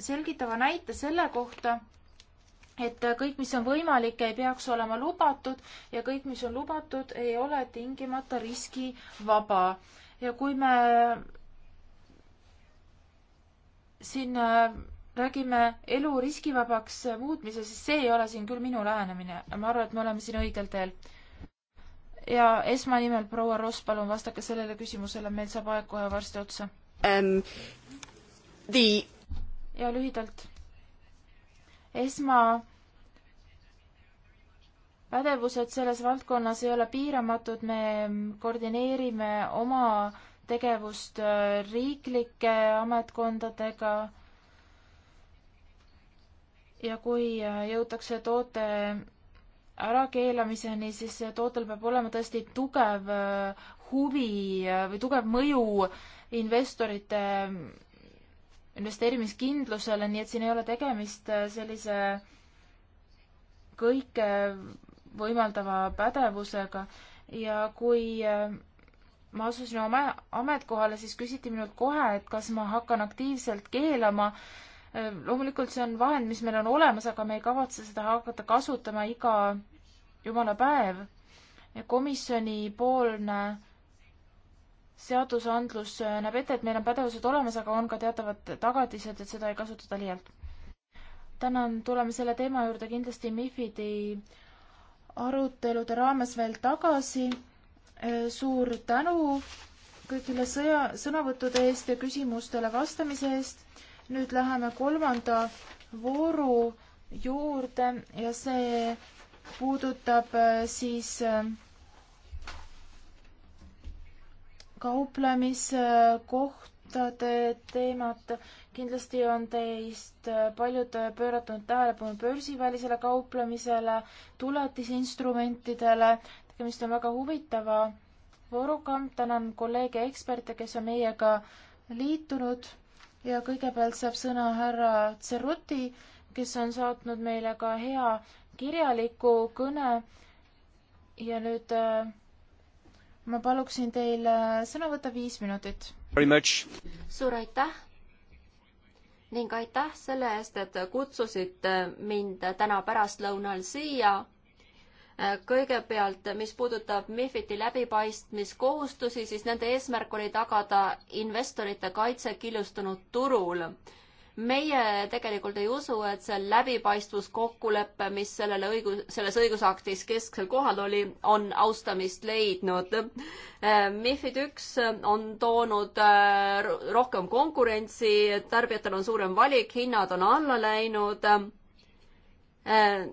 Speaker 1: selgitava näite selle kohta, et äh, kõik, mis on võimalik, ei peaks olema lubatud ja kõik, mis on lubatud, ei ole tingimata riskivaba. ja kui me siin räägime elu riskivabaks muutmise, siis see ei ole siin küll minu lähenemine. ma arvan, et me oleme siin õigel teel. ja esmanimel proua Ross, palun vastake sellele küsimusele, meil saab aeg kohe varsti otsa
Speaker 2: um,. The...
Speaker 1: ja lühidalt. esma pädevused selles valdkonnas ei ole piiramatud, me koordineerime oma tegevust riiklike ametkondadega ja kui äh, jõutakse toote ärakeelamiseni, siis tootel peab olema tõesti tugev äh, huvi äh, või tugev mõju investorite mm, investeerimiskindlusele, nii et siin ei ole tegemist sellise kõike võimaldava pädevusega ja kui ma asusin oma ametkohale, siis küsiti minult kohe, et kas ma hakkan aktiivselt keelama Ehm, loomulikult see on vahend, mis meil on olemas, aga me ei kavatse seda hakata kasutama iga jumala päev. komisjonipoolne seadusandlus äh, näeb ette, et meil on pädevused olemas, aga on ka teatavad tagatised, et seda ei kasutata liialt. tänan, tuleme selle teema juurde kindlasti MIFID-i arutelude raames veel tagasi. Äh, suur tänu kõigile sõja, sõnavõttude eest ja küsimustele vastamise eest nüüd läheme kolmanda vooru juurde ja see puudutab äh, siis äh, kauplemiskohtade teemat. kindlasti on teist äh, paljud pööratanud tähelepanu börsivälisele kauplemisele, tuletisinstrumentidele. tegemist on väga huvitava vooruga. tänan kolleege ja eksperte, kes on meiega liitunud ja kõigepealt saab sõna härra Tseruti, kes on saatnud meile ka hea kirjaliku kõne. ja nüüd äh, ma paluksin teil äh, sõna võtta viis minutit. suur aitäh
Speaker 2: ning aitäh selle eest, et kutsusite äh, mind täna pärastlõunal siia kõigepealt, mis puudutab MIFID-i läbipaistmiskohustusi, siis nende eesmärk oli tagada investorite kaitse killustunud turul. meie tegelikult ei usu, et see läbipaistvuskokkulepe, mis sellele õigus, selles õigusaktis kesksel kohal oli, on austamist leidnud. MIFID üks on toonud äh, rohkem konkurentsi, tarbijatel on suurem valik, hinnad on alla läinud äh,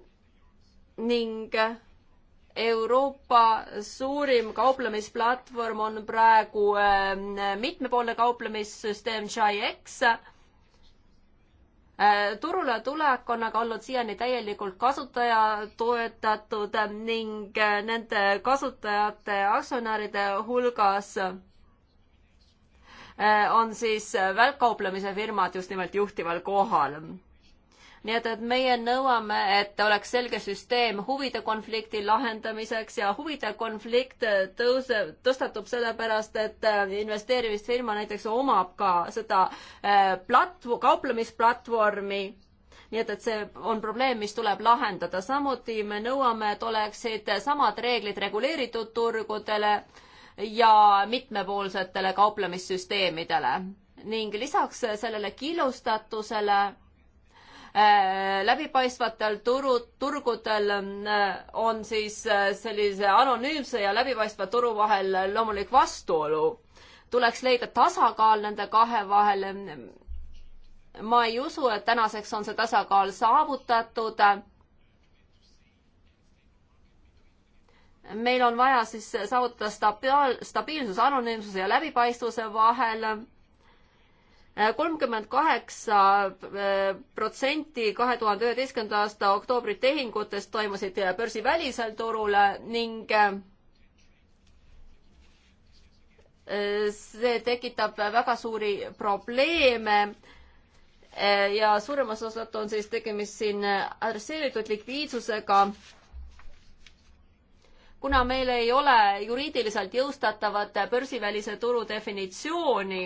Speaker 2: ning Euroopa suurim kauplemisplatvorm on praegu ähm, mitmepoolne kauplemissüsteem Chi-X. Äh, turule tulek on aga olnud siiani täielikult kasutaja toetatud ning äh, nende kasutajate aktsionäride hulgas äh, on siis välkkauplemise firmad just nimelt juhtival kohal nii et, et meie nõuame, et oleks selge süsteem huvide konflikti lahendamiseks ja huvide konflikt tõuseb, tõstatub sellepärast, et äh, investeerimisfirma näiteks omab ka seda äh, platv-, kauplemisplatvormi nii et, et see on probleem, mis tuleb lahendada. samuti me nõuame, et oleksid samad reeglid reguleeritud turgudele ja mitmepoolsetele kauplemissüsteemidele ning lisaks sellele killustatusele Äh, läbipaistvatel turu, turgudel äh, on siis äh, sellise anonüümse ja läbipaistva turu vahel loomulik vastuolu. tuleks leida tasakaal nende kahe vahel. ma ei usu, et tänaseks on see tasakaal saavutatud. meil on vaja siis saavutada stabiil-, stabiilsus anonüümsuse ja läbipaistvuse vahel kolmkümmend kaheksa protsenti kahe tuhande üheteistkümnenda aasta oktoobri tehingutest toimusid börsivälisel turul ning äh, see tekitab väga suuri probleeme äh, ja suuremas osas on siis tegemist siin adresseeritud likviidsusega kuna meil ei ole juriidiliselt jõustatavat börsivälise turu definitsiooni,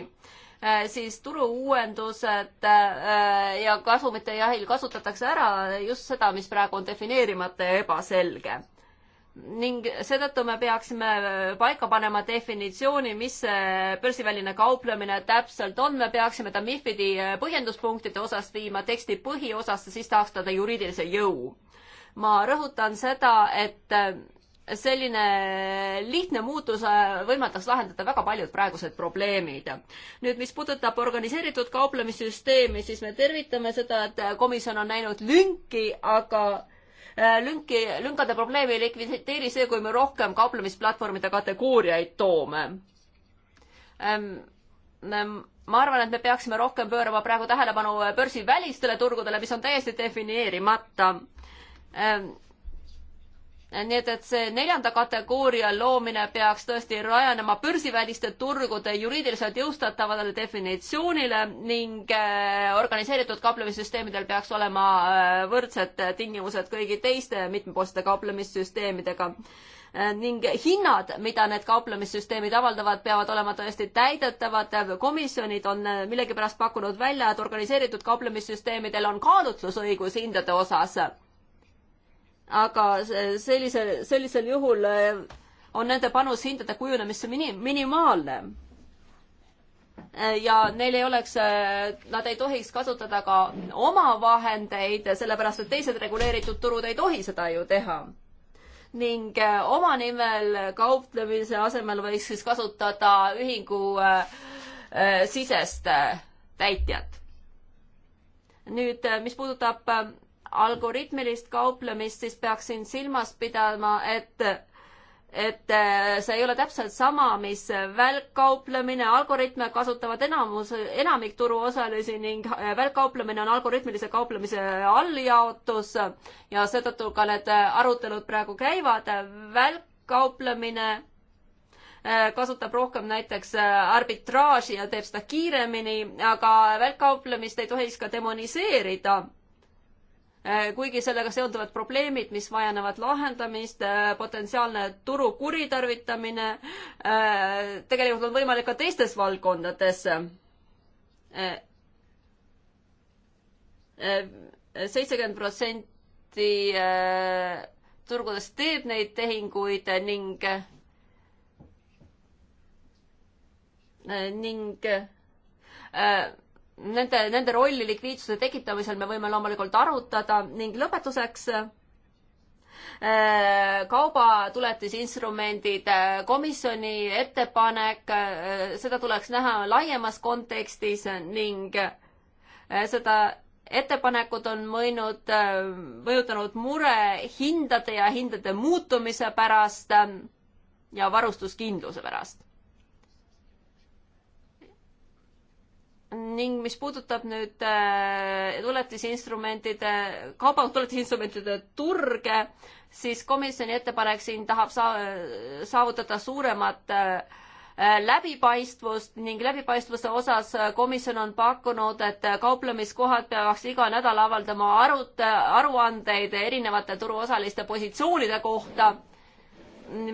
Speaker 2: Äh, siis turuuuendused äh, ja kasumite jahil kasutatakse ära just seda, mis praegu on defineerimata ja ebaselge. ning seetõttu me peaksime äh, paika panema definitsiooni, mis see börsiväline kauplemine täpselt on, me peaksime ta MIFID-i põhjenduspunktide osast viima teksti põhiosasse, siis tahaks ta juriidilise jõu. ma rõhutan seda, et selline lihtne muutus äh, võimaldaks lahendada väga paljud praegused probleemid. nüüd, mis puudutab organiseeritud kauplemissüsteemi, siis me tervitame seda, et komisjon on näinud lünki, aga äh, lünki, lünkade probleemi ei likvideeri see, kui me rohkem kauplemisplatvormide kategooriaid toome. Ähm, ähm, ma arvan, et me peaksime rohkem pöörama praegu tähelepanu äh, börsivälistele turgudele, mis on täiesti defineerimata ähm, nii et, et see neljanda kategooria loomine peaks tõesti rajanema börsiväliste turgude juriidiliselt jõustatavale definitsioonile ning äh, organiseeritud kauplemissüsteemidel peaks olema äh, võrdsed tingimused kõigi teiste mitmepoolsete kauplemissüsteemidega äh, ning hinnad, mida need kauplemissüsteemid avaldavad, peavad olema tõesti täidetavad. komisjonid on millegipärast pakkunud välja, et organiseeritud kauplemissüsteemidel on kaalutlusõigus hindade osas aga sellise, sellisel juhul äh, on nende panus hindade kujunemisse mini-, minimaalne. ja neil ei oleks, äh, nad ei tohiks kasutada ka omavahendeid, sellepärast et teised reguleeritud turud ei tohi seda ju teha ning äh, oma nimel kauplemise asemel võiks siis kasutada ühingu äh, sisest äh, täitjat. nüüd, mis puudutab äh, algoritmilist kauplemist, siis peaksin silmas pidama, et et äh, see ei ole täpselt sama, mis välkkauplemine, algoritme kasutavad enamus, enamik turuosalisi ning äh, välkkauplemine on algoritmilise kauplemise alljaotus ja seetõttu ka need äh, arutelud praegu käivad. välkkauplemine kasutab rohkem näiteks arbitraaži ja teeb seda kiiremini, aga välkkauplemist ei tohiks ka demoniseerida Äh, kuigi sellega seonduvad probleemid, mis vajanevad lahendamist, äh, potentsiaalne turu kuritarvitamine, äh, tegelikult on võimalik ka teistes valdkondades. seitsekümmend protsenti turgudest teeb neid tehinguid ning ning nende, nende rolli likviidsuse tekitamisel me võime loomulikult arutada ning lõpetuseks äh, kaubatuletisinstrumendid, komisjoni ettepanek, äh, seda tuleks näha laiemas kontekstis ning äh, seda ettepanekud on mõinud, mõjutanud mure hindade ja hindade muutumise pärast ja varustuskindluse pärast ning mis puudutab nüüd äh, tuletisinstrumentide, kaubatuletisinstrumentide turge, siis komisjoni ettepanek siin tahab saa-, saavutada suuremat äh, läbipaistvust ning läbipaistvuse osas komisjon on pakkunud, et kauplemiskohad peaks iga nädal avaldama arut-, aruandeid erinevate turuosaliste positsioonide kohta.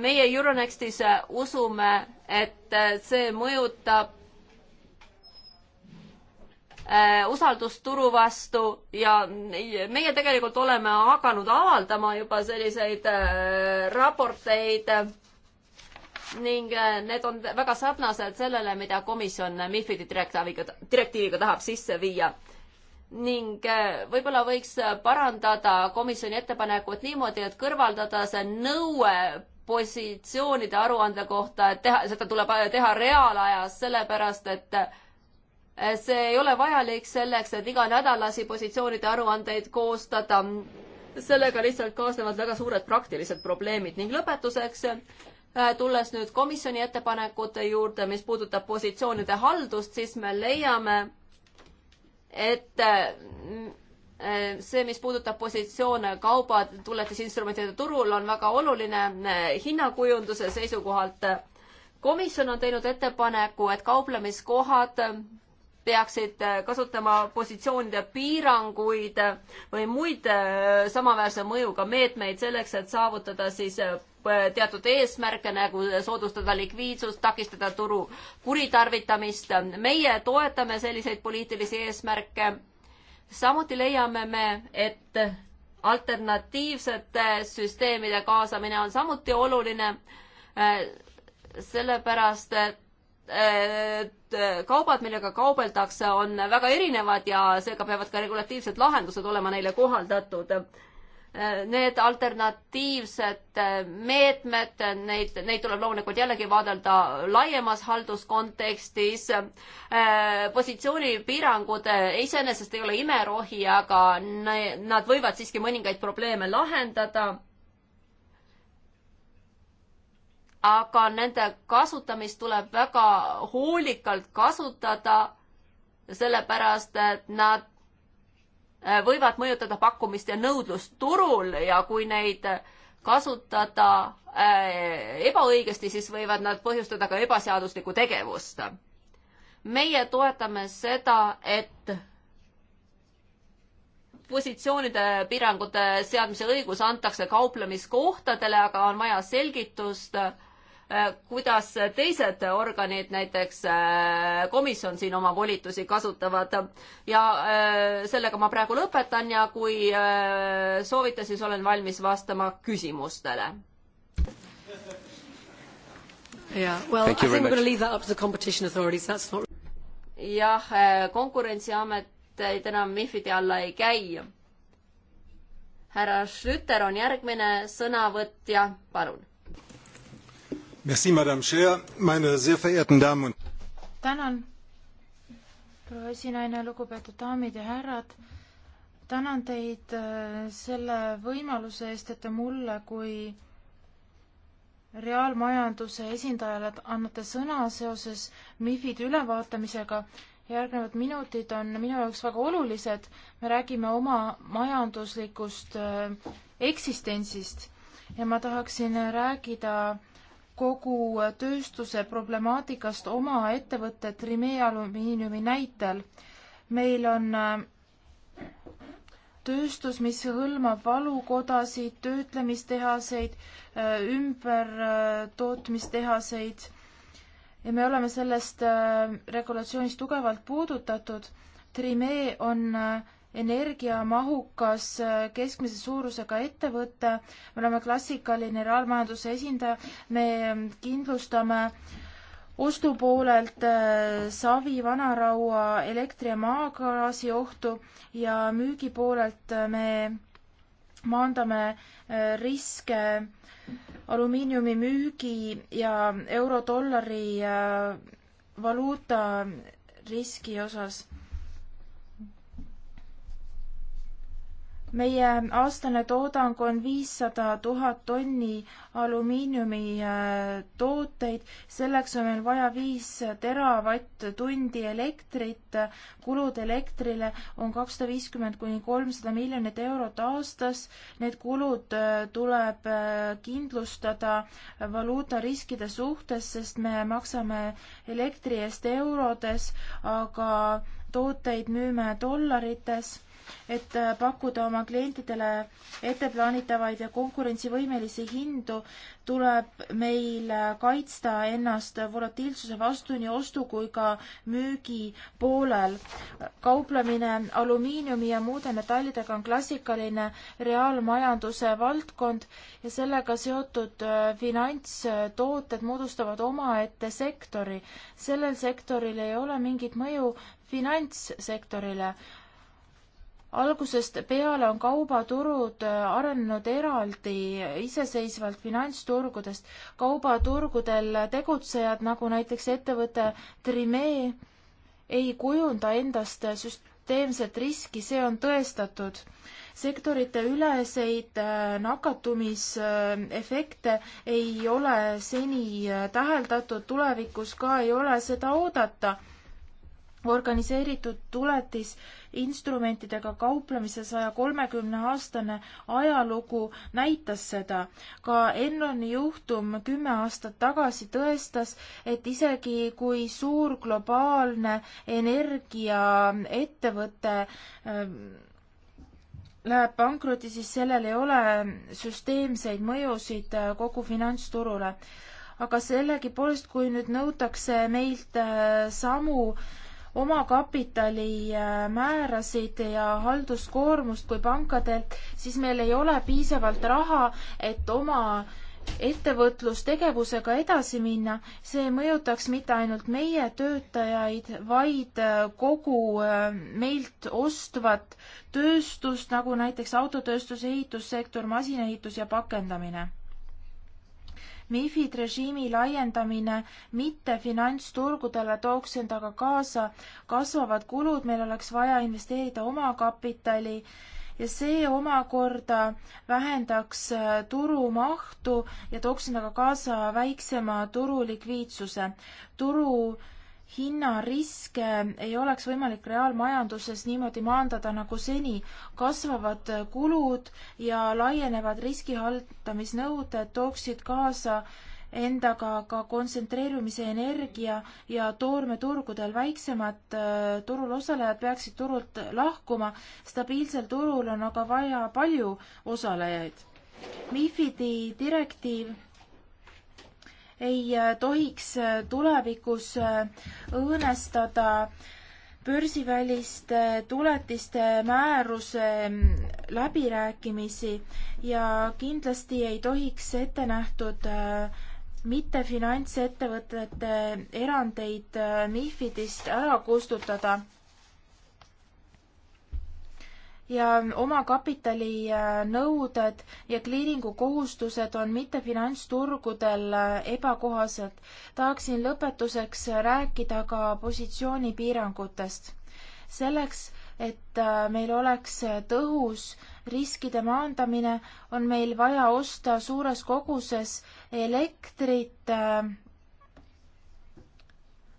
Speaker 2: meie Euronextis usume, et see mõjutab Äh, usaldust turu vastu ja meie tegelikult oleme hakanud avaldama juba selliseid äh, raporteid ning äh, need on väga sarnased sellele, mida komisjon MIFID-i direktiiviga, direktiiviga tahab sisse viia ning võib-olla võiks parandada komisjoni ettepanekut niimoodi, et kõrvaldada see nõue positsioonide aruande kohta, et teha, seda tuleb teha reaalajas, sellepärast et äh, see ei ole vajalik selleks, et iganädalasi positsioonide aruandeid koostada. sellega lihtsalt kaasnevad väga suured praktilised probleemid ning lõpetuseks äh, tulles nüüd komisjoni ettepanekute juurde, mis puudutab positsioonide haldust, siis me leiame, et äh, äh, see, mis puudutab positsioone kaubad, tuletisinstrumentide turul, on väga oluline hinnakujunduse seisukohalt. komisjon on teinud ettepaneku, et kauplemiskohad peaksid äh, kasutama positsioonide piiranguid või muid äh, samaväärse mõjuga meetmeid selleks, et saavutada siis äh, teatud eesmärke nagu soodustada likviidsust, takistada turu kuritarvitamist. meie toetame selliseid poliitilisi eesmärke. samuti leiame me, et alternatiivsete süsteemide kaasamine on samuti oluline, sellepärast et kaubad, millega kaubeldakse, on väga erinevad ja seega peavad ka regulatiivsed lahendused olema neile kohaldatud. Need alternatiivsed meetmed, neid, neid tuleb loomulikult jällegi vaadelda laiemas halduskontekstis. positsioonipiirangud iseenesest ei ole imerohi, aga nad võivad siiski mõningaid probleeme lahendada aga nende kasutamist tuleb väga hoolikalt kasutada, sellepärast et nad äh, võivad mõjutada pakkumist ja nõudlust turul ja kui neid kasutada äh, ebaõigesti, siis võivad nad põhjustada ka ebaseaduslikku tegevust. meie toetame seda, et positsioonide piirangute seadmise õigus antakse kauplemiskohtadele, aga on vaja selgitust äh, Äh, kuidas teised organid, näiteks äh, komisjon siin oma volitusi kasutavad ja äh, sellega ma praegu lõpetan ja kui soovite, siis olen valmis vastama küsimustele. Yeah, well, I think we're going to leave that up to the competition authorities. That's not jah, konkurentsiameteid enam MIFID-i alla ei käi. härra Schlüter on järgmine
Speaker 1: sõnavõtja, palun. Merci, Madame Scheer, meine sehr verehrten Damen und tänan, proua esinaine, lugupeetud daamid ja härrad. tänan teid äh, selle võimaluse eest, et te mulle kui reaalmajanduse esindajale annate sõna seoses MIFID ülevaatamisega. järgnevad minutid on minu jaoks väga olulised. me räägime oma majanduslikust äh, eksistentsist ja ma tahaksin rääkida äh, kogu tööstuse problemaatikast oma ettevõtet Rimi alumiiniumi näitel. meil on äh, tööstus, mis hõlmab valukodasid, töötlemistehaseid, äh, ümbertootmistehaseid äh, ja me oleme sellest regulatsioonist tugevalt puudutatud. Trimee on äh, energiamahukas äh, keskmise suurusega ettevõte, me oleme klassikaline reaalmajanduse esindaja, me ähm, kindlustame ostupoolelt äh, savi, vanaraua, elektri ja maagaasi ohtu ja müügipoolelt äh, me maandame riske alumiiniumi müügi ja eurodollari valuuta riski osas meie aastane toodang on viissada tuhat tonni alumiiniumi äh, tooteid, selleks on meil vaja viis teravatt-tundi elektrit, kulud elektrile on kakssada viiskümmend kuni kolmsada miljonit eurot aastas, need kulud äh, tuleb äh, kindlustada valuutariskide suhtes, sest me maksame elektri eest eurodes, aga tooteid müüme dollarites et pakkuda oma klientidele etteplaanitavaid ja konkurentsivõimelisi hindu, tuleb meil kaitsta ennast volatiilsuse vastu nii ostu kui ka müügi poolel. kauplemine alumiiniumi ja muude metallidega on klassikaline reaalmajanduse valdkond ja sellega seotud äh, finantstooted moodustavad omaette sektori. sellel sektoril ei ole mingit mõju finantssektorile algusest peale on kaubaturud äh, arenenud eraldi iseseisvalt finantsturgudest. kaubaturgudel tegutsejad, nagu näiteks ettevõte Trimee, ei kujunda endast süsteemset riski, see on tõestatud. sektorite üleseid äh, nakatumisefekte äh, ei ole seni täheldatud, tulevikus ka ei ole seda oodata organiseeritud tuletisinstrumentidega kauplemise saja kolmekümne aastane ajalugu näitas seda. ka Enroni juhtum kümme aastat tagasi tõestas, et isegi kui suur globaalne energiaettevõte ähm, läheb pankrotti, siis sellel ei ole süsteemseid mõjusid äh, kogu finantsturule aga sellegipoolest, kui nüüd nõutakse meilt äh, samu omakapitali äh, määrasid ja halduskoormust kui pankadelt, siis meil ei ole piisavalt raha, et oma ettevõtlustegevusega edasi minna, see mõjutaks mitte ainult meie töötajaid, vaid äh, kogu äh, meilt ostvat tööstust, nagu näiteks autotööstus, ehitussektor, masinaehitus ja pakendamine. MIFID režiimi laiendamine mittefinantsturgudele tooks endaga kaasa kasvavad kulud, meil oleks vaja investeerida omakapitali ja see omakorda vähendaks turu mahtu ja tooks endaga kaasa väiksema turu likviidsuse. turu hinnariske ei oleks võimalik reaalmajanduses niimoodi maandada nagu seni. kasvavad kulud ja laienevad riskihaldamisnõuded tooksid kaasa endaga ka kontsentreerumise energia ja toormeturgudel väiksemad äh, turul osalejad peaksid turult lahkuma. stabiilsel turul on aga vaja palju osalejaid. MIFID-i direktiiv ei äh, tohiks äh, tulevikus äh, õõnestada börsiväliste tuletiste määruse mm, läbirääkimisi ja kindlasti ei tohiks ette nähtud mittefinantsettevõtete erandeid MIFIDist ära kustutada ja omakapitali äh, nõuded ja kliiringu kohustused on mittefinantsturgudel äh, ebakohased. tahaksin lõpetuseks rääkida ka positsioonipiirangutest. selleks, et äh, meil oleks tõhus riskide maandamine, on meil vaja osta suures koguses elektrit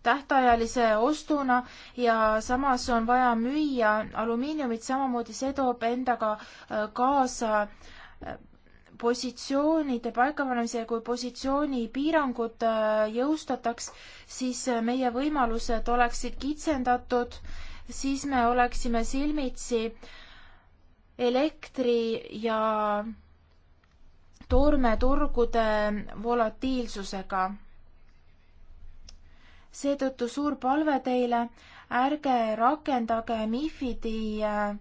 Speaker 1: tähtajalise ostuna ja samas on vaja müüa alumiiniumit, samamoodi see toob endaga äh, kaasa äh, positsioonide paikapanemise, kui positsioonipiirangud äh, jõustataks, siis meie võimalused oleksid kitsendatud, siis me oleksime silmitsi elektri ja toormeturgude volatiilsusega seetõttu suur palve teile, ärge rakendage MIFIDi äh,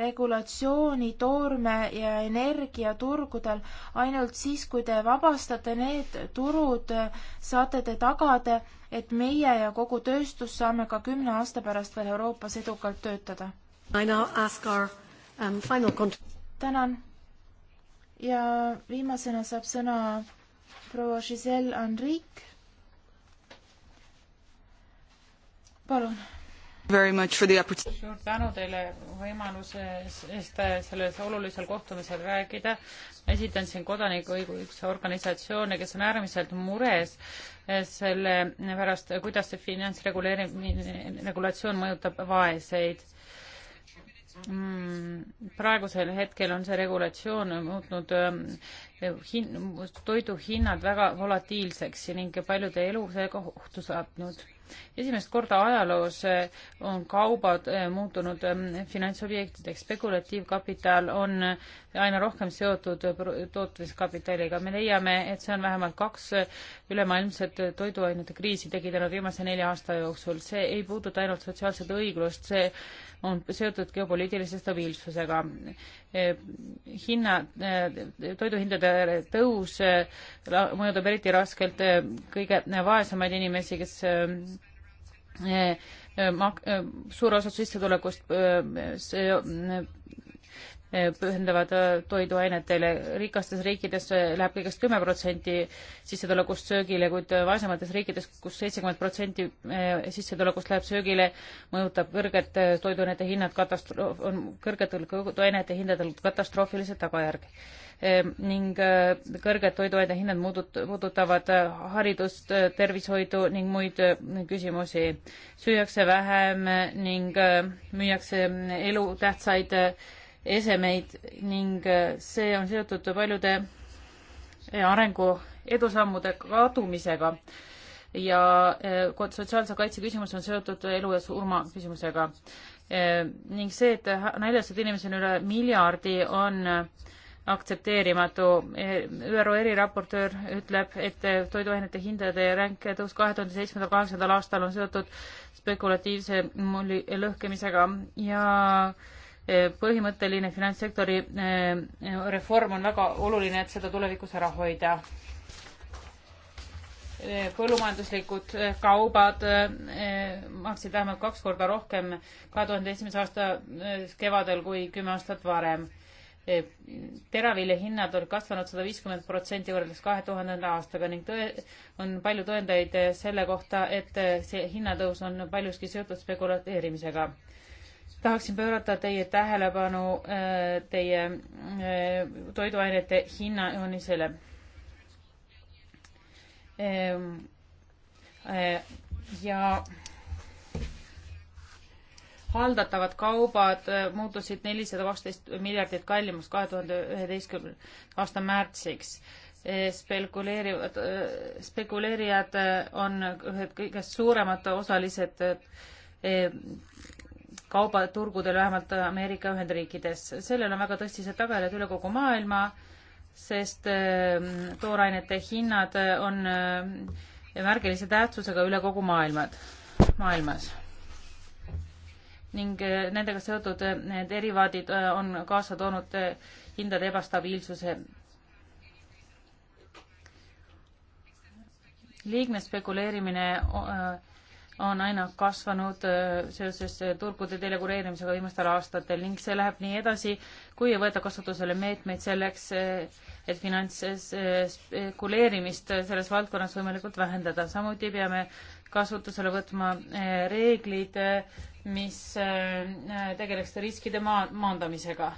Speaker 1: regulatsiooni toorme ja energiaturgudel. ainult siis, kui te vabastate need turud, äh, saate te tagada, et meie ja kogu tööstus saame ka kümne aasta pärast veel Euroopas edukalt töötada.
Speaker 2: Our,
Speaker 1: um, tänan. ja viimasena saab sõna proua Giselle Henrique palun.
Speaker 3: suur tänu teile võimaluse eest selles olulisel kohtumisel rääkida. esitan siin kodanikuõiguse organisatsioone, kes on äärmiselt mures selle pärast, kuidas see finantsreguleerimine, regulatsioon mõjutab vaeseid mm, praegusel hetkel on see regulatsioon muutnud ähm, hin-, toiduhinnad väga volatiilseks ning paljude elu seega ohtu saatnud esimest korda ajaloos eh, on kaubad eh, muutunud eh, finantsobjektideks, spekulatiivkapital on aina rohkem seotud tootmiskapitaliga. me leiame, et see on vähemalt kaks ülemaailmset toiduainete kriisi tekitanud viimase nelja aasta jooksul. see ei puuduta ainult sotsiaalset õiglust, see on seotud geopoliitilise stabiilsusega. hinna, toiduhindade tõus mõjutab eriti raskelt kõige vaesemaid inimesi, kes Eh, mak-, eh, suur osa sissetulekust eh, see pühendavad toiduainetele. rikastes riikides läheb kõigest kümme protsenti sissetulekust söögile, kuid vaesemates riikides kus, kus seitsekümmend protsenti sissetulekust läheb söögile, mõjutab kõrged toiduainete hinnad katastroof, on kõrgetel toiduainete hindadel katastroofilised tagajärg Ehm, ning äh, kõrged toiduaine hinnad puudutavad äh, haridust, äh, tervishoidu ning muid küsimusi. süüakse vähem ning müüakse elutähtsaid esemeid ning see on seotud paljude arengu edusammude kadumisega ja sotsiaalse kaitse küsimus on seotud elu ja surma küsimusega. Ehm, ning see, et näljased inimesed on üle miljardi, on aktsepteerimatu. ÜRO eriraportöör ütleb, et toiduainete hindade ränk tõus kahe tuhande seitsmendal, kaheksandal aastal on seotud spekulatiivse mulli lõhkemisega ja e, põhimõtteline finantssektori e, reform on väga oluline, et seda tulevikus ära hoida. E, põllumajanduslikud kaubad maksid vähemalt kaks korda rohkem kahe tuhande esimese aasta kevadel kui kümme aastat varem Eh, teravilja hinnad on kasvanud sada viiskümmend protsenti võrreldes kahe tuhandenda aastaga ning tõe, on palju tõendeid eh, selle kohta, et eh, see hinnatõus on paljuski seotud spekuleerimisega. tahaksin pöörata teie tähelepanu teie toiduainete hinnajoonisele. ja haldatavad kaubad äh, muutusid nelisada kaksteist miljardit kallimaks kahe tuhande üheteistkümnenda aasta märtsiks. Äh, spekuleerivad, äh, spekuleerijad on ühed kõige suuremad osalised kaubaturgudel, vähemalt Ameerika Ühendriikides. sellel on väga tõsised tagajärjed üle kogu maailma, sest toorainete hinnad on märgilise tähtsusega üle kogu maailmad, maailmas ning eh, nendega seotud eh, derivaadid eh, on kaasa toonud hindade ebastabiilsuse. liigne spekuleerimine on aina kasvanud seoses turgude delegureerimisega viimastel aastatel ning see läheb nii edasi, kui ei võeta kasutusele meetmeid selleks, et finantsspekuleerimist selles valdkonnas võimalikult vähendada. samuti peame kasutusele võtma reeglid mis äh, tegeleks riskide maa-, maandamisega.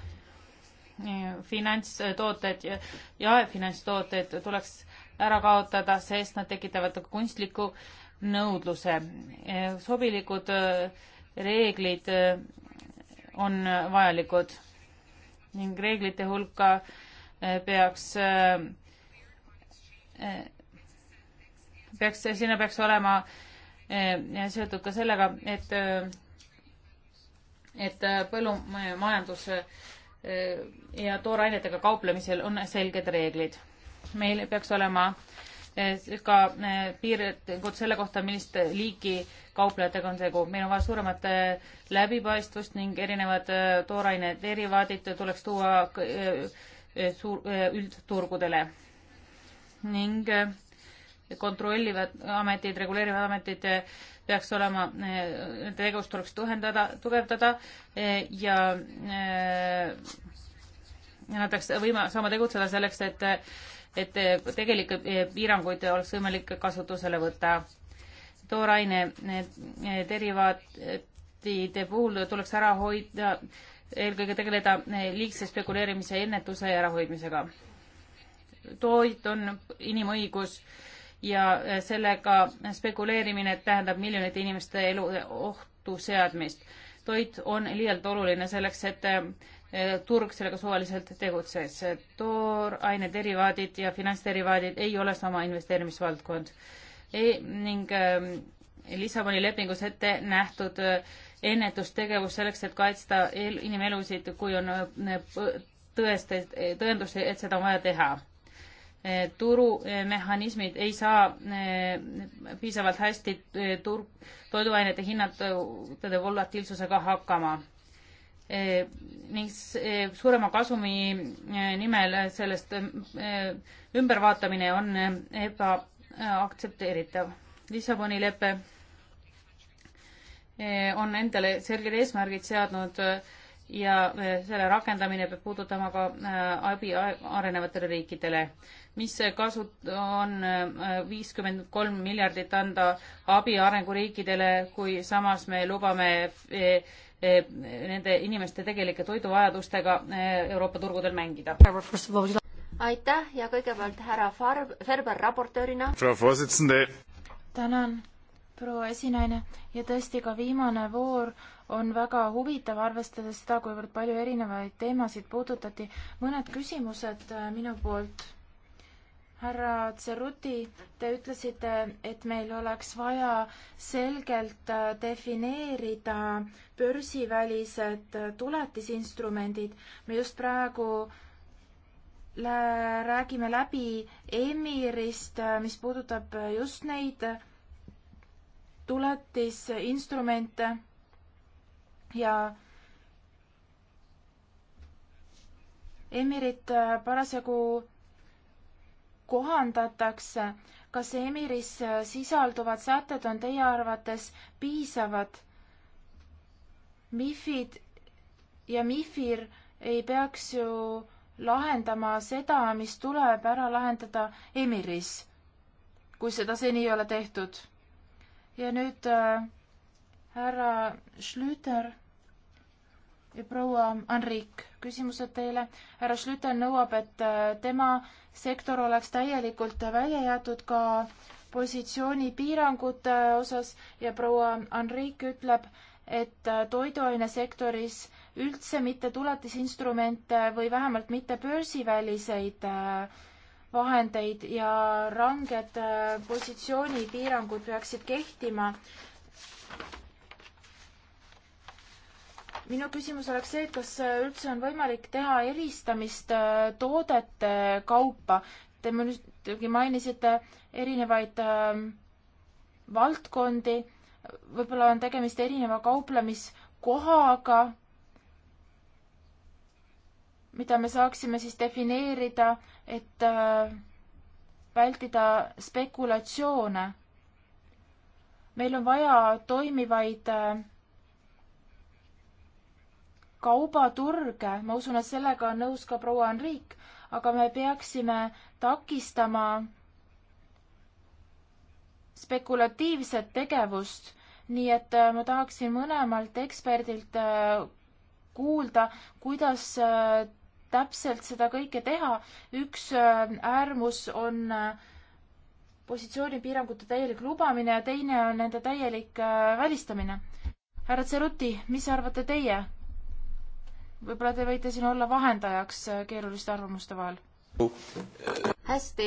Speaker 3: finantstooted ja jaefinantstooted tuleks ära kaotada, sest nad tekitavad kunstliku nõudluse. sobilikud äh, reeglid äh, on vajalikud ning reeglite hulka peaks peaks, sinna peaks olema seotud ka sellega, et et äh, põllumajandus äh, ja toorainetega kauplemisel on selged reeglid. meil peaks olema äh, ka piirangud selle kohta, millist liiki kauplejatega on tegu. meil on vaja suuremat läbipaistvust ning erinevad tooraine derivaadid tuleks tuua suur, üldturgudele. ning kontrollivad ametid, reguleerivad ametid eh, peaks olema, eh, nende tegevust tuleks tuhendada, tugevdada eh, ja nad peaks võima-, saama tegutseda selleks, et, et tegelikke piiranguid oleks võimalik kasutusele võtta. tooraine derivaatide puhul tuleks ära hoida, eelkõige tegeleda liigse spekuleerimise ennetuse ja ärahoidmisega. toit on inimõigus äh, ja eh, sellega spekuleerimine tähendab miljonite inimeste elu eh, ohtu seadmist. toit on liialt oluline selleks, et eh, turg sellega suvaliselt tegutses. tooraine derivaadid ja finantsderivaadid ei ole sama investeerimisvaldkond e. ning Lissaboni lepingus ette nähtud ennetustegevus selleks, et kaitsta inimelusid, kui on tõeste, tõendusi, et seda on vaja teha turumehhanismid ei saa eh, piisavalt hästi eh, turg, toiduainete hinnade volatiilsusega hakkama eh, ning suurema kasumi nimel sellest ümbervaatamine on ebaaktsepteeritav. Lissaboni lepe on endale selged eesmärgid seadnud äh, ja eh, selle rakendamine peab puudutama ka eh, abi arenevatele riikidele, mis kasu on eh, viiskümmend kolm miljardit anda abi arenguriikidele, kui samas me lubame nende inimeste tegelike toiduvajadustega Euroopa turgudel mängida. aitäh
Speaker 1: ja kõigepealt härra Farb, Ferber raportöörina. tänan, proua esinaine ja tõesti ka viimane voor on väga huvitav, arvestades seda, kuivõrd palju erinevaid teemasid puudutati. mõned küsimused äh, minu poolt. härra Tseruti, te ütlesite, et meil oleks vaja selgelt äh, defineerida börsivälised äh, tuletisinstrumendid. me just praegu lä räägime läbi Emirist, mis puudutab just neid tuletisinstrumente ja emirit äh, parasjagu kohandatakse. kas emiris äh, sisalduvad sätted on teie arvates piisavad? MIFID ja MIFIR ei peaks ju lahendama seda, mis tuleb ära lahendada emiris, kui seda seni ei ole tehtud. ja nüüd äh, härra Schlüter ja proua Anrik, küsimused teile. härra Schlüter nõuab, et äh, tema sektor oleks täielikult välja jäetud ka positsioonipiirangute äh, osas ja proua Anrik ütleb, et äh, toiduainesektoris üldse mitte tuletisinstrumente või vähemalt mitte börsiväliseid vahendeid ja ranged positsioonipiirangud peaksid kehtima minu küsimus oleks see, et kas äh, üldse on võimalik teha eristamist äh, toodete kaupa? Te muidugi mainisite erinevaid ähm, valdkondi, võib-olla on tegemist erineva kauplemiskohaga, mida me saaksime siis defineerida, et äh, vältida spekulatsioone. meil on vaja toimivaid äh, kaubaturge, ma usun, et sellega on nõus ka proua Enriik, aga me peaksime takistama spekulatiivset tegevust, nii et äh, ma tahaksin mõlemalt eksperdilt äh, kuulda, kuidas äh, täpselt seda kõike teha. üks äärmus on positsioonipiirangute täielik lubamine ja teine on nende täielik välistamine. härra Tseruti, mis arvate teie? võib-olla te võite siin olla vahendajaks äh, keeruliste arvamuste vahel. hästi.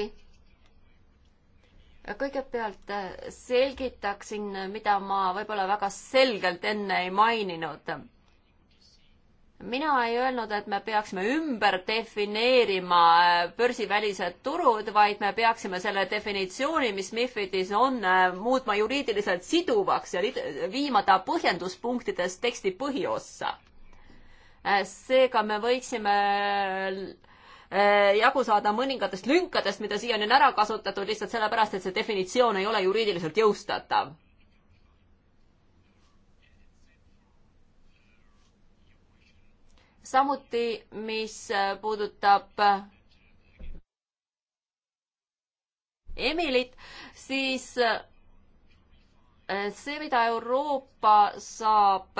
Speaker 1: kõigepealt äh, selgitaksin,
Speaker 2: mida ma võib-olla väga selgelt enne ei maininud. mina ei öelnud, et me peaksime ümber defineerima äh, börsivälised turud, vaid me peaksime selle definitsiooni, mis MIFIDis on, muutma juriidiliselt siduvaks ja viima ta põhjenduspunktides teksti põhiossa Äh, seega me võiksime äh, jagu saada mõningatest lünkadest, mida siiani on ära kasutatud lihtsalt sellepärast, et see definitsioon ei ole juriidiliselt jõustatav. samuti, mis äh, puudutab Emilit, siis see, mida Euroopa saab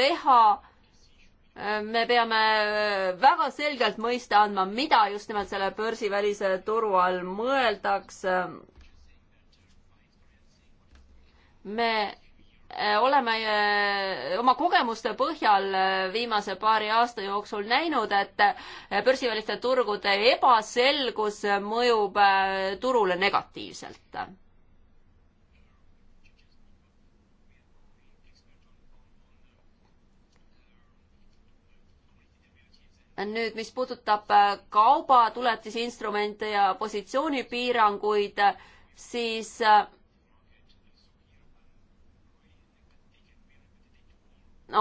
Speaker 2: teha me peame äh, väga selgelt mõista andma, mida just nimelt selle börsivälise turu all mõeldakse. me äh, oleme äh, oma kogemuste põhjal viimase paari aasta jooksul näinud, et börsiväliste turgude ebaselgus mõjub turule negatiivselt nüüd, mis puudutab äh, kaubatuletisinstrumente ja positsioonipiiranguid, siis äh,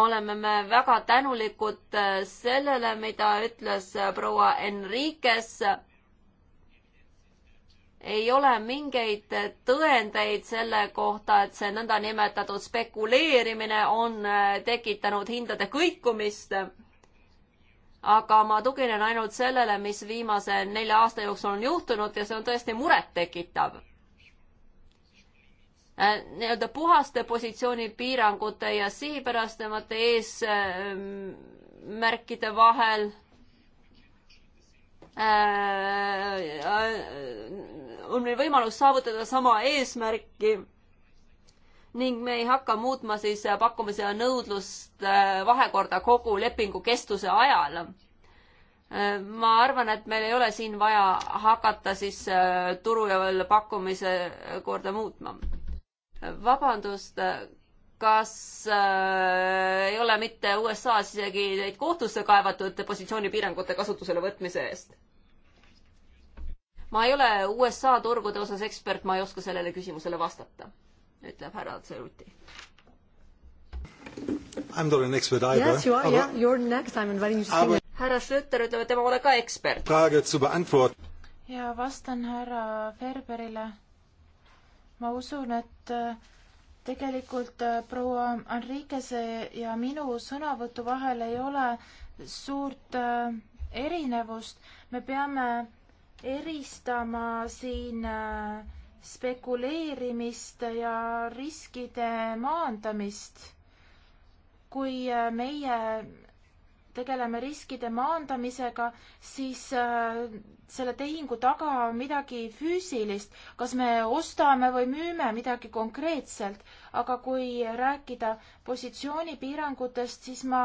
Speaker 2: oleme me väga tänulikud äh, sellele, mida ütles proua Enriques. ei ole mingeid tõendeid selle kohta, et see nõndanimetatud spekuleerimine on tekitanud hindade kõikumist aga ma tuginen ainult sellele, mis viimase nelja aasta jooksul on juhtunud ja see on tõesti murettekitav äh, nii-öelda puhaste positsioonipiirangute ja sihipärasemate eesmärkide ähm, vahel äh, äh, on meil võimalus saavutada sama eesmärki ning me ei hakka muutma siis pakkumise ja nõudlust äh, vahekorda kogu lepingu kestuse ajal. Äh, ma arvan, et meil ei ole siin vaja hakata siis äh, turu ja veel pakkumise korda muutma. vabandust, kas äh, ei ole mitte USA-s isegi neid kohtusse kaevatud positsioonipiirangute kasutusele võtmise eest? ma ei ole USA turgude osas ekspert, ma ei oska sellele küsimusele vastata ütleb härra Tseruti.
Speaker 1: I am not an expert either. Yes, you are. Aga... Yeah,
Speaker 2: you're next. I'm inviting you to sing.
Speaker 1: härra Schlüter ütleb, et tema pole ka ekspert. ja vastan härra Ferberile. ma usun, et äh, tegelikult äh, proua Enriquese ja minu sõnavõtu vahel ei ole suurt äh, erinevust. me peame eristama siin äh, spekuleerimist ja riskide maandamist. kui äh, meie tegeleme riskide maandamisega, siis äh, selle tehingu taga on midagi füüsilist, kas me ostame või müüme midagi konkreetselt, aga kui rääkida positsioonipiirangutest, siis ma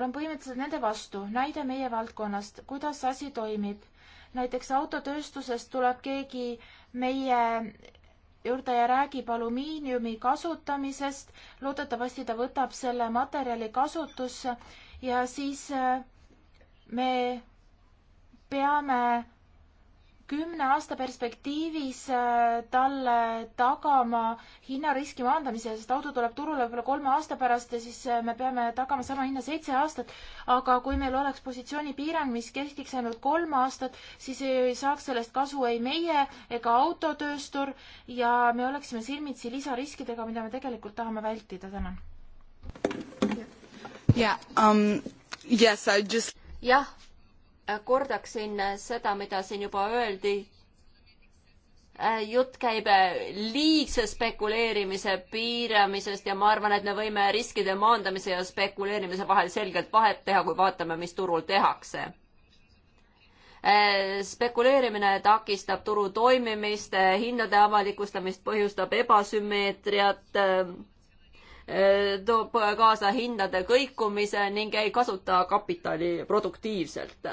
Speaker 1: olen põhimõtteliselt nende vastu. näide meie valdkonnast, kuidas asi toimib. näiteks autotööstusest tuleb keegi äh, meie juurde ja räägib alumiiniumi kasutamisest. loodetavasti ta võtab selle materjali kasutusse ja siis äh, me peame kümne aasta perspektiivis äh, talle tagama hinnariski maandamise, sest auto tuleb turule võib-olla kolme aasta pärast ja siis äh, me peame tagama sama hinna seitse aastat. aga kui meil oleks positsioonipiirang, mis kehtiks ainult kolm aastat, siis ei saaks sellest kasu ei meie ega autotööstur ja me oleksime silmitsi lisariskidega, mida me tegelikult tahame vältida. tänan.
Speaker 3: jah, um,
Speaker 1: just jah kordaksin seda, mida siin juba
Speaker 2: öeldi. Äh, jutt käib äh, liigse spekuleerimise piiramisest ja ma arvan, et me võime riskide maandamise ja spekuleerimise vahel selgelt vahet teha, kui vaatame, mis turul tehakse äh, spekuleerimine takistab turu toimimist, hindade avalikustamist põhjustab ebasümmeetriat, toob kaasa hindade kõikumise ning ei kasuta kapitali produktiivselt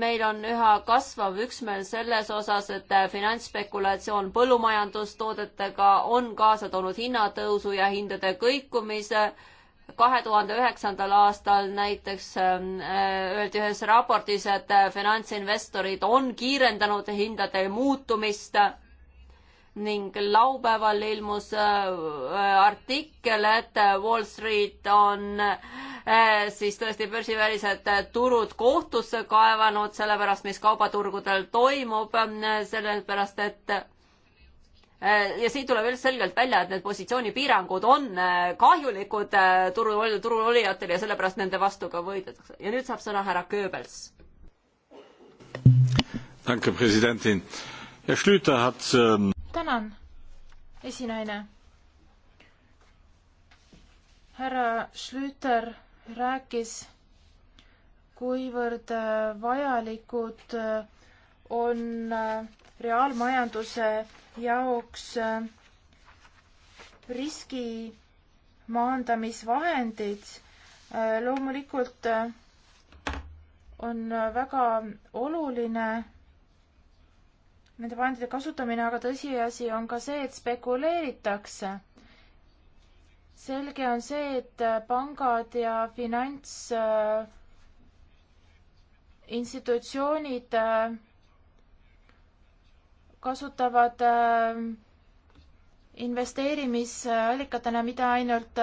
Speaker 2: meil on üha kasvav üksmeel selles osas, et finantsspekulatsioon põllumajandustoodetega on kaasa toonud hinnatõusu ja hindade kõikumise. kahe tuhande üheksandal aastal näiteks ähm, äh, öeldi ühes raportis, et äh, finantsinvestorid on kiirendanud hindade muutumist ning laupäeval ilmus äh, äh, artikkel, et Wall Street on äh, siis tõesti börsivälised turud kohtusse kaevanud selle pärast, mis kaubaturgudel toimub, sellepärast et ja siin tuleb üldse selgelt välja, et need positsioonipiirangud on kahjulikud turu, turul olijatele ja sellepärast nende vastu ka võidetakse. ja nüüd saab sõna härra Goebbels.
Speaker 3: Danke, presidentin. Herr Schlüter hat ähm,
Speaker 1: tänan, esinaine. härra Schlüter rääkis, kuivõrd äh, vajalikud äh, on äh, reaalmajanduse jaoks riski maandamisvahendid. loomulikult on väga oluline nende vahendite kasutamine, aga tõsiasi on ka see, et spekuleeritakse. selge on see, et pangad ja finantsinstitutsioonid äh, äh, kasutavad äh, investeerimisallikatena mitte ainult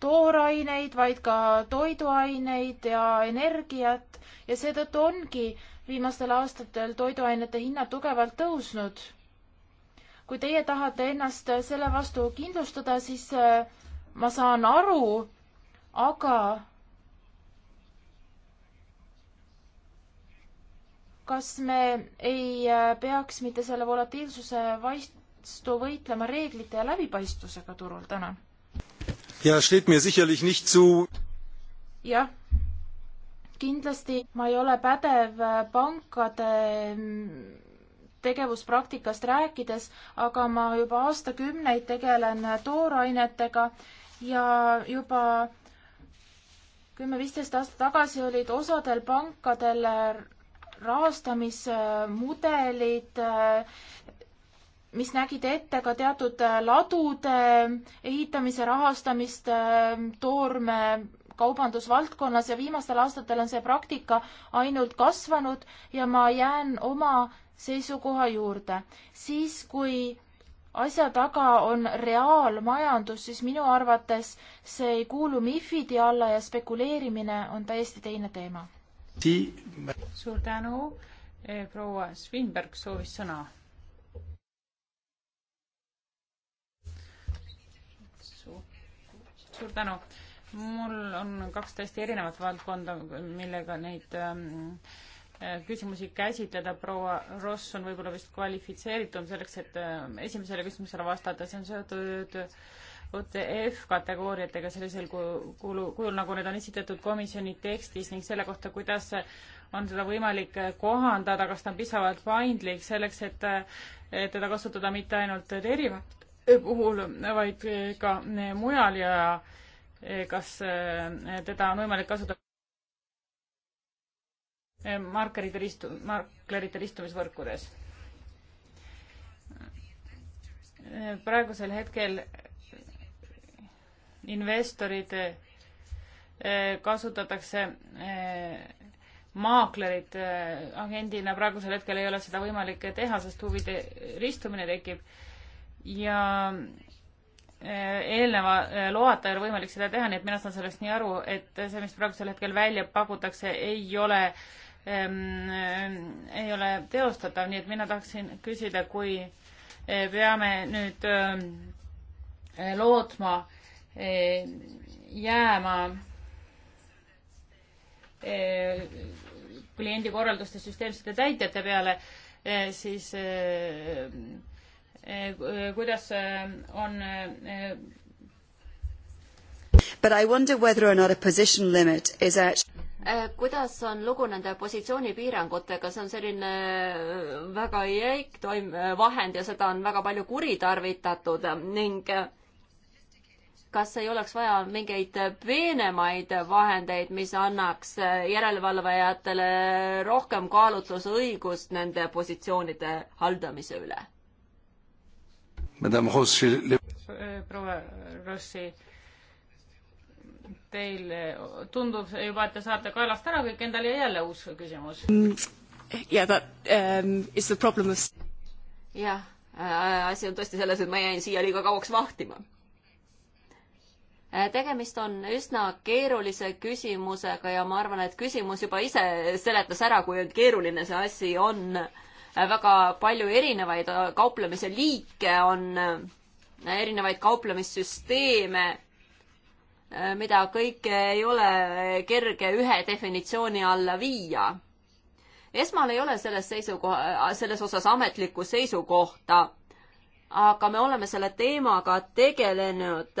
Speaker 1: tooraineid, vaid ka toiduaineid ja energiat ja seetõttu ongi viimastel aastatel toiduainete hinnad tugevalt tõusnud. kui teie tahate ennast selle vastu kindlustada, siis äh, ma saan aru, aga kas me ei äh, peaks mitte selle volatiilsuse vastu võitlema reeglite ja läbipaistvusega turul täna? jah, kindlasti ma ei ole pädev äh, pankade mm, tegevuspraktikast rääkides, aga ma juba aastakümneid tegelen äh, toorainetega ja juba kümme-viisteist aastat tagasi olid osadel pankadel äh, rahastamismudelid, mis nägid ette ka teatud ladude ehitamise rahastamist toorme kaubandusvaldkonnas ja viimastel aastatel on see praktika ainult kasvanud ja ma jään oma seisukoha juurde. siis, kui asja taga on reaalmajandus, siis minu arvates see ei kuulu MIFID-i alla ja spekuleerimine on täiesti teine teema. suur tänu,
Speaker 3: e, proua Svinberg soovis sõna. suur tänu mul on kaks täiesti erinevat valdkonda, millega neid ähm, äh, küsimusi käsitleda, proua Ross on võib-olla vist kvalifitseeritum selleks, et ähm, esimesele küsimusele vastata, see on seotud OTF kategooriatega sellisel kujul, kujul nagu need on esitatud komisjoni tekstis ning selle kohta, kuidas on seda võimalik kohandada, kas ta on piisavalt paindlik selleks, et äh, teda kasutada mitte ainult derivaatide puhul, vaid ka mujal ja äh, Eh, kas eh, teda on võimalik kasutada eh, markeritel istu-, markleritel istumisvõrkudes. praegusel hetkel investorid kasutatakse maaklerid agendina, praegusel hetkel ei ole seda võimalik teha, sest huvide ristumine tekib ja Eh, eelneva eh, loata ei ole võimalik seda teha, nii et mina saan sellest nii aru, et see, mis praegusel hetkel välja pakutakse, ei ole ähm,, ei ole teostatav, nii et mina tahaksin küsida, kui eh, peame nüüd ähm, lootma äh, jääma äh, kliendikorralduste süsteemsete täitjate peale äh,, siis äh, Eh, kuidas eh, on eh,
Speaker 2: But I wonder whether or not a position limit is actually kuidas on lugu nende positsioonipiirangutega, see on selline väga jäik toim-, vahend ja seda on väga palju kuritarvitatud ning kas ei oleks vaja mingeid peenemaid vahendeid, mis annaks järelevalvajatele rohkem kaalutlusõigust nende positsioonide haldamise üle?
Speaker 1: Euh,
Speaker 3: proua Rossi, teil tundub juba, et te saate kaelast ära kõik, endal jäi jälle uus küsimus.
Speaker 2: Mm, yeah, that um, is the problem of... jah, äh, asi on tõesti selles, et ma jäin siia liiga kauaks vahtima. Äh, tegemist on üsna keerulise küsimusega ja ma arvan, et küsimus juba ise seletas ära, kui keeruline see asi on väga palju erinevaid äh, kauplemise liike, on äh, erinevaid kauplemissüsteeme, äh, mida kõike ei ole kerge ühe definitsiooni alla viia. esmal ei ole selles seisukoha, selles osas ametlikku seisukohta aga me oleme selle teemaga tegelenud.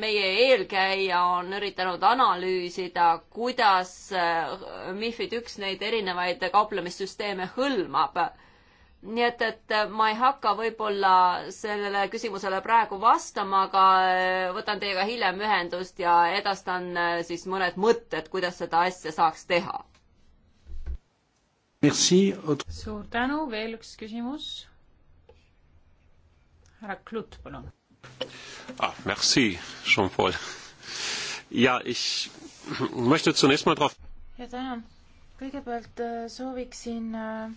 Speaker 2: meie eelkäija on üritanud analüüsida, kuidas MIFID üks neid erinevaid kauplemissüsteeme hõlmab. nii et, et ma ei hakka võib-olla sellele küsimusele praegu vastama, aga võtan teiega hiljem ühendust ja edastan äh, siis mõned mõtted, kuidas seda asja saaks
Speaker 3: teha. suur tänu, veel üks küsimus härra Klut, palun ah,. Merci, Jean-Paul. ja ich möchte zunächst mal drauf.
Speaker 1: ja tänan. kõigepealt äh, sooviksin äh,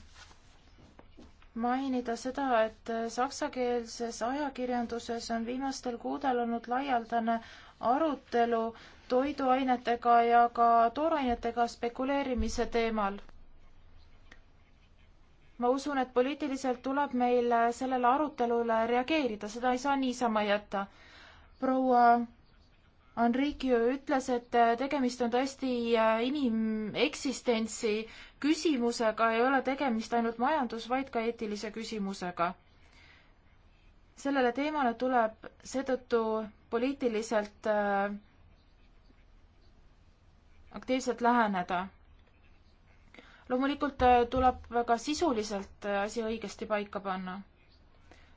Speaker 1: mainida seda, et äh, saksakeelses ajakirjanduses on viimastel kuudel olnud laialdane arutelu toiduainetega ja ka toorainetega spekuleerimise teemal ma usun, et poliitiliselt tuleb meil sellele arutelule reageerida, seda ei saa niisama jätta. proua Enrique ütles, et tegemist on tõesti äh, inimeksistentsi küsimusega, ei ole tegemist ainult majandus, vaid ka eetilise küsimusega. sellele teemale tuleb seetõttu poliitiliselt äh, aktiivselt läheneda loomulikult äh, tuleb väga sisuliselt äh, asi õigesti paika panna.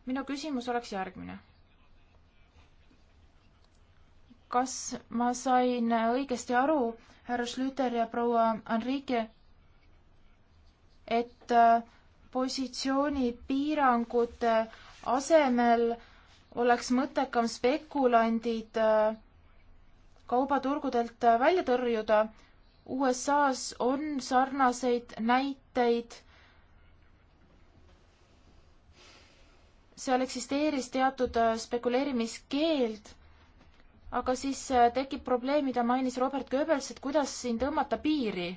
Speaker 1: minu küsimus oleks järgmine. kas ma sain äh, õigesti aru, härra Schlüter ja proua Enrique, et positsioonipiirangute asemel oleks mõttekam spekulandid kaubaturgudelt välja tõrjuda USA-s on sarnaseid näiteid. seal eksisteeris teatud äh, spekuleerimiskeeld, aga siis äh, tekib probleem, mida mainis Robert Goebbels, et kuidas siin tõmmata piiri.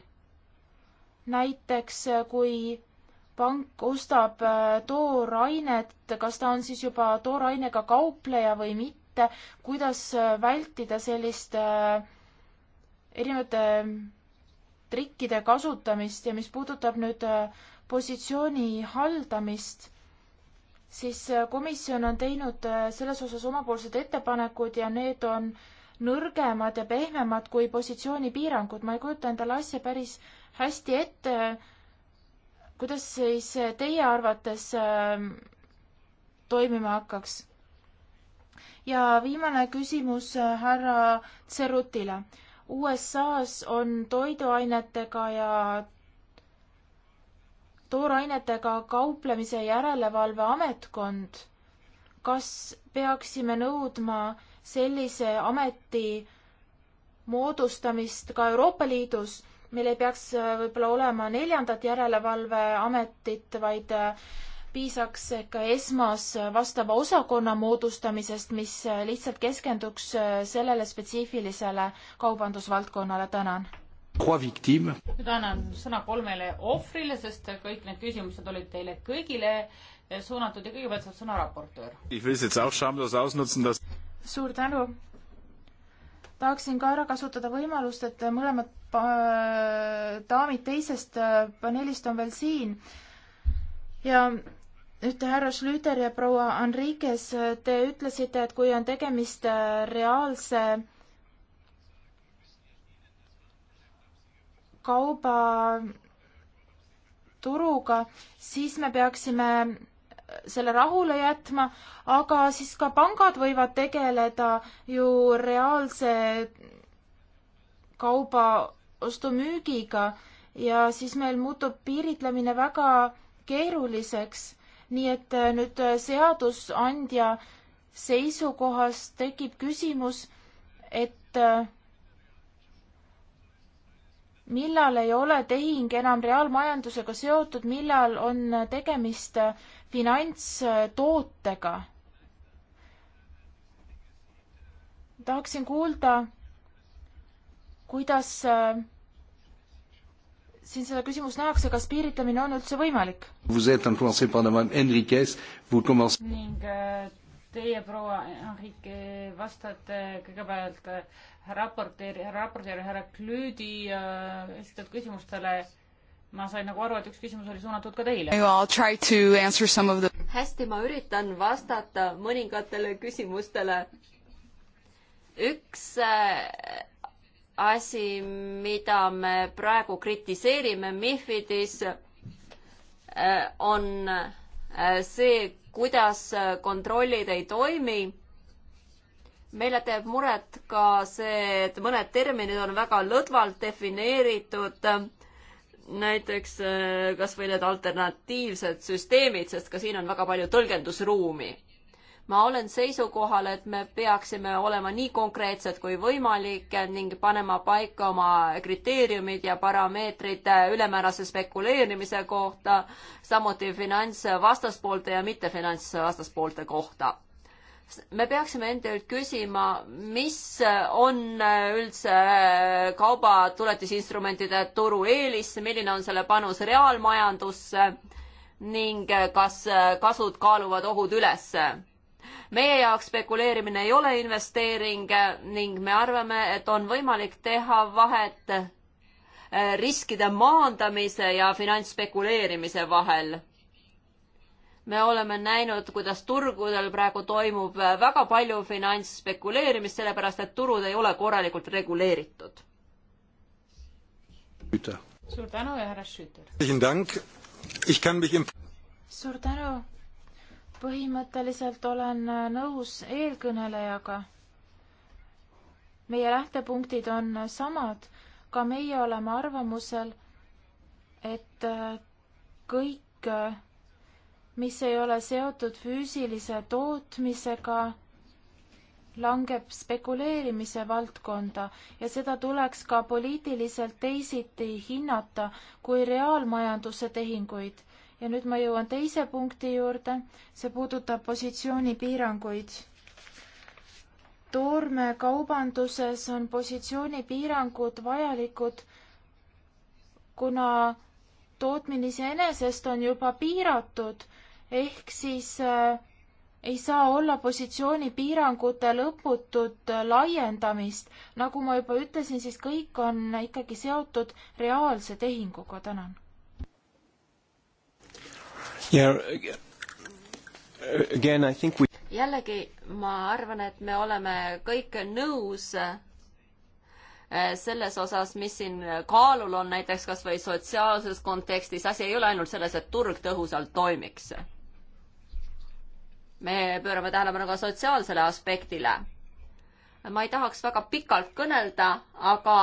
Speaker 1: näiteks äh, kui pank ostab toorainet, kas ta on siis juba toorainega kaupleja või mitte, kuidas vältida sellist erinevate trikkide kasutamist ja mis puudutab nüüd äh, positsiooni haldamist, siis äh, komisjon on teinud äh, selles osas omapoolsed ettepanekud ja need on nõrgemad ja pehmemad kui positsioonipiirangud. ma ei kujuta endale asja päris hästi ette. kuidas siis teie arvates ähm, toimima hakkaks? ja viimane küsimus härra Tserutile USA-s on toiduainetega ja toorainetega kauplemise järelevalve ametkond. kas peaksime nõudma sellise ameti moodustamist ka Euroopa Liidus? meil ei peaks võib-olla olema neljandat järelevalveametit, vaid piisaks ka esmas vastava osakonna moodustamisest, mis lihtsalt keskenduks sellele spetsiifilisele kaubandusvaldkonnale, tänan.
Speaker 3: nüüd annan sõna kolmele ohvrile, sest kõik need küsimused olid teile kõigile
Speaker 1: suunatud ja kõigepealt saab sõna raportöör. suur tänu. tahaksin ka ära kasutada võimalust, et mõlemad daamid teisest paneelist on veel siin ja nüüd härra Schlüter ja proua Enriquez, te ütlesite, et kui on tegemist äh, reaalse kaubaturuga, siis me peaksime äh, selle rahule jätma, aga siis ka pangad võivad tegeleda ju reaalse kauba ostu-müügiga ja siis meil muutub piiritlemine väga keeruliseks nii et äh, nüüd äh, seadusandja seisukohast tekib küsimus, et äh, millal ei ole tehing enam reaalmajandusega seotud, millal on tegemist finantstootega. tahaksin kuulda, kuidas siin seda küsimust nähakse, kas piiritamine on üldse võimalik? ning äh, teie, proua Henrike, vastate
Speaker 3: kõigepealt raporteeri, äh, raporteeri härra Klüüdi äh, esitatud küsimustele. ma sain nagu aru, et üks küsimus oli suunatud ka teile. The...
Speaker 2: hästi, ma üritan vastata mõningatele küsimustele. üks asi, mida me praegu kritiseerime MIFIDis, äh, on äh, see, kuidas kontrollid ei toimi. meile teeb muret ka see, et mõned terminid on väga lõdvalt defineeritud, näiteks äh, kas või need alternatiivsed süsteemid, sest ka siin on väga palju tõlgendusruumi ma olen seisukohal, et me peaksime olema nii konkreetsed kui võimalik ning panema paika oma kriteeriumid ja parameetrid ülemäärase spekuleerimise kohta, samuti finantsvastaspoolte ja mittefinantsvastaspoolte kohta me peaksime endalt küsima, mis on üldse kaubatuletisinstrumentide turu eelis, milline on selle panus reaalmajandusse ning kas kasud kaaluvad ohud üles meie jaoks spekuleerimine ei ole investeering ning me arvame, et on võimalik teha vahet äh, riskide maandamise ja finantsspekuleerimise vahel me oleme näinud, kuidas turgudel praegu toimub äh, väga palju finantsspekuleerimist, sellepärast et turud ei ole korralikult reguleeritud.
Speaker 1: suur tänu ja härra Schütter. suur tänu põhimõtteliselt olen nõus eelkõnelejaga. meie lähtepunktid on samad, ka meie oleme arvamusel, et kõik, mis ei ole seotud füüsilise tootmisega, langeb spekuleerimise valdkonda ja seda tuleks ka poliitiliselt teisiti hinnata kui reaalmajanduse tehinguid ja nüüd ma jõuan teise punkti juurde, see puudutab positsioonipiiranguid. toormekaubanduses on positsioonipiirangud vajalikud, kuna tootmine iseenesest on juba piiratud, ehk siis äh, ei saa olla positsioonipiirangute lõputut äh, laiendamist. nagu ma juba ütlesin, siis kõik on ikkagi seotud reaalse tehinguga, tänan jällegi ma arvan, et me oleme
Speaker 2: kõik nõus eh, selles osas, mis siin kaalul on, näiteks kas või sotsiaalses kontekstis, asi ei ole ainult selles, et turg tõhusalt toimiks. me pöörame tähelepanu ka sotsiaalsele aspektile. ma ei tahaks väga pikalt kõnelda, aga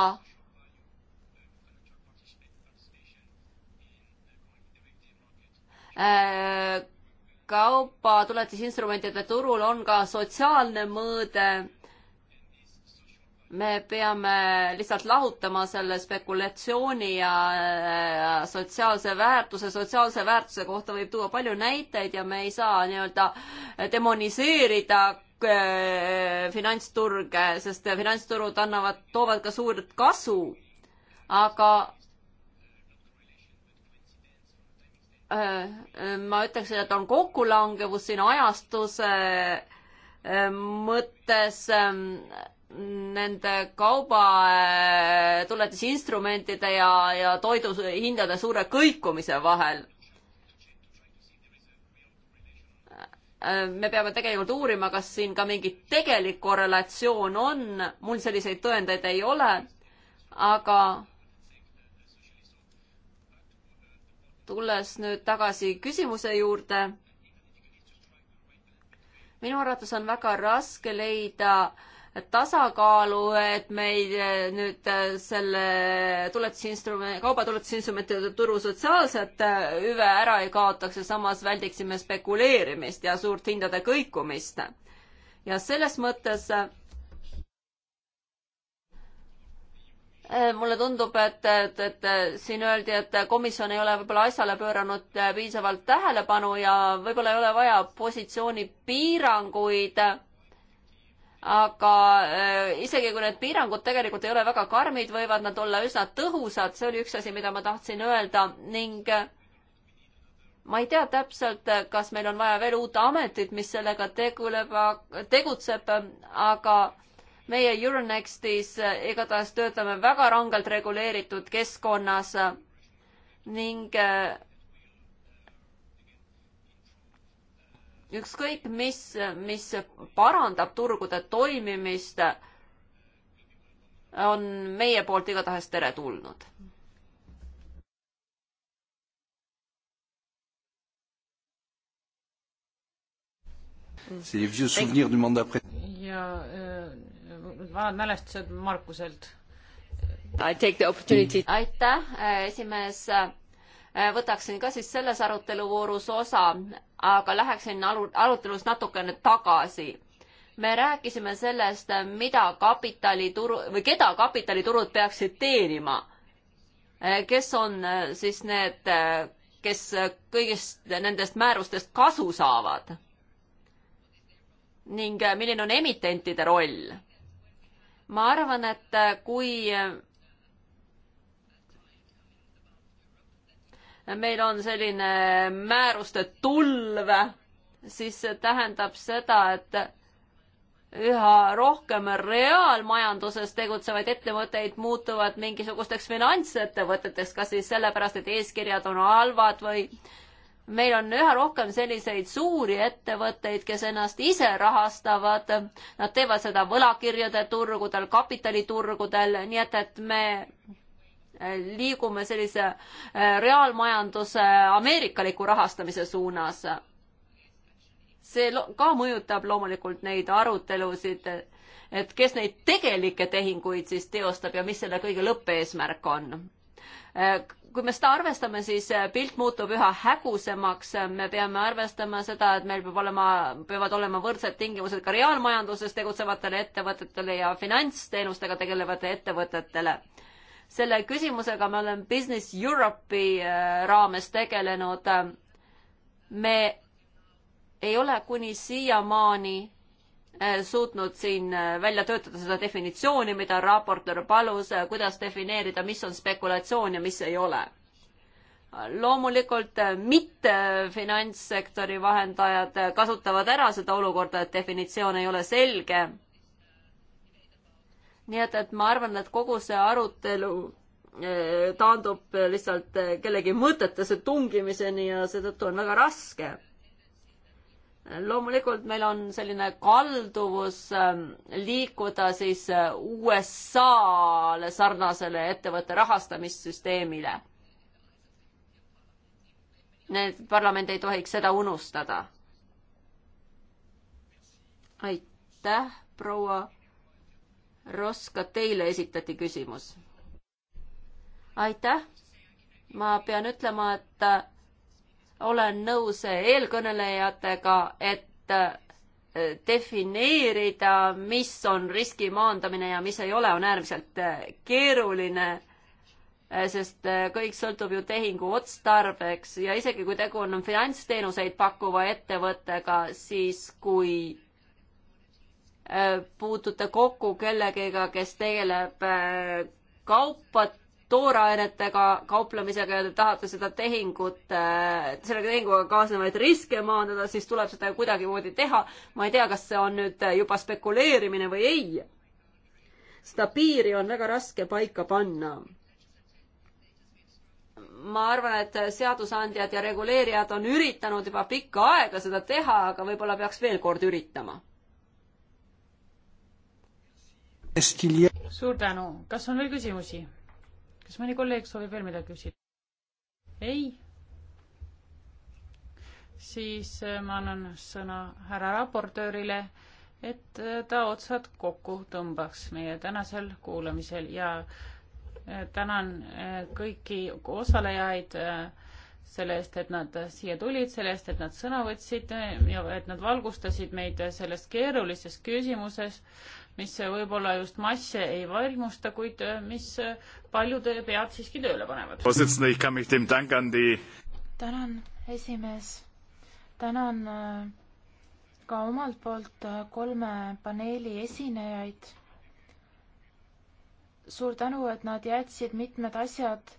Speaker 2: Äh, kaubatuletisinstrumentide turul on ka sotsiaalne mõõde. me peame lihtsalt lahutama selle spekulatsiooni ja sotsiaalse väärtuse, sotsiaalse väärtuse kohta võib tuua palju näiteid ja me ei saa nii-öelda demoniseerida äh, finantsturge, sest finantsturud annavad, toovad ka suurt kasu, aga Äh, äh, ma ütleksin, et on kokkulangevus siin ajastuse äh, mõttes ähm, nende kaubatuletisinstrumentide ja, ja toiduhindade suure kõikumise vahel. me peame tegelikult uurima, kas siin ka mingi tegelik korrelatsioon on, mul selliseid tõendeid ei ole, aga tulles nüüd tagasi küsimuse juurde, minu arvates on väga raske leida tasakaalu, et meil eh, nüüd eh, selle tuletusinstrument, kaubatuletusinstrumentide turu sotsiaalset eh, hüve ära ei kaotaks ja samas väldiksime spekuleerimist ja suurt hindade kõikumist. ja selles mõttes äh, Eh, mulle tundub, et, et, et siin öeldi, et komisjon ei ole võib-olla asjale pööranud eh, piisavalt tähelepanu ja võib-olla ei ole vaja positsioonipiiranguid. aga eh, isegi kui need piirangud tegelikult ei ole väga karmid, võivad nad olla üsna tõhusad, see oli üks asi, mida ma tahtsin öelda ning ma ei tea täpselt, kas meil on vaja veel uut ametit, mis sellega tegeleb, tegutseb, aga meie Euronextis äh, igatahes töötame väga rangelt reguleeritud keskkonnas äh, ning äh, ükskõik mis, mis parandab turgude toimimist, on meie poolt igatahes teretulnud.
Speaker 3: ja vanad mälestused Markuselt. aitäh,
Speaker 2: esimees. võtaksin ka siis selles aruteluvoorus osa, aga läheksin aru, arutelus natukene tagasi me rääkisime sellest, mida kapitalituru või keda kapitaliturud peaksid teenima. kes on siis need, kes kõigist nendest määrustest kasu saavad? ning milline on emitentide roll? ma arvan, et äh, kui äh, meil on selline määruste tulv, siis see tähendab seda, et üha rohkem reaalmajanduses tegutsevaid ettevõtteid muutuvad mingisugusteks finantsettevõteteks, kas siis sellepärast, et eeskirjad on halvad või äh, meil on üha rohkem selliseid suuri ettevõtteid, kes ennast ise rahastavad. Nad teevad seda võlakirjade turgudel, kapitaliturgudel, nii et, et me äh, liigume sellise äh, reaalmajanduse ameerikaliku rahastamise suunas. see ka mõjutab loomulikult neid arutelusid, et kes neid tegelikke tehinguid siis teostab ja mis selle kõige lõppeesmärk on äh, kui me seda arvestame, siis äh, pilt muutub üha hägusemaks, me peame arvestama seda, et meil peab olema, peavad olema võrdsed tingimused ka reaalmajanduses tegutsevatele ettevõtetele ja finantsteenustega tegelevate ettevõtetele. selle küsimusega me oleme Business Europe'i äh, raames tegelenud. me ei ole kuni siiamaani Äh, suutnud siin äh, välja töötada seda definitsiooni, mida raportöör palus, äh, kuidas defineerida, mis on spekulatsioon ja mis ei ole. loomulikult mitte finantssektori vahendajad kasutavad ära seda olukorda, et definitsioon ei ole selge. nii et, et ma arvan, et kogu see arutelu taandub lihtsalt kellegi mõtetesse tungimiseni ja seetõttu on väga raske loomulikult meil on selline kalduvus ähm, liikuda siis äh, USA-le sarnasele ettevõtte rahastamissüsteemile. Need parlament ei tohiks seda unustada. aitäh, proua Ross, ka teile esitati küsimus. aitäh, ma pean ütlema, et äh, olen nõus eelkõnelejatega, et äh, defineerida, mis on riski maandamine ja mis ei ole, on äärmiselt äh, keeruline äh, sest kõik sõltub ju tehingu otstarbeks ja isegi kui tegu on finantsteenuseid pakkuva ettevõttega, siis kui puutute kokku kellegiga, kes tegeleb kaupat, toorainetega kauplemisega ja te tahate seda tehingut, äh, selle tehinguga kaasnevaid riske maandada, siis tuleb seda ju kuidagimoodi teha. ma ei tea, kas see on nüüd äh, juba spekuleerimine või ei. seda piiri on väga raske paika panna. ma arvan, et seadusandjad ja reguleerijad on üritanud juba pikka aega
Speaker 3: seda teha, aga võib-olla peaks veel kord üritama suur tänu, kas on veel küsimusi? kas mõni kolleeg soovib veel midagi küsida? ei? siis äh, ma annan sõna härra raportöörile, et äh, ta otsad kokku tõmbaks meie tänasel kuulamisel ja äh, tänan kõiki osalejaid selle eest, et nad siia tulid, selle eest, et nad sõna võtsid ja et nad valgustasid meid selles keerulises küsimuses, mis võib-olla just masse ei valmusta, kuid äh, mis äh, paljude pead siiski tööle panevad.
Speaker 1: tänan, esimees. tänan äh, ka omalt poolt kolme paneeli esinejaid. suur tänu, et nad jätsid mitmed asjad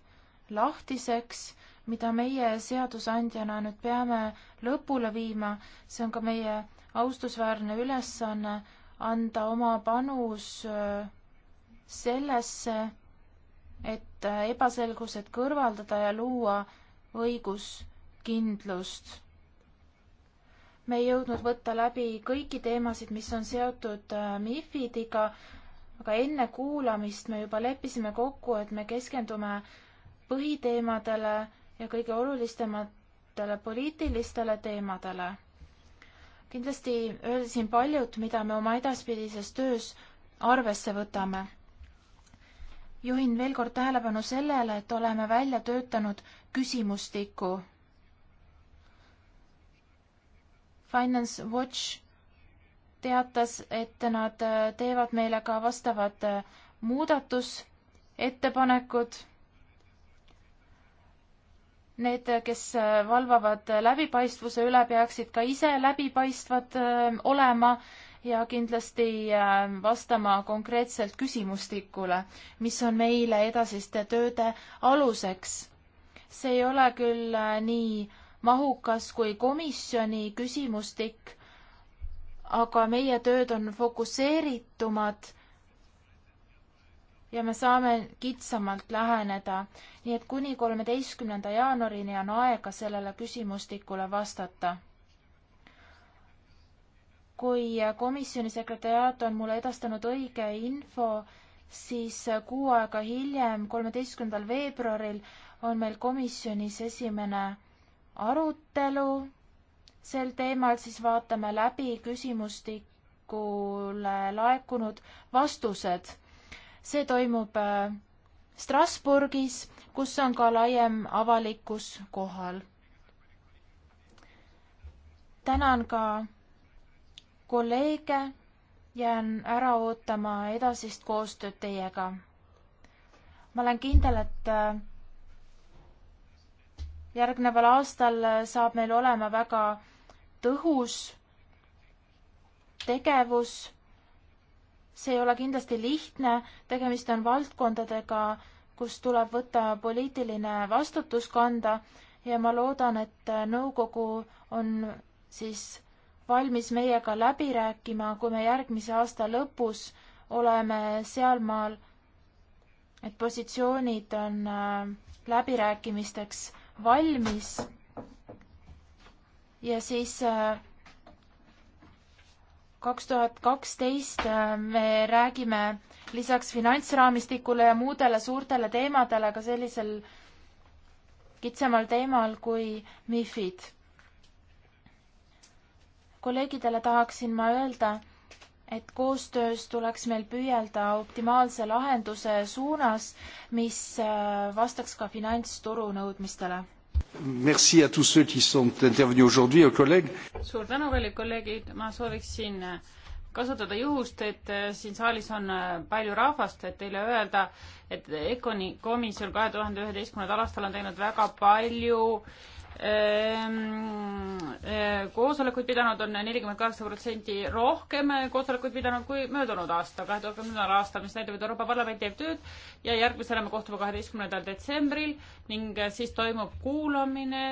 Speaker 1: lahtiseks mida meie seadusandjana nüüd peame lõpule viima, see on ka meie austusväärne ülesanne anda oma panus äh, sellesse, et äh, ebaselgused kõrvaldada ja luua õiguskindlust. me ei jõudnud võtta läbi kõiki teemasid, mis on seotud äh, MIFIDiga, aga enne kuulamist me juba leppisime kokku, et me keskendume põhiteemadele ja kõige olulisematele poliitilistele teemadele kindlasti öeldi siin paljut, mida me oma edaspidises töös arvesse võtame. juhin veel kord tähelepanu sellele, et oleme välja töötanud küsimustiku. Finance Watch teatas, et nad teevad meile ka vastavad muudatusettepanekud Need, kes äh, valvavad äh, läbipaistvuse üle, peaksid ka ise läbipaistvad äh, olema ja kindlasti vastama konkreetselt küsimustikule, mis on meile edasiste tööde aluseks. see ei ole küll nii mahukas kui komisjoni küsimustik, aga meie tööd on fokusseeritumad ja me saame kitsamalt läheneda. nii et kuni kolmeteistkümnenda jaanuarini on aega sellele küsimustikule vastata. kui komisjoni sekretäriaat on mulle edastanud õige info, siis kuu aega hiljem, kolmeteistkümnendal veebruaril on meil komisjonis esimene arutelu sel teemal, siis vaatame läbi küsimustikule laekunud vastused see toimub äh, Strasburgis, kus on ka laiem avalikkus kohal. tänan ka kolleege, jään ära ootama edasist koostööd teiega. ma olen kindel, et äh, järgneval aastal saab meil olema väga tõhus tegevus see ei ole kindlasti lihtne, tegemist on valdkondadega, kus tuleb võtta poliitiline vastutus kanda ja ma loodan, et nõukogu on siis valmis meiega läbi rääkima, kui me järgmise aasta lõpus oleme sealmaal, et positsioonid on äh, läbirääkimisteks valmis ja siis äh, kaks tuhat kaksteist äh, me räägime lisaks finantsraamistikule ja muudele suurtele teemadele ka sellisel kitsamal teemal kui MIFID. kolleegidele tahaksin ma öelda, et koostöös tuleks meil püüelda optimaalse lahenduse suunas, mis äh, vastaks ka finantsturu nõudmistele
Speaker 3: Merci à tous ceux qui sont intervenus aujourd'hui, aux collègues. suur tänu, kallid kolleegid, ma sooviksin äh, kasutada juhust, et äh, siin saalis on äh, palju rahvast, et teile öelda, et ECONi komisjon kahe tuhande üheteistkümnendal aastal on teinud väga palju äh, Ehm, eh, koosolekuid pidanud, on nelikümmend kaheksa protsenti rohkem koosolekuid pidanud kui möödunud aasta, kahe tuhande kümnendal aastal, mis näitab, et Euroopa Parlament teeb tööd ja järgmisena me kohtume kaheteistkümnendal detsembril ning siis toimub kuulamine,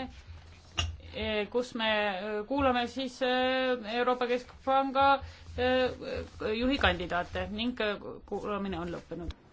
Speaker 3: eh, kus me eh, kuulame siis Euroopa Keskpanga juhikandidaate ning kuulamine on lõppenud